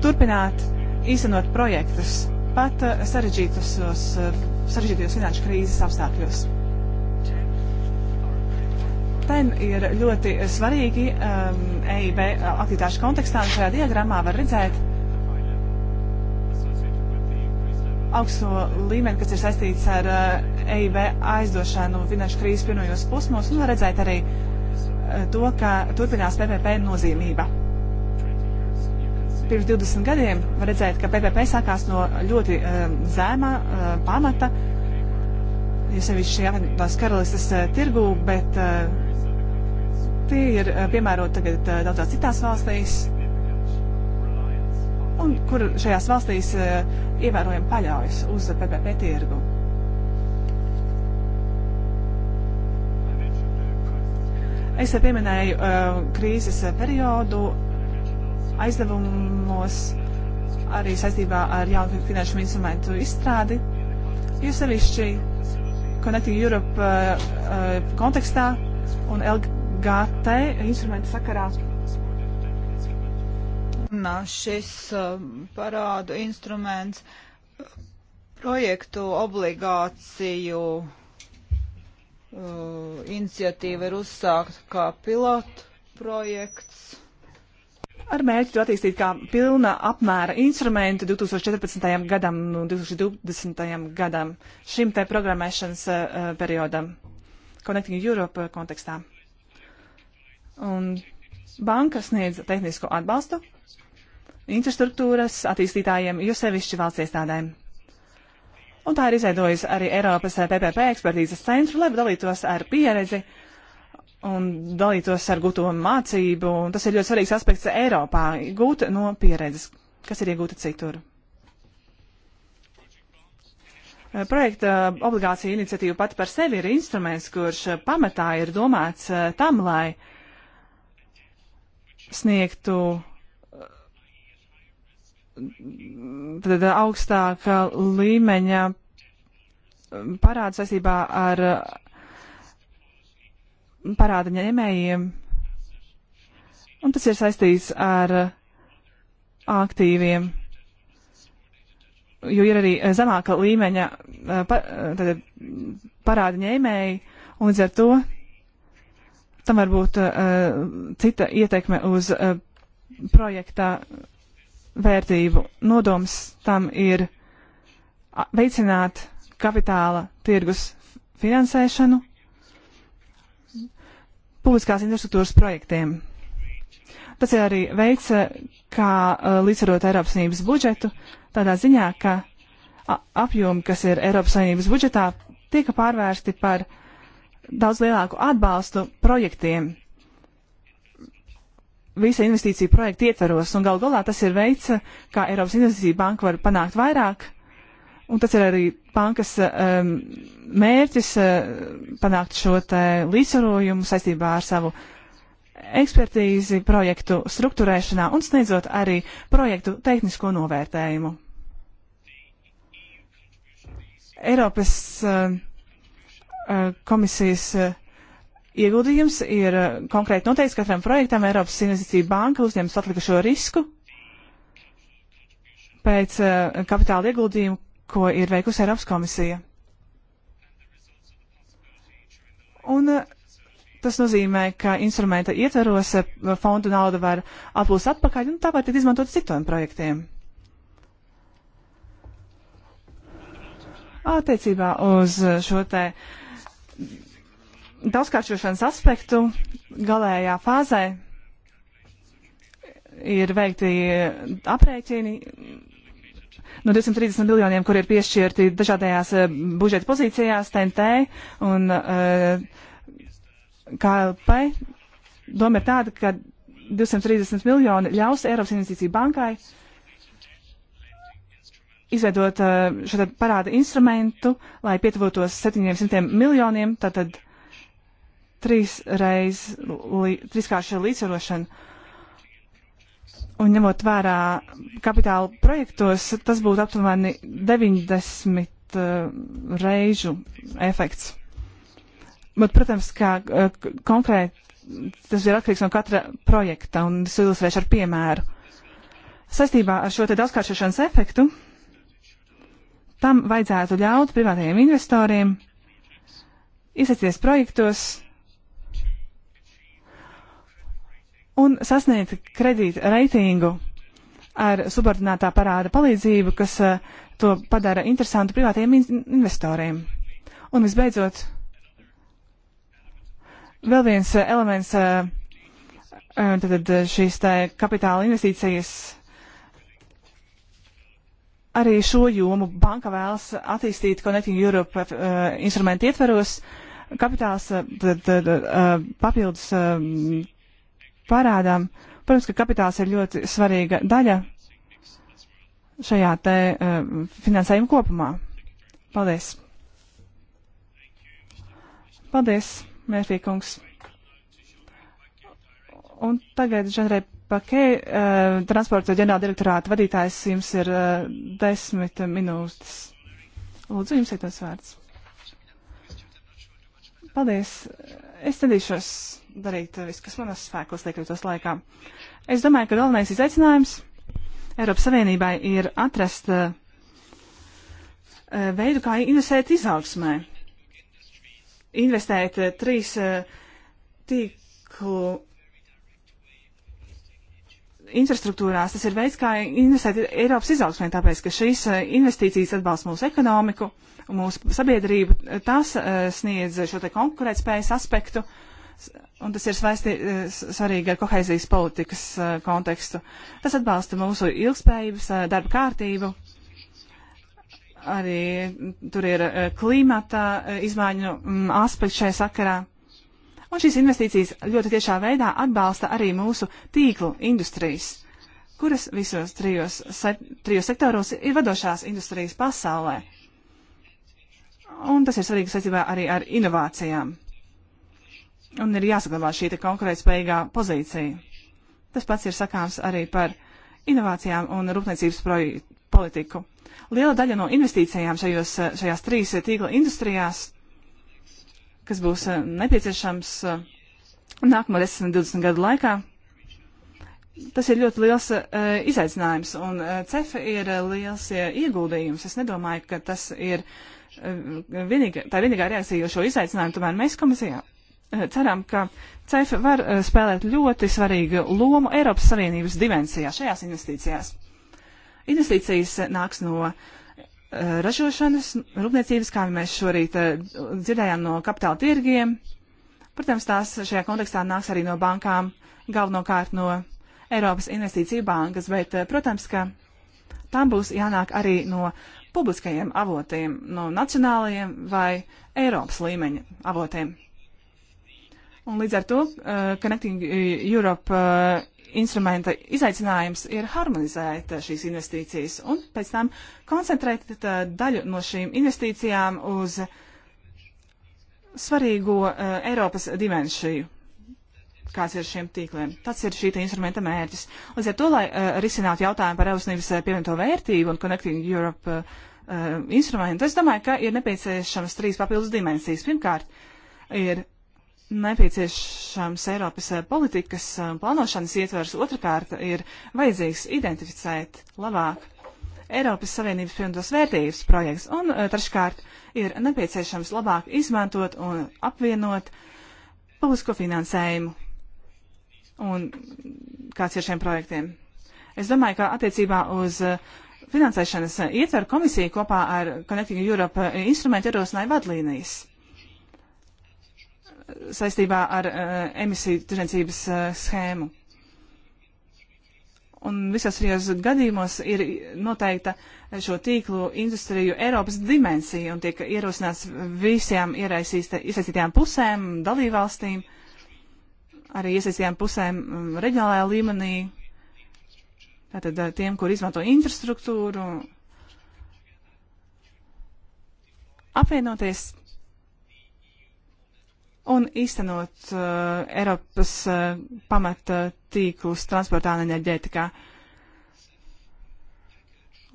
turpināt īstenot projektus pat sarežģītos, sarežģītos finanšu krīzes apstākļos. Ten ir ļoti svarīgi um, EIB aktivitāšu kontekstā, un šajā diagrammā var redzēt, augsto līmeni, kas ir saistīts ar EIB eh, e aizdošanu finanšu krīzes pirmajos pusmos, un var redzēt arī eh, to, ka turpinās PPP nozīmība. Pirms 20 gadiem var redzēt, ka PPP sākās no ļoti eh, zēma pamata, jo sevišķi apvienotās karalistas tirgū, bet tie ir piemēroti tagad daudzās citās valstīs un kur šajās valstīs eh, ievērojami paļaujas uz PPP tirgu. Es pieminēju eh, krīzes periodu aizdevumos arī saistībā ar jaunu finanšu instrumentu izstrādi. Jo sevišķi Connecting Europe eh, kontekstā un LGT instrumentu sakarā šis um, parādu instruments projektu obligāciju uh, iniciatīva ir uzsākta kā pilotu projekts. Ar mērķi to attīstīt kā pilna apmēra instrumentu 2014. gadam un nu, 2020. gadam šim te programmēšanas uh, periodam Connecting Europe kontekstā. Un banka sniedz tehnisko atbalstu infrastruktūras attīstītājiem, jo sevišķi valsts iestādēm. Un tā ir izveidojusi arī Eiropas PPP ekspertīzes centru, lai dalītos ar pieredzi un dalītos ar gūto mācību. Un tas ir ļoti svarīgs aspekts Eiropā - gūt no pieredzes, kas ir iegūta citur. Projekta obligācija iniciatīva pati par sevi ir instruments, kurš pamatā ir domāts eh, tam, lai sniegtu tad, augstāka līmeņa parāda saistībā ar uh, parāda ņēmējiem, un tas ir saistīts ar aktīviem, jo ir arī zemāka līmeņa uh, uh, tad, parāda ņēmēji, un līdz ar to tam var būt uh, cita ietekme uz uh, projektā vērtību. Nodoms tam ir veicināt kapitāla tirgus finansēšanu publiskās infrastruktūras projektiem. Tas ir arī veids, e, kā e, līdzsvarot Eiropas Savienības budžetu, tādā ziņā, ka apjomi, kas ir Eiropas Savienības budžetā, tiek pārvērsti par daudz lielāku atbalstu projektiem, visa investīcija projekta ietveros, un gal galā tas ir veids, kā Eiropas investīcija banka var panākt vairāk, un tas ir arī bankas um, mērķis uh, panākt šo te līdzsvarojumu saistībā ar savu ekspertīzi projektu struktūrēšanā un sniedzot arī projektu tehnisko novērtējumu. Eiropas uh, uh komisijas uh, ieguldījums ir eh, konkrēti noteikts katram projektam. Eiropas investīcija banka uzņems atlikušo risku pēc eh, kapitāla ieguldījumu, ko ir veikusi Eiropas komisija. Un eh, tas nozīmē, ka instrumenta ietveros fondu nauda var atplūst atpakaļ un tā var tikt izmantot citiem projektiem. Attiecībā uz šo te uh, daudzkāršošanas aspektu galējā fāzē ir veikti aprēķini no 230 miljoniem, kur ir piešķirti dažādajās eh, budžeta pozīcijās, TNT un eh, KLP. Doma ir tāda, ka 230 miljoni ļaus Eiropas investīciju bankai izveidot eh, šo parāda instrumentu, lai pietuvotos 700 miljoniem, tātad uh, trīs reizes, li, trīskārša līdzsvarošana. Un ņemot vērā kapitāla projektos, tas būtu aptuveni 90 uh, eh, reižu efekts. Bet, protams, kā uh, eh, konkrēti tas ir atkarīgs no katra projekta, un es ilustrēšu ar piemēru. Sastībā ar šo te daudzkāršošanas efektu tam vajadzētu ļaut privātajiem investoriem iesaistīties projektos, un sasniegt kredīta reitingu ar subordinātā parāda palīdzību, kas eh, to padara interesantu privātiem investoriem. Un visbeidzot, vēl viens eh, elements eh, tad šīs tā kapitāla investīcijas. Arī šo jomu banka vēlas attīstīt Connecting Europe instrumentu ietveros. Kapitāls tad, tad, papildus parādām. Protams, ka kapitāls ir ļoti svarīga daļa šajā te uh, finansējuma kopumā. Paldies! Paldies, Mērfī kungs! Un tagad, Žanrei Pakē, uh, transporta ģenerāla direktorāta vadītājs, jums ir uh, desmit minūtes. Lūdzu, jums ir tas vārds. Paldies! Es centīšos darīt eh, visu, kas manas spēkos liekļūtos laikā. Es domāju, ka galvenais izaicinājums Eiropas Savienībai ir atrast uh, veidu, kā investēt izaugsmē. Investēt uh, trīs uh, tīklu infrastruktūrās, tas ir veids, kā investēt Eiropas izaugsmē, tāpēc, ka šīs investīcijas atbalsta mūsu ekonomiku un mūsu sabiedrību, tas sniedz šo te konkurētspējas aspektu. Uh, un tas ir svaisti, eh, svarīgi ar kohēzijas politikas eh, kontekstu. Tas atbalsta mūsu ilgspējības eh, darba kārtību. Arī mm, tur ir klimata izmaiņu mm, aspekts šajā sakarā. Un šīs investīcijas ļoti tiešā veidā atbalsta arī mūsu tīklu industrijas, kuras visos trijos, se, trijos sektoros ir vadošās industrijas pasaulē. Un tas ir svarīgi saistībā arī ar inovācijām un ir jāsaglabā šī konkurētspējīgā pozīcija. Tas pats ir sakāms arī par inovācijām un rūpniecības politiku. Liela daļa no investīcijām šajos, šajās trīs tīkla industrijās, kas būs eh, nepieciešams eh, nākamo 10-20 gadu laikā, tas ir ļoti liels eh, izaicinājums, un cefa ir liels ieguldījums. Es nedomāju, ka tas ir vienīga, tā vienīgā reakcija uz šo izaicinājumu, tomēr mēs komisijā ceram, ka CEFA var eh, spēlēt ļoti svarīgu lomu Eiropas Savienības dimensijā šajās investīcijās. Investīcijas nāks no eh, ražošanas, rūpniecības, kā mēs šorīt eh, dzirdējām no kapitāla tirgiem. Protams, tās šajā kontekstā nāks arī no bankām, galvenokārt no Eiropas investīciju bankas, bet, protams, ka tām būs jānāk arī no publiskajiem avotiem, no nacionālajiem vai Eiropas līmeņa avotiem. Un līdz ar to uh, Connecting eh, Europe uh, instrumenta izaicinājums ir harmonizēt uh, šīs investīcijas un pēc tam koncentrēt uh, daļu no šīm investīcijām uz svarīgo uh, Eiropas dimensiju kāds ir šiem tīkliem. Tas ir šī instrumenta mērķis. Līdz ar to, lai uh, risinātu jautājumu par eusnības uh, pievienoto vērtību un Connecting Europe uh, uh, instrumentu, es domāju, ka ir nepieciešamas trīs papildus dimensijas. Pirmkārt, ir nepieciešams Eiropas eh, politikas eh, plānošanas ietvers. Otrakārt ir vajadzīgs identificēt labāk Eiropas Savienības pievienotās vērtības projekts. Un eh, treškārt ir nepieciešams labāk izmantot un apvienot publisko finansējumu. Un kāds ir šiem projektiem? Es domāju, ka attiecībā uz finansēšanas ietveru komisija kopā ar Connecting Europe instrumentu ierosināja vadlīnijas saistībā ar eh, emisiju tirdzniecības eh, schēmu. Un visos trijos gadījumos ir noteikta šo tīklu industriju Eiropas dimensija un tiek ierosināts visām iesaistītajām pusēm, dalībvalstīm, arī iesaistītajām pusēm mm, reģionālajā līmenī, tātad eh, tiem, kur izmanto infrastruktūru, apvienoties un īstenot uh, Eiropas uh, pamata uh, tīklus transportā un enerģētikā.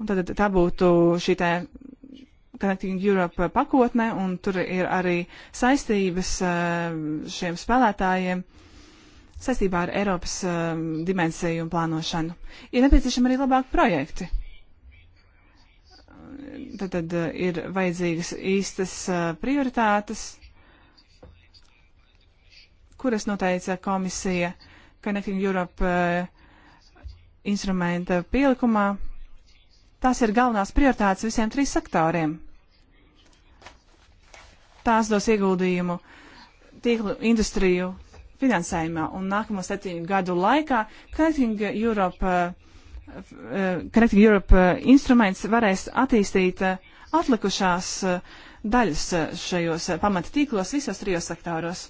Un tad tā būtu šī tā Connecting Europe pakotne, un tur ir arī saistības uh, šiem spēlētājiem saistībā ar Eiropas uh, dimensiju un plānošanu. Ir nepieciešami arī labāki projekti. Tad, tad uh, ir vajadzīgas īstas uh, prioritātes, kuras noteica komisija Connecting Europe uh, instrumenta pielikumā. Tās ir galvenās prioritātes visiem trīs sektoriem. Tās dos ieguldījumu tīklu industriju finansējumā un nākamo septiņu gadu laikā Connecting Europe, uh, Connecting Europe eh, instruments varēs attīstīt uh, atlikušās daļas šajos pamata tīklos visos trijos sektoros.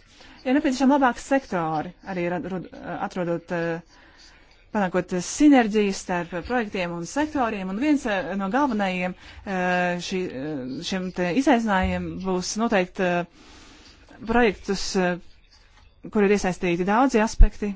Ir nepieciešami labāki sektori, arī atrodot, eh, panākot sinerģijas starp projektiem un sektoriem. Un viens eh, no galvenajiem eh, šī, šiem izaicinājumiem būs noteikti projektus, kur ir iesaistīti daudzi aspekti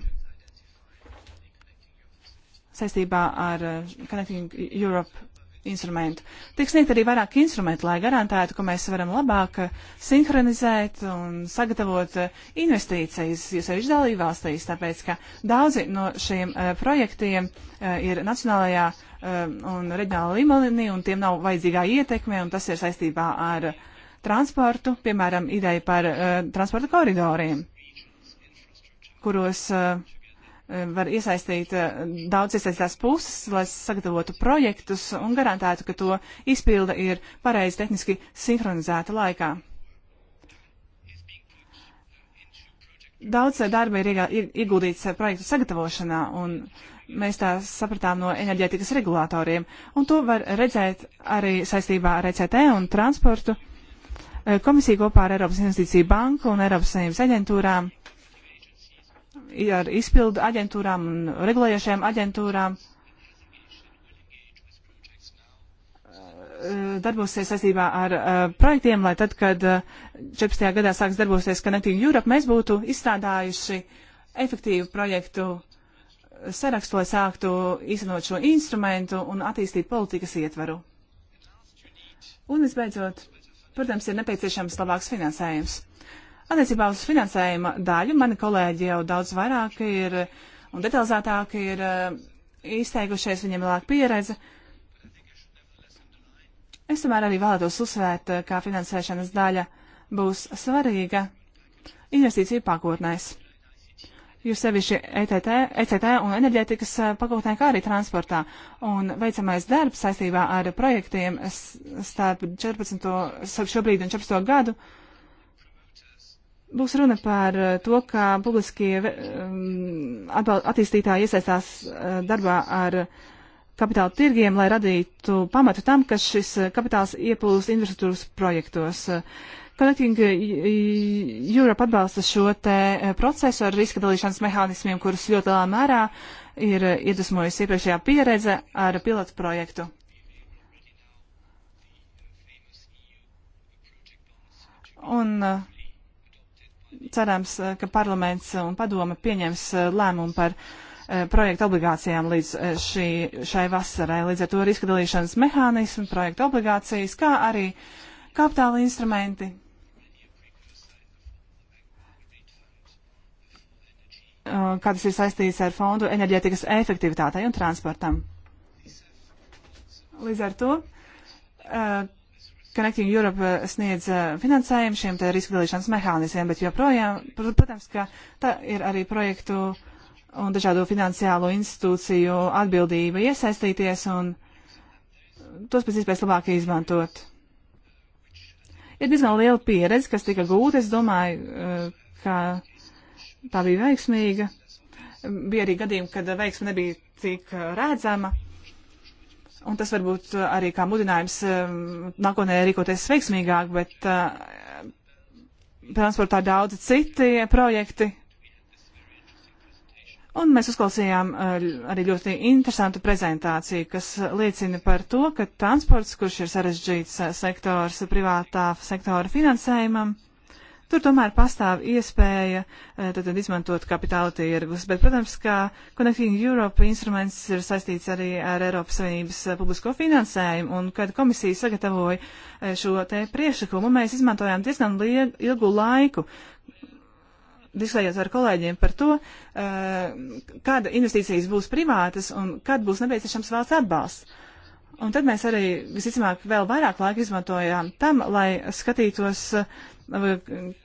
saistībā ar Connecting Europe instrumentu. Tiek sniegt arī vairāk instrumentu, lai garantētu, ka mēs varam labāk eh, sinhronizēt un sagatavot eh, investīcijas, jo sevišķi dalībvalstīs, tāpēc, ka daudzi no šiem uh, projektiem uh, ir nacionālajā uh, un reģionālā līmenī, un tiem nav vajadzīgā ietekme, un tas ir saistībā ar transportu, piemēram, ideja par transporta koridoriem, kuros uh, Eh, var iesaistīt eh, daudz iesaistās puses, lai sagatavotu projektus un garantētu, ka to izpilda ir pareizi tehniski sinhronizēta laikā. Daudz eh, darba ir ieguldīts projektu sagatavošanā, un mēs tā sapratām no enerģētikas regulātoriem, un to var redzēt arī saistībā ar ECT un transportu. Komisija kopā ar Eiropas Investīciju banku un Eiropas Savienības aģentūrām ar izpildu aģentūrām un regulējošajām aģentūrām eh, darbosies saistībā ar uh, projektiem, lai tad, kad uh, eh, 14. gadā sāks darbosies Connecting Europe, mēs būtu izstrādājuši efektīvu projektu sarakstu, lai sāktu īstenot šo instrumentu un attīstīt politikas ietvaru. Un visbeidzot, protams, ir nepieciešams labāks finansējums. Attiecībā uz finansējuma daļu mani kolēģi jau daudz vairāk ir un detalizētāk ir eh, izteikušies, viņiem ir lielāka pieredze. Es tomēr arī vēlētos uzsvērt, eh, kā finansēšanas daļa būs svarīga investīciju pakotnēs. Jūs sevišķi ETT, ECT un enerģētikas eh, pakotnē, kā arī transportā. Un veicamais darbs saistībā ar projektiem starp 14. Starp šobrīd un 14. gadu uh, būs runa par eh, to, kā publiskie eh, attīstītāji iesaistās eh, darbā ar kapitāla tirgiem, lai radītu pamatu tam, ka šis kapitāls ieplūst infrastruktūras projektos. Connecting Europe atbalsta šo te procesu ar riska dalīšanas mehānismiem, kurus ļoti lielā mērā ir iedvesmojusi iepriekšējā pieredze ar pilotu projektu. Un uh, cerams, eh, ka parlaments un padome pieņems eh, lēmumu par eh, projektu obligācijām līdz šī, šai vasarai. Līdz ar to ir izskatījšanas mehānismi, projektu obligācijas, kā arī kapitāla instrumenti. Kādas ir saistītas ar fondu enerģētikas efektivitātei un transportam. Līdz ar to Connecting Europe eh, sniedz eh, finansējumu šiem te riska dalīšanas mehānismiem, bet joprojām, protams, ka tā ir arī projektu un dažādu finansiālo institūciju atbildība iesaistīties un tos pēc iespējas labāk izmantot. Ir diezgan liela pieredze, kas tika gūta. Es domāju, eh, ka tā bija veiksmīga. Bija arī gadījumi, kad veiksme nebija tik redzama. Un tas varbūt uh, arī kā mudinājums um, nākotnē rīkoties veiksmīgāk, bet uh, transportā ir daudzi citi projekti. Un mēs uzklausījām uh, arī ļoti interesantu prezentāciju, kas liecina par to, ka transports, kurš ir sarežģīts uh, sektors privātā sektora finansējumam, uh, Tur tomēr pastāv iespēja eh, tad, izmantot kapitāla tirgus, bet, protams, kā Connecting Europe instruments ir saistīts arī ar Eiropas Savienības eh, publisko finansējumu, un kad komisija sagatavoja eh, šo te priekšlikumu, mēs izmantojām diezgan lieg, ilgu laiku, diskutējot ar kolēģiem par to, kāda investīcijas būs privātas un kad būs nepieciešams valsts atbalsts. Un tad mēs arī visticamāk vēl vairāk laika izmantojām tam, lai skatītos,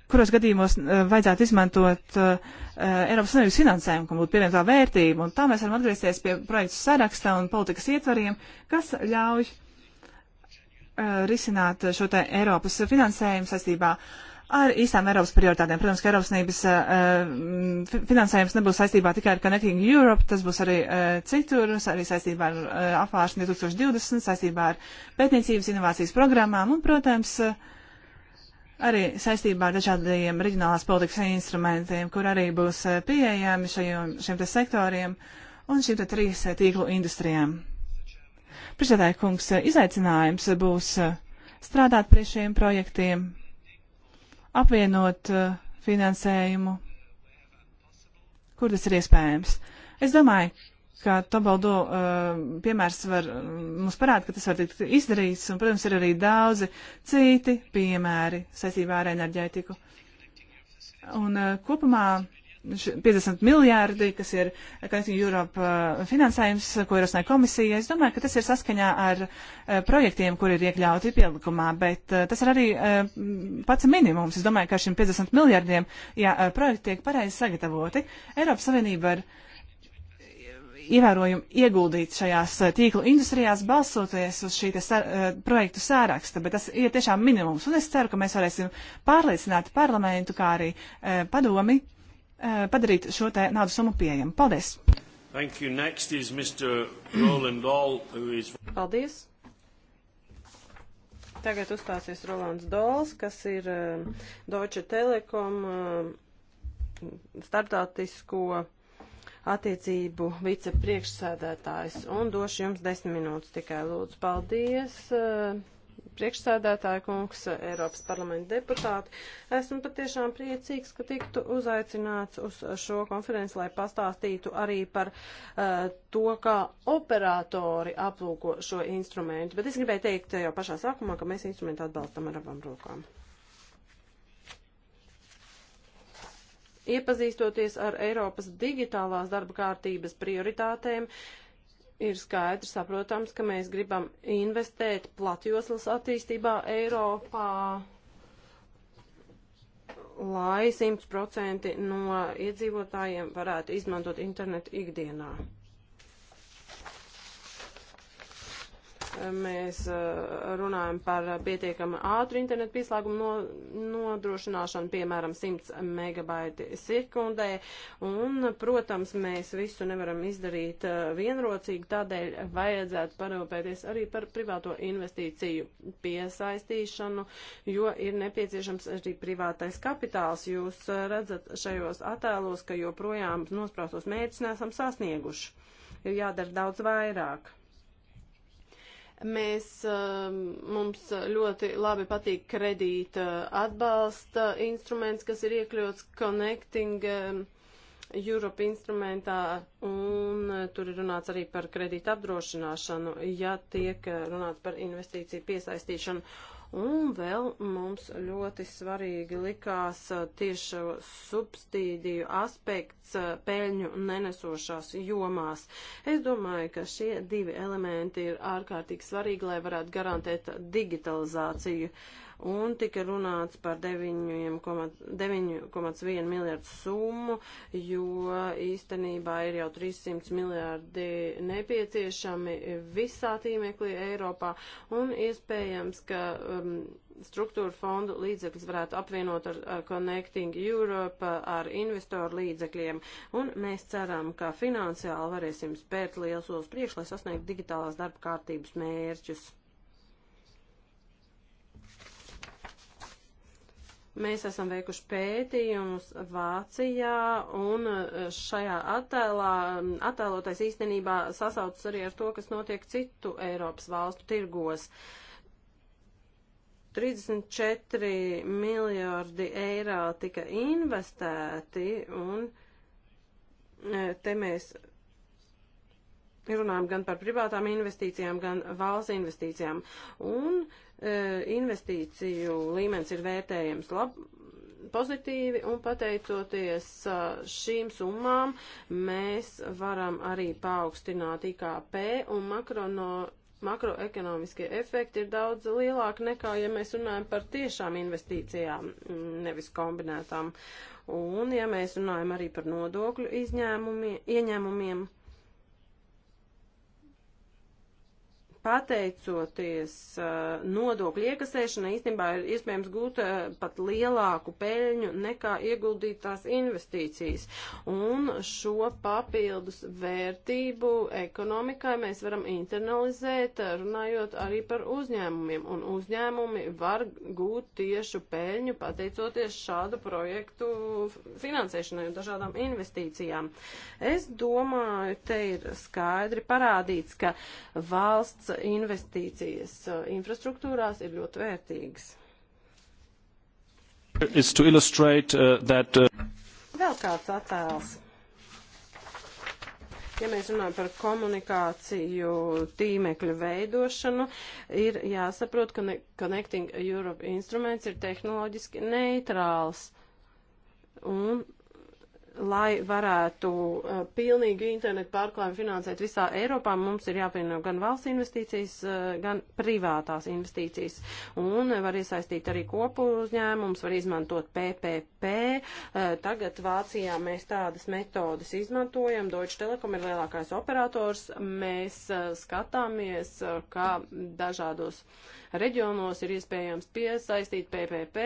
kuros gadījumos eh, vajadzētu izmantot uh, Eiropas Savienības finansējumu, kam būtu pievienotā vērtība. Un tā mēs varam atgriezties pie projektu saraksta un politikas ietvariem, kas ļauj uh, risināt šo te Eiropas finansējumu saistībā ar īstām Eiropas prioritātēm. Protams, ka Eiropas Savienības uh, finansējums nebūs saistībā tikai ar Connecting Europe, tas būs arī citur, arī saistībā ar apvāršanu 2020, saistībā ar pētniecības inovācijas programmām un, protams, uh, arī saistībā ar dažādiem reģionālās politikas instrumentiem, kur arī būs eh, pieejami šajom, šiem te sektoriem un šīm te trīs eh, tīklu industrijām. Priekšsēdētāji kungs, eh, izaicinājums būs strādāt pie šiem projektiem, apvienot finansējumu, kur tas ir iespējams. Es domāju, ka Tobaldo uh, piemērs var mums parāda, ka tas var tikt izdarīts, un, protams, ir arī daudzi citi piemēri saistībā ar enerģētiku. Un uh, kopumā 50 miljārdi, kas ir Connecting Europe uh, finansējums, ko ir uzsnēja komisija, es domāju, ka tas ir saskaņā ar uh, projektiem, kur ir iekļauti pielikumā, bet uh, tas ir arī uh, pats minimums. Es domāju, ka šim 50 miljārdiem, ja uh, projekti tiek pareizi sagatavoti, Eiropas Savienība var. Uh, ievērojumi ieguldīti šajās eh, tīklu industrijās, balsoties uz šī sar, eh, projektu sāraksta, bet tas ir tiešām minimums. Un es ceru, ka mēs varēsim pārliecināt parlamentu, kā arī eh, padomi, padarīt šo te naudas summu pieejamu. Paldies! Thank you. Next is Mr. Roland Dahl, who is... Paldies! Tagad uzstāsies Rolands Dols, kas ir uh, Deutsche Telekom uh, starptautisko attiecību vicepriekšsēdētājs un došu jums desmit minūtes tikai lūdzu. Paldies, eh, priekšsēdētāja kungs, Eiropas parlamenta deputāti. Esmu patiešām priecīgs, ka tiktu uzaicināts uz šo konferenci, lai pastāstītu arī par uh, to, kā operatori aplūko šo instrumentu. Bet es gribēju teikt jau pašā sākumā, ka mēs instrumentu atbalstam ar abām rokām. Iepazīstoties ar Eiropas digitālās darba kārtības prioritātēm, ir skaidrs, saprotams, ka mēs gribam investēt platjoslas attīstībā Eiropā, lai 100% no iedzīvotājiem varētu izmantot internetu ikdienā. mēs eh, runājam par pietiekami ātru internetu pieslēgumu nodrošināšanu, piemēram, 100 megabaiti sekundē, un, protams, mēs visu nevaram izdarīt eh, vienrocīgi, tādēļ vajadzētu parūpēties arī par privāto investīciju piesaistīšanu, jo ir nepieciešams arī privātais kapitāls. Jūs eh, redzat šajos attēlos, ka joprojām nospraustos mērķus nesam sasnieguši. Ir jādara daudz vairāk. Mēs, um, mums ļoti labi patīk kredīta uh, atbalsta instruments, kas ir iekļauts Connecting um, Europe instrumentā, un uh, tur ir runāts arī par kredīta apdrošināšanu, ja tiek uh, runāts par investīciju piesaistīšanu. Un vēl mums ļoti svarīgi likās tieši substīdiju aspekts peļņu nenesošās jomās. Es domāju, ka šie divi elementi ir ārkārtīgi svarīgi, lai varētu garantēt digitalizāciju. Uh, un tika runāts par 9,1 miljardu summu, jo īstenībā ir jau 300 miljardi nepieciešami visā tīmeklī Eiropā, un iespējams, ka um, struktūra fondu līdzekļus varētu apvienot ar, ar Connecting Europe, ar investoru līdzekļiem, un mēs ceram, ka finansiāli varēsim spērt liels solis priekš, lai sasniegtu digitālās darba kārtības mērķus. Mēs esam veikuši pētījumus Vācijā, un e, šajā attēlā attēlotais īstenībā sasaucas arī ar to, kas notiek citu Eiropas valstu tirgos. 34 miljardi eiro tika investēti, un e, te mēs runājam gan par privātām investīcijām, gan valsts investīcijām. Un e, investīciju līmenis ir vērtējams lab, pozitīvi, un pateicoties e, šīm summām, mēs varam arī paaugstināt IKP un makrono makroekonomiskie efekti ir daudz lielāki nekā, ja mēs runājam par tiešām investīcijām, nevis kombinētām. Un, ja mēs runājam arī par nodokļu izņēmumiem, ieņēmumiem, pateicoties uh, nodokļu iekasēšanai, īstenībā ir iespējams gūt uh, pat lielāku peļņu nekā ieguldītās investīcijas. Un šo papildus vērtību ekonomikai mēs varam internalizēt, uh, runājot arī par uzņēmumiem. Un uzņēmumi var gūt tiešu peļņu pateicoties šādu projektu finansēšanai un dažādām investīcijām. Es domāju, te ir skaidri parādīts, ka valsts investīcijas uh, infrastruktūrās ir ļoti vērtīgas. Uh, that, uh... Vēl kāds attēls. Ja mēs runājam par komunikāciju, tīmekļu veidošanu, ir jāsaprot, ka Connecting Europe instruments ir tehnoloģiski neitrāls. Un lai varētu uh, pilnīgu internetu pārklājumu finansēt visā Eiropā, mums ir jāpieno gan valsts investīcijas, uh, gan privātās investīcijas. Un var iesaistīt arī kopu uzņēmums, var izmantot PPP. Uh, tagad Vācijā mēs tādas metodas izmantojam. Deutsche Telekom ir lielākais operators. Mēs uh, skatāmies, uh, kā dažādos reģionos ir iespējams piesaistīt PPP,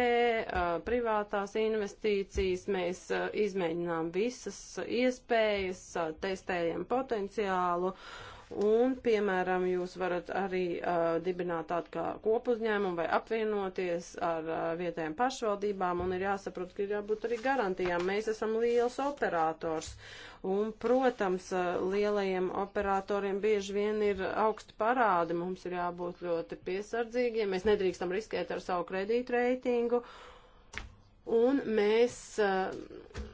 privātās investīcijas. Mēs izmēģinām visas iespējas, testējam potenciālu Un, piemēram, jūs varat arī uh, dibināt tādu kā kopuzņēmumu vai apvienoties ar uh, vietējām pašvaldībām un ir jāsaprot, ka ir jābūt arī garantijām. Mēs esam liels operators un, protams, uh, lielajiem operatoriem bieži vien ir augsti parādi. Mums ir jābūt ļoti piesardzīgiem. Mēs nedrīkstam riskēt ar savu kredītu reitingu un mēs. Uh,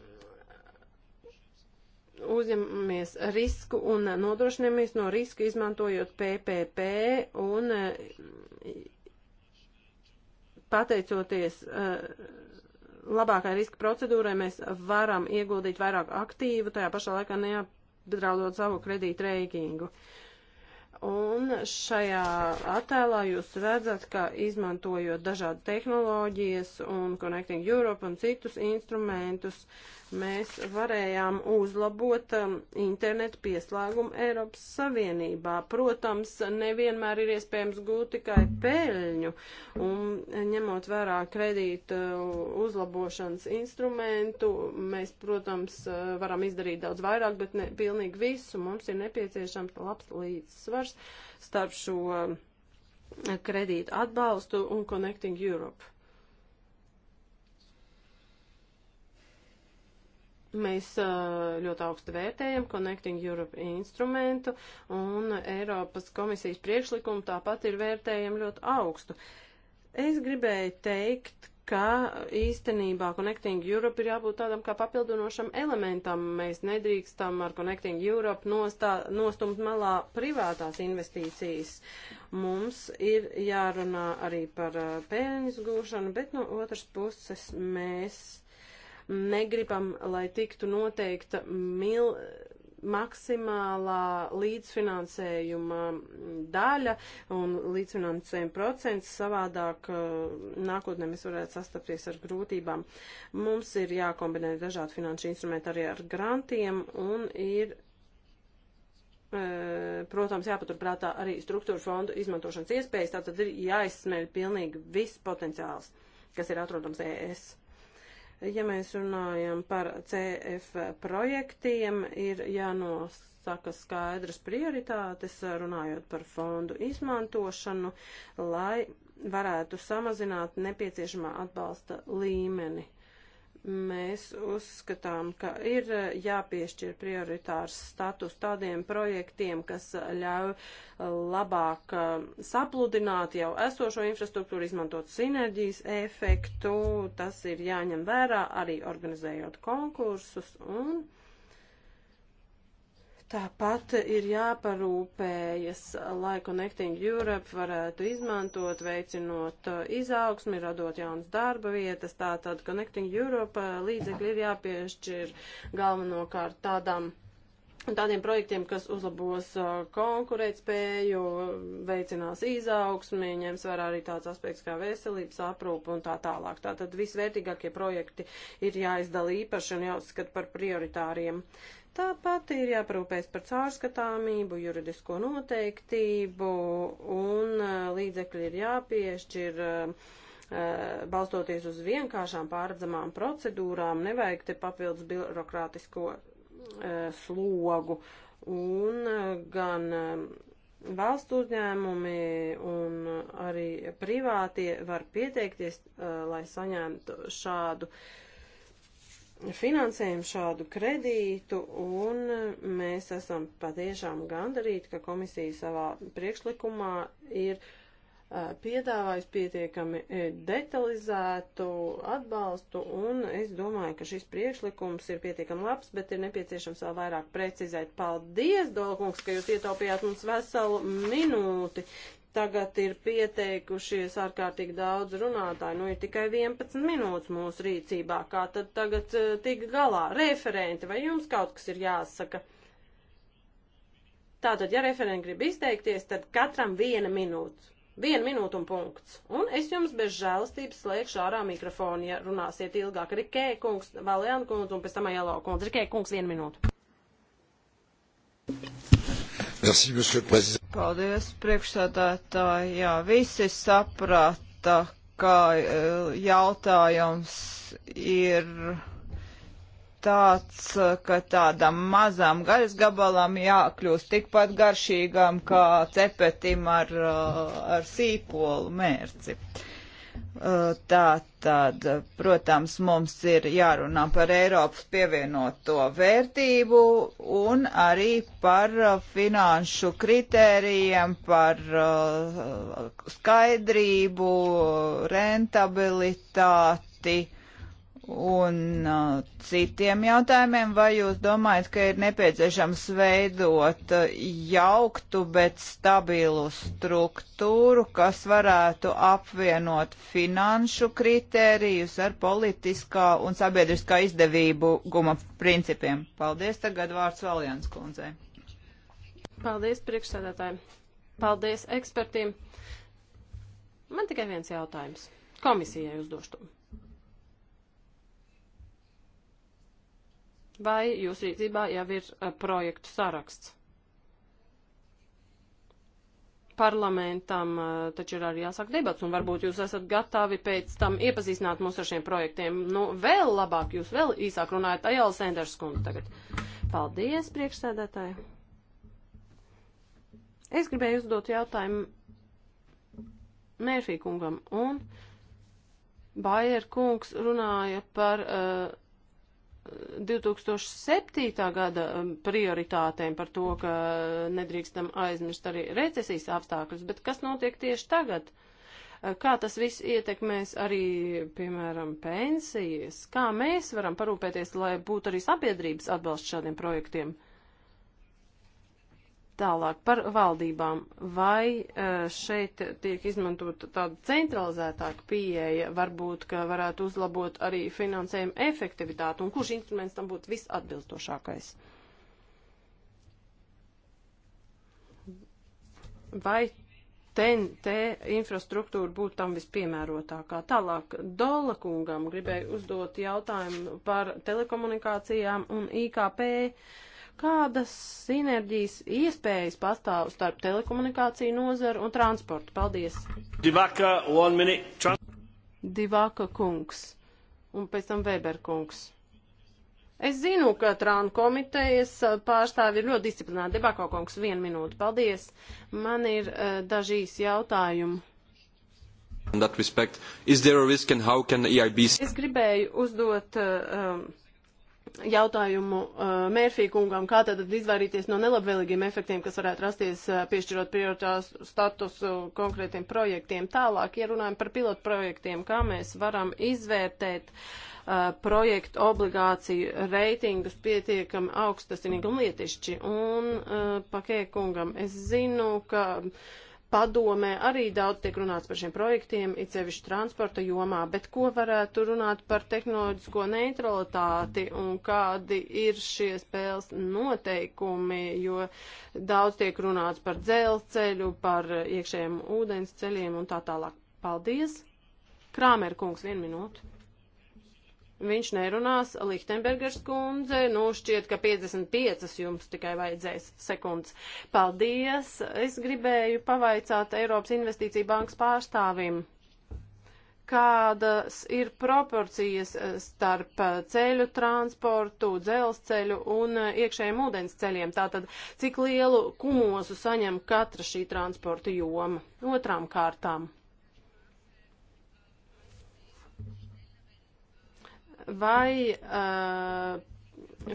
uzņemamies risku un nodrošinamies no riska izmantojot PPP un eh, pateicoties eh, labākai riska procedūrai mēs varam ieguldīt vairāk aktīvu, tajā pašā laikā neapdraudot savu kredītu reikingu. Un šajā attēlā jūs redzat, ka izmantojot dažādu tehnoloģijas un Connecting Europe un citus instrumentus, uh, mēs varējām uzlabot um, internetu pieslēgumu Eiropas Savienībā. Protams, nevienmēr ir iespējams gūt tikai peļņu, un ņemot vērā kredītu uh, uzlabošanas instrumentu, mēs, protams, uh, varam izdarīt daudz vairāk, bet ne pilnīgi visu. Mums ir nepieciešams labs līdzsvars starp šo um, kredītu atbalstu un Connecting Europe. Mēs ļoti augstu vērtējam Connecting Europe instrumentu un Eiropas komisijas priekšlikumu tāpat ir vērtējami ļoti augstu. Es gribēju teikt, ka īstenībā Connecting Europe ir jābūt tādam kā papildinošam elementam. Mēs nedrīkstam ar Connecting Europe nostā, nostumt malā privātās investīcijas. Mums ir jārunā arī par pēļņas gūšanu, bet no otras puses mēs Negribam, lai tiktu noteikta mil maksimālā līdzfinansējuma daļa un līdzfinansējuma procents savādāk uh, nākotnē mēs varētu sastapties ar grūtībām. Mums ir jākombinē dažādi finanšu instrumenti arī ar grantiem un ir, uh, protams, jāpaturprātā arī struktūra fondu izmantošanas iespējas, tātad ir jāizsmeļ pilnīgi viss potenciāls, kas ir atrodams ES. Ja mēs runājam par CF projektiem, ir jānosaka skaidras prioritātes, runājot par fondu izmantošanu, lai varētu samazināt nepieciešamā atbalsta līmeni Mēs uzskatām, ka ir eh, jāpiešķir prioritārs status tādiem projektiem, kas eh, ļauj eh, labāk sapludināt jau esošo infrastruktūru, izmantot sinerģijas efektu. Tas ir jāņem vērā arī organizējot konkursus un Tāpat ir jāparūpējas, lai Connecting Europe varētu izmantot, veicinot uh, izaugsmi, radot jaunas darba vietas. Tātad Connecting Europe uh, līdzekļi ir jāpiešķir galvenokārt tādām tādiem projektiem, kas uzlabos uh, konkurētspēju, veicinās izaugsmi, ņems vērā arī tāds aspekts kā veselības aprūpa un tā tālāk. Tātad visvērtīgākie projekti ir jāizdala īpaši un jāuzskata par prioritāriem. Tāpat ir jāparūpēs par caurskatāmību, juridisko noteiktību un uh, līdzekļi ir jāpiešķir uh, uh, balstoties uz vienkāršām pārredzamām procedūrām, nevajag te papildus birokrātisko slogu. Un gan um, valsts uzņēmumi un arī privātie var pieteikties, lai saņemtu šādu uh, finansējam šādu kredītu, un mēs esam patiešām gandarīti, ka komisija savā priekšlikumā ir piedāvājis pietiekami detalizētu atbalstu, un es domāju, ka šis priekšlikums ir pietiekami labs, bet ir nepieciešams vēl vairāk precizēt. Paldies, Dolkungs, ka jūs ietaupījāt mums veselu minūti. Tagad ir pieteikušies ārkārtīgi daudz runātāju, nu ir tikai 11 minūtes mūsu rīcībā, kā tad tagad uh, eh, tik galā. Referenti, vai jums kaut kas ir jāsaka? Tātad, ja referenti grib izteikties, tad katram viena minūte. Viena minūte un punkts. Un es jums bez žēlastības slēgšu ārā mikrofonu, ja runāsiet ilgāk. Rikē kungs, Valēna kungs un pēc tam Ajalo kungs. Rikē kungs, viena minūte. Merci, monsieur le président. Paldies, priekšsādātāji. Jā, visi saprata, ka eh, jautājums ir tāds, ka tādam mazam gaļas gabalam jākļūst tikpat garšīgam kā cepetim ar, eh, ar sīpolu mērci. Uh, Eh, tā tad, protams, mums ir jārunā par Eiropas pievienoto vērtību un arī par eh, finanšu kritērijiem, par eh, skaidrību, rentabilitāti un uh, citiem jautājumiem, vai jūs domājat, ka ir nepieciešams veidot jauktu, bet stabilu struktūru, kas varētu apvienot finanšu kritērijus ar politiskā un sabiedriskā izdevību guma principiem? Paldies, tagad vārds Valjans kundzei. Paldies priekšsēdētājiem. Paldies ekspertiem. Man tikai viens jautājums. Komisijai uzdošu. vai jūs rīcībā jau ir projektu saraksts? Parlamentam taču ir arī jāsāk debats, un varbūt jūs esat gatavi pēc tam iepazīstināt mūs ar šiem projektiem. Nu, vēl labāk jūs vēl īsāk runājat Ajala Sanders kundu tagad. Paldies, priekšsēdētāji. Es gribēju uzdot jautājumu Mērfī kungam, un Bajer kungs runāja par uh, 2007. gada um, prioritātēm par to, ka nedrīkstam aizmirst arī recesijas apstākļus, bet kas notiek tieši tagad? Uh, kā tas viss ietekmēs arī, piemēram, pensijas? Kā mēs varam parūpēties, lai būtu arī sabiedrības atbalsts šādiem projektiem? Uh, Tālāk par valdībām. Vai e, šeit tiek izmantota tāda centralizētāka pieeja, varbūt, ka varētu uzlabot arī finansējuma efektivitāti, un kurš instruments tam būtu visatbilstošākais? Vai TNT infrastruktūra būtu tam vispiemērotākā. Tālāk Dola kungam gribēju uzdot jautājumu par telekomunikācijām un IKP. Uh, Kādas sinerģijas iespējas pastāv starp telekomunikāciju nozaru un transportu? Paldies! Divaka, one minute. Trans Divaka kungs un pēc tam Weber kungs. Es zinu, ka Trānu komitejas uh, pārstāvi ir ļoti disciplināti. Debako kungs, vienu minūti. Paldies. Man ir uh, dažīs jautājumu. Respect, can, e es gribēju uzdot. Uh, um, jautājumu uh, Mērfī kungam, kā tad izvairīties no nelabvēlīgiem efektiem, kas varētu rasties uh, piešķirot prioritāru statusu konkrētiem projektiem. Tālāk, ja runājam par pilotu projektiem, kā mēs varam izvērtēt uh, projektu obligāciju reitingus pietiekami augstasinīgi un lietišķi. Un uh, pakē kungam, es zinu, ka. Uh, Padomē arī daudz tiek runāts par šiem projektiem, it sevišķi transporta jomā, bet ko varētu runāt par tehnoloģisko neutralitāti un kādi ir šie spēles noteikumi, jo daudz tiek runāts par dzelzceļu, par iekšējiem ūdens ceļiem un tā tālāk. Paldies! Krāmer kungs, vienu minūtu viņš nerunās. Lichtenbergers kundze, nu šķiet, ka 55 jums tikai vajadzēs sekundes. Paldies! Es gribēju pavaicāt Eiropas Investīcija bankas pārstāvim kādas ir proporcijas eh, starp eh, ceļu transportu, dzelzceļu un eh, iekšējiem ūdens ceļiem. Tātad, cik lielu kumosu saņem katra šī transporta joma otrām kārtām? vai uh,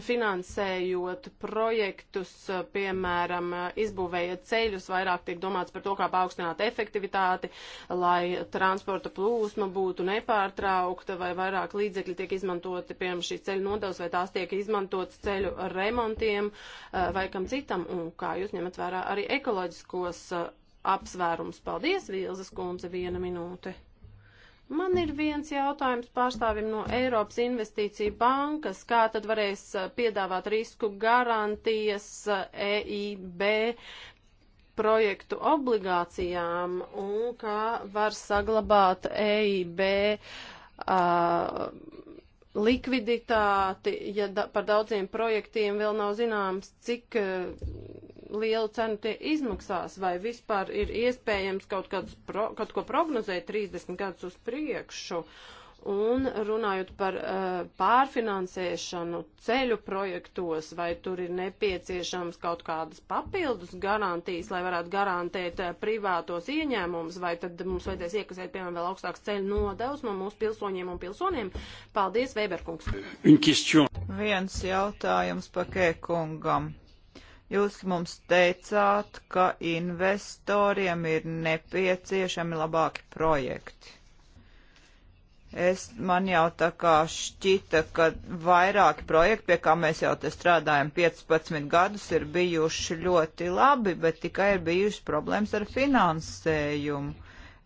finansējot projektus, eh, piemēram, izbūvējot ceļus, vairāk tiek domāts par to, kā paaugstināt efektivitāti, lai transporta plūsma būtu nepārtraukta, vai vairāk līdzekļi tiek izmantoti, piemēram, šīs ceļu nodevs, vai tās tiek izmantotas ceļu remontiem eh, vai kam citam, un kā jūs ņemat vērā arī ekoloģiskos apsvērums. Paldies, Vīlzes kundze, viena minūte. Man ir viens jautājums pārstāvim no Eiropas Investīcija bankas, kā tad varēs piedāvāt risku garantijas EIB projektu obligācijām un kā var saglabāt EIB uh, likviditāti, ja da, par daudziem projektiem vēl nav zināms, cik uh, lielu cenu tie izmaksās, vai vispār ir iespējams kaut, kāds, pro, kaut ko prognozēt 30 gadus uz priekšu. Un runājot par uh, pārfinansēšanu ceļu projektos, vai tur ir nepieciešams kaut kādas papildus garantijas, lai varētu garantēt uh, privātos ieņēmumus, vai tad mums vajadzēs iekasēt, piemēram, vēl augstāks ceļu nodevs no mūsu pilsoņiem un pilsoniem. Paldies, Vēberkungs. Viens jautājums pakēkungam. Jūs mums teicāt, ka investoriem ir nepieciešami labāki projekti. Es, man jau tā kā šķita, ka vairāki projekti, pie kā mēs jau te strādājam 15 gadus, ir bijuši ļoti labi, bet tikai ir bijuši problēmas ar finansējumu.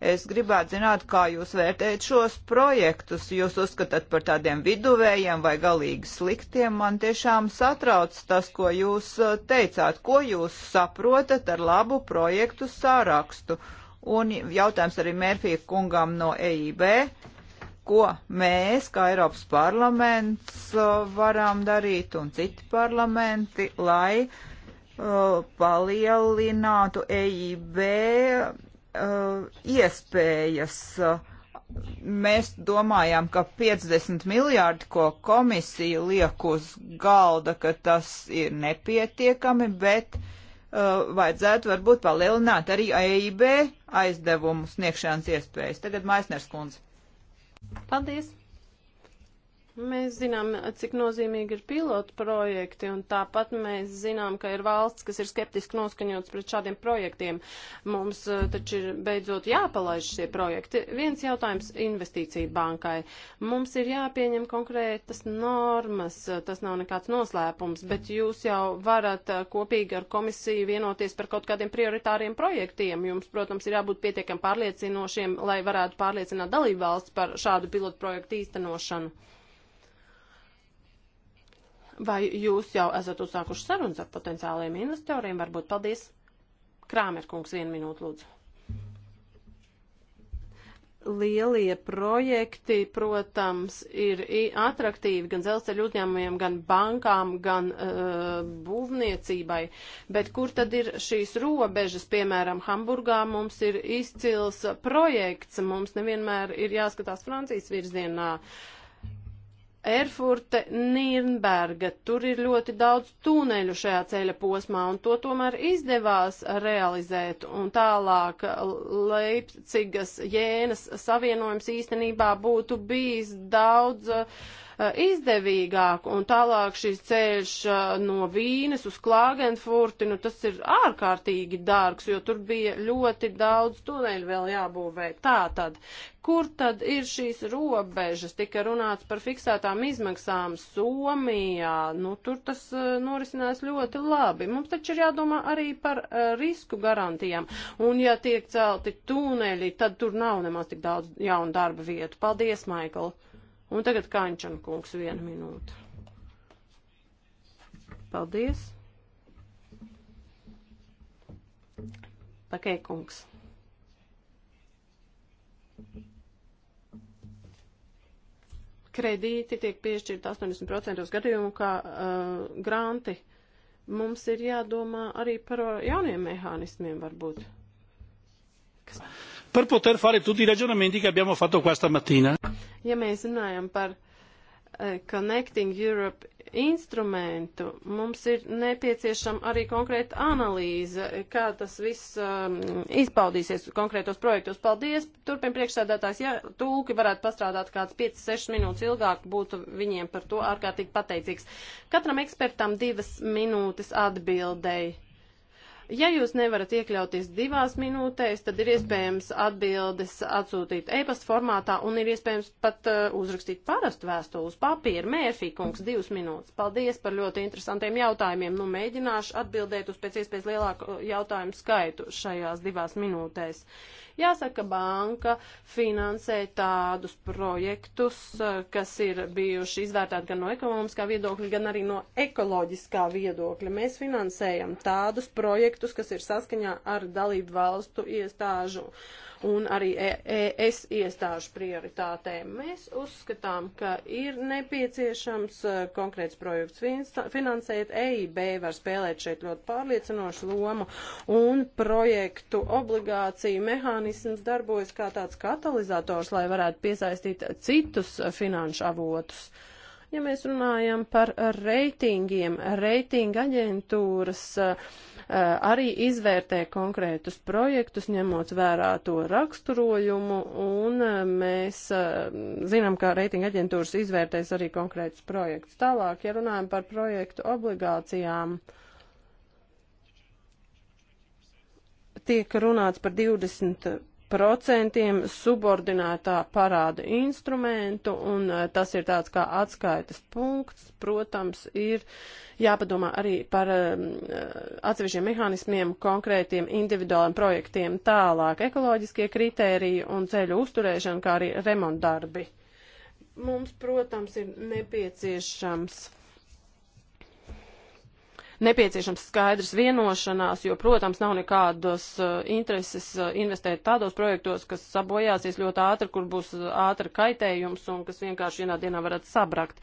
Es gribētu zināt, kā jūs vērtējat šos projektus. Jūs uzskatāt par tādiem viduvējiem vai galīgi sliktiem. Man tiešām satrauc tas, ko jūs uh, teicāt, ko jūs saprotat ar labu projektu sārakstu. Un jautājums arī Mērfija kungam no EIB. Ko mēs, kā Eiropas parlaments, uh, varam darīt un citi parlamenti, lai uh, palielinātu EIB Uh, iespējas. Mēs domājām, ka 50 miljārdi, ko komisija liek uz galda, ka tas ir nepietiekami, bet uh, vajadzētu varbūt palielināt arī AIB aizdevumu sniegšanas iespējas. Tagad Maisners kundze. Paldies! Mēs zinām, cik nozīmīgi ir pilotu projekti, un tāpat mēs zinām, ka ir valsts, kas ir skeptiski noskaņots pret šādiem projektiem. Mums eh, taču ir beidzot jāpalaiž šie projekti. Viens jautājums investīciju bankai. Mums ir jāpieņem konkrētas normas, tas nav nekāds noslēpums, bet jūs jau varat eh, kopīgi ar komisiju vienoties par kaut kādiem prioritāriem projektiem. Jums, protams, ir jābūt pietiekam pārliecinošiem, lai varētu pārliecināt dalību valsts par šādu pilotu projektu īstenošanu. Vai jūs jau esat uzsākuši sarunas ar potenciāliem investoriem? Varbūt paldies. Krāmerkungs, vienu minūtu lūdzu lielie projekti, protams, ir atraktīvi gan dzelzceļu uzņēmumiem, gan bankām, gan uh, būvniecībai. Bet kur tad ir šīs robežas? Piemēram, Hamburgā mums ir izcils projekts, mums nevienmēr ir jāskatās Francijas virzienā. Uh, Erfurte, Nīrnberga, tur ir ļoti daudz tūneļu šajā ceļa posmā, un to tomēr izdevās realizēt, un tālāk Leipcigas jēnas savienojums īstenībā būtu bijis daudz uh, izdevīgāk, un tālāk šis ceļš no Vīnes uz Klāgenfurti, nu tas ir ārkārtīgi dārgs, jo tur bija ļoti daudz tuneļu vēl jābūvē. Tā tad, kur tad ir šīs robežas? Tika runāts par fiksētām izmaksām Somijā, nu tur tas norisinās ļoti labi. Mums taču ir jādomā arī par risku garantijām, un ja tiek celti tuneļi, tad tur nav nemaz tik daudz jaunu darba vietu. Paldies, Maikl! Un tagad Kaņčana kungs vienu minūtu. Paldies. Pakei kungs. Kredīti tiek piešķirt 80% gadījumu kā uh, granti. Mums ir jādomā arī par jauniem mehānismiem varbūt. Kas per poter fare tutti i ragionamenti che abbiamo fatto qua stamattina. Ja mēs runājam par uh, Connecting Europe instrumentu, mums ir nepieciešama arī konkrēta analīze, kā tas viss um, izpaudīsies konkrētos projektos. Paldies, turpin priekšsēdētājs, ja tulki varētu pastrādāt kāds 5-6 minūtes ilgāk, būtu viņiem par to ārkārtīgi pateicīgs. Katram ekspertam divas minūtes atbildēji. Ja jūs nevarat iekļauties divās minūtēs, tad ir iespējams atbildes atsūtīt e-pasta formātā un ir iespējams pat uh, uzrakstīt parastu vēstuli uz papīra. Mērfī kungs, divas minūtes. Paldies par ļoti interesantiem jautājumiem. Nu, mēģināšu atbildēt uz pēc iespējas lielāku uh, jautājumu skaitu šajās divās minūtēs. Jāsaka, banka finansē tādus projektus, uh, kas ir bijuši izvērtēti gan no ekonomiskā viedokļa, gan arī no ekoloģiskā viedokļa. Mēs finansējam tādus projektus, aktus, kas ir saskaņā ar dalību valstu iestāžu un arī ES e iestāžu prioritātēm. Mēs uzskatām, ka ir nepieciešams eh, konkrēts projekts finansēt. EIB var spēlēt šeit ļoti pārliecinošu lomu un projektu obligāciju mehānisms darbojas kā tāds katalizators, lai varētu piesaistīt citus finanšu avotus. Ja mēs runājam par reitingiem, reitinga aģentūras eh, Eh, arī izvērtē konkrētus projektus, ņemot vērā to raksturojumu, un eh, mēs eh, zinām, ka reitinga aģentūras izvērtēs arī konkrētus projektus. Tālāk, ja runājam par projektu obligācijām, tiek runāts par 20 procentiem subordinētā parāda instrumentu, un eh, tas ir tāds kā atskaitas punkts. Protams, ir jāpadomā arī par ehm, eh, atsevišķiem mehānismiem, konkrētiem individuāliem projektiem, tālāk ekoloģiskie kritēriji un ceļu uzturēšana, kā arī remontdarbi. Mums, protams, ir nepieciešams nepieciešams skaidrs vienošanās, jo, protams, nav nekādas eh, intereses eh, investēt tādos projektos, kas sabojāsies ļoti ātri, kur būs eh, ātri kaitējums un kas vienkārši vienā dienā varētu sabrakt.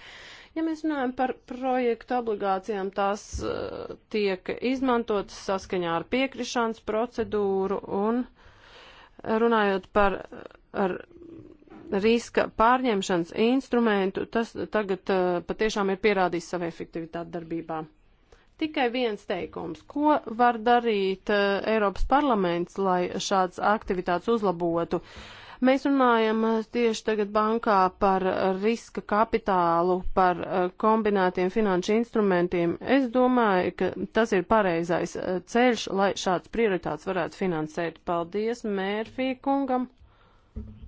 Ja mēs runājam par projektu obligācijām, tās uh, tiek izmantotas saskaņā ar piekrišanas procedūru un runājot par ar riska pārņemšanas instrumentu, tas tagad uh, patiešām ir pierādījis savu efektivitāti darbībā. Tikai viens teikums. Ko var darīt uh, Eiropas parlaments, lai šādas aktivitātes uzlabotu? Mēs runājam eh, tieši tagad bankā par eh, riska kapitālu, par uh, kombinētiem finanšu instrumentiem. Es domāju, ka tas ir pareizais uh, ceļš, lai šāds prioritāts varētu finansēt. Paldies Mērfī kungam. Thank you.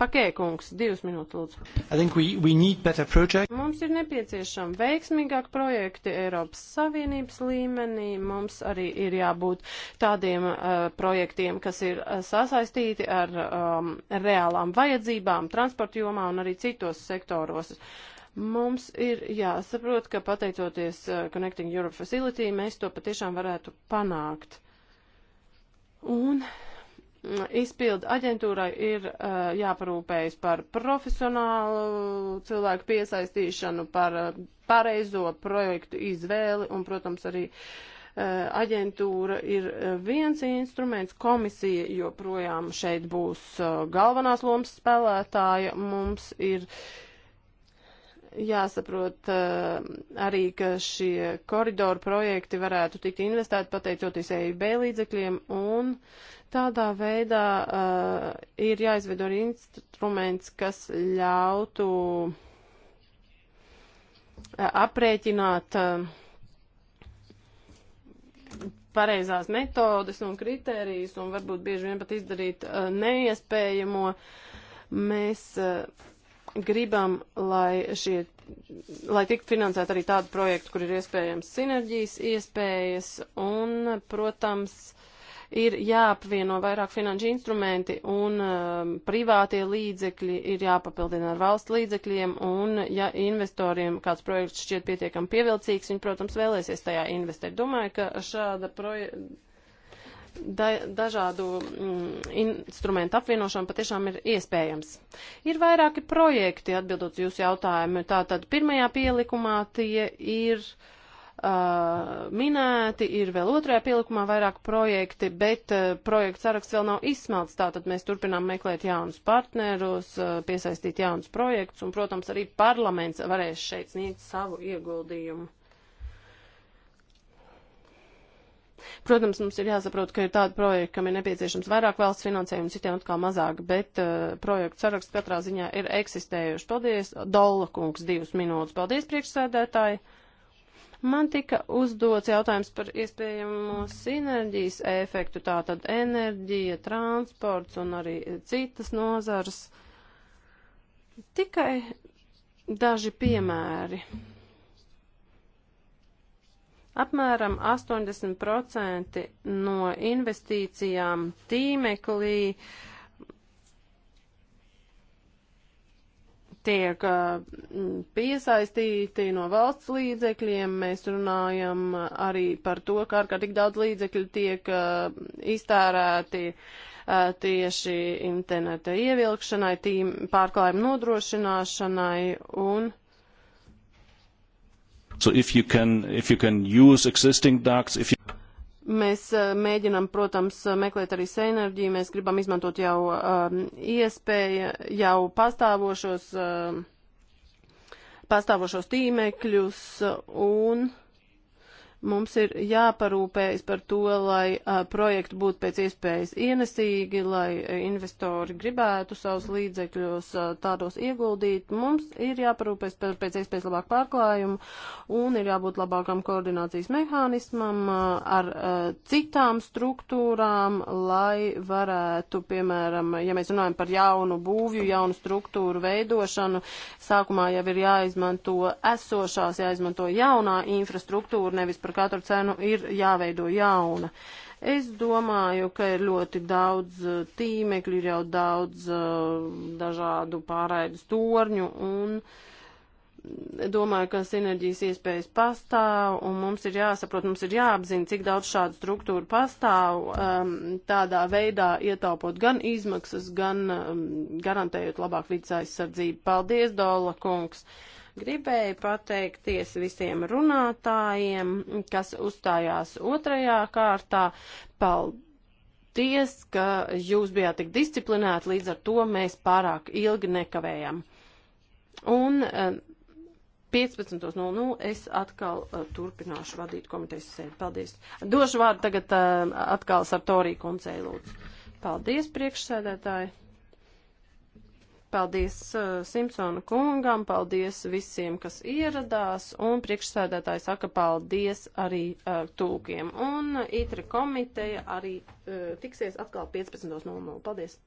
Pakēkungs, divas minūtes lūdzu. We, we mums ir nepieciešama veiksmīgāk projekti Eiropas Savienības līmenī. Mums arī ir jābūt tādiem uh, projektiem, kas ir uh, sasaistīti ar um, reālām vajadzībām, transporta jomā un arī citos sektoros. Mums ir jāsaprot, ka pateicoties uh, Connecting Europe Facility, mēs to patiešām varētu panākt. Un Izpildu aģentūrai ir uh, jāparūpējas par profesionālu cilvēku piesaistīšanu, par uh, pareizo projektu izvēli un, protams, arī uh, aģentūra ir viens instruments. Komisija joprojām šeit būs galvenās lomas spēlētāja. Mums ir jāsaprot uh, arī, ka šie koridoru projekti varētu tikt investēti pateicoties EIB līdzekļiem, un Tādā veidā uh, ir jāizveido arī instruments, kas ļautu uh, aprēķināt uh, pareizās metodes un kritērijas un varbūt bieži vien pat izdarīt uh, neiespējamo. Mēs uh, gribam, lai šie, lai tiktu finansēt arī tādu projektu, kur ir iespējams sinerģijas iespējas un, protams, uh, ir jāapvieno vairāk finanšu instrumenti un um, privātie līdzekļi ir jāpapildina ar valsts līdzekļiem un ja investoriem kāds projekts šķiet pietiekami pievilcīgs, viņi, protams, vēlēsies tajā investēt. Domāju, ka šāda projekta. Da, dažādu mm, instrumentu apvienošana patiešām ir iespējams. Ir vairāki projekti, atbildot jūsu jautājumu. Tātad pirmajā pielikumā tie ir uh, Uh, minēti, ir vēl otrajā pielikumā vairāk projekti, bet uh, projekts saraksts vēl nav izsmelts, tātad mēs turpinām meklēt jaunus partnerus, uh, piesaistīt jaunus projektus, un, protams, arī parlaments varēs šeit sniegt savu ieguldījumu. Protams, mums ir jāsaprot, ka ir tādi projekti, kam ir nepieciešams vairāk valsts finansējumu, citiem atkal mazāk, bet uh, projektu saraksts katrā ziņā ir eksistējuši. Paldies, Dolla kungs, divas minūtes. Paldies, priekšsēdētāji! Man tika uzdots jautājums par iespējamo sinerģijas efektu, tātad enerģija, transports un arī citas nozars. Tikai daži piemēri. Apmēram 80% no investīcijām tīmeklī uh, tiek piesaistīti no valsts līdzekļiem. Mēs runājam arī par to, ka ārkārtīgi daudz līdzekļu tiek iztērēti tieši interneta ievilkšanai, tīm pārklājuma nodrošināšanai un. So if you can, if you can use existing ducts, if you Mēs eh, mēģinam, protams, meklēt arī sēnerģiju, mēs gribam izmantot jau um, ehm, iespēju, jau pastāvošos, um, pastāvošos tīmekļus un Mums ir jāparūpējas par to, lai uh, projekti būtu pēc iespējas ienesīgi, lai investori gribētu savus līdzekļus uh, tādos ieguldīt. Mums ir jāparūpējas par pēc iespējas labāku pārklājumu un ir jābūt labākam koordinācijas mehānismam uh, ar uh, citām struktūrām, lai varētu, piemēram, ja mēs runājam par jaunu būvju, jaunu struktūru veidošanu, sākumā jau ir jāizmanto esošās, jāizmanto jaunā infrastruktūra, nevis par par katru cenu ir jāveido jauna. Es domāju, ka ir ļoti daudz uh, tīmekļu, ir jau daudz uh, dažādu pārraidus torņu un mm, domāju, ka sinerģijas iespējas pastāv, un mums ir jāsaprot, mums ir jāapzina, cik daudz šādu struktūru pastāv, um, tādā veidā ietaupot gan izmaksas, gan um, garantējot labāk vidas aizsardzību. Paldies, Dola kungs! Uh, Gribēju pateikties visiem runātājiem, kas uzstājās otrajā kārtā. Paldies, ka jūs bijāt tik disciplinēti, līdz ar to mēs pārāk ilgi nekavējam. Un 15.00 eh, es atkal uh, turpināšu vadīt komitejas sēdi. Paldies. Došu vārdu tagad uh, atkal Sartorī koncei lūdzu. Paldies, priekšsēdētāji. Paldies uh, Simpsona kungam, paldies visiem, kas ieradās, un priekšsēdētāji saka paldies arī uh, tūkiem. Un uh, ITRA komiteja arī uh, tiksies atkal 15.00. Paldies!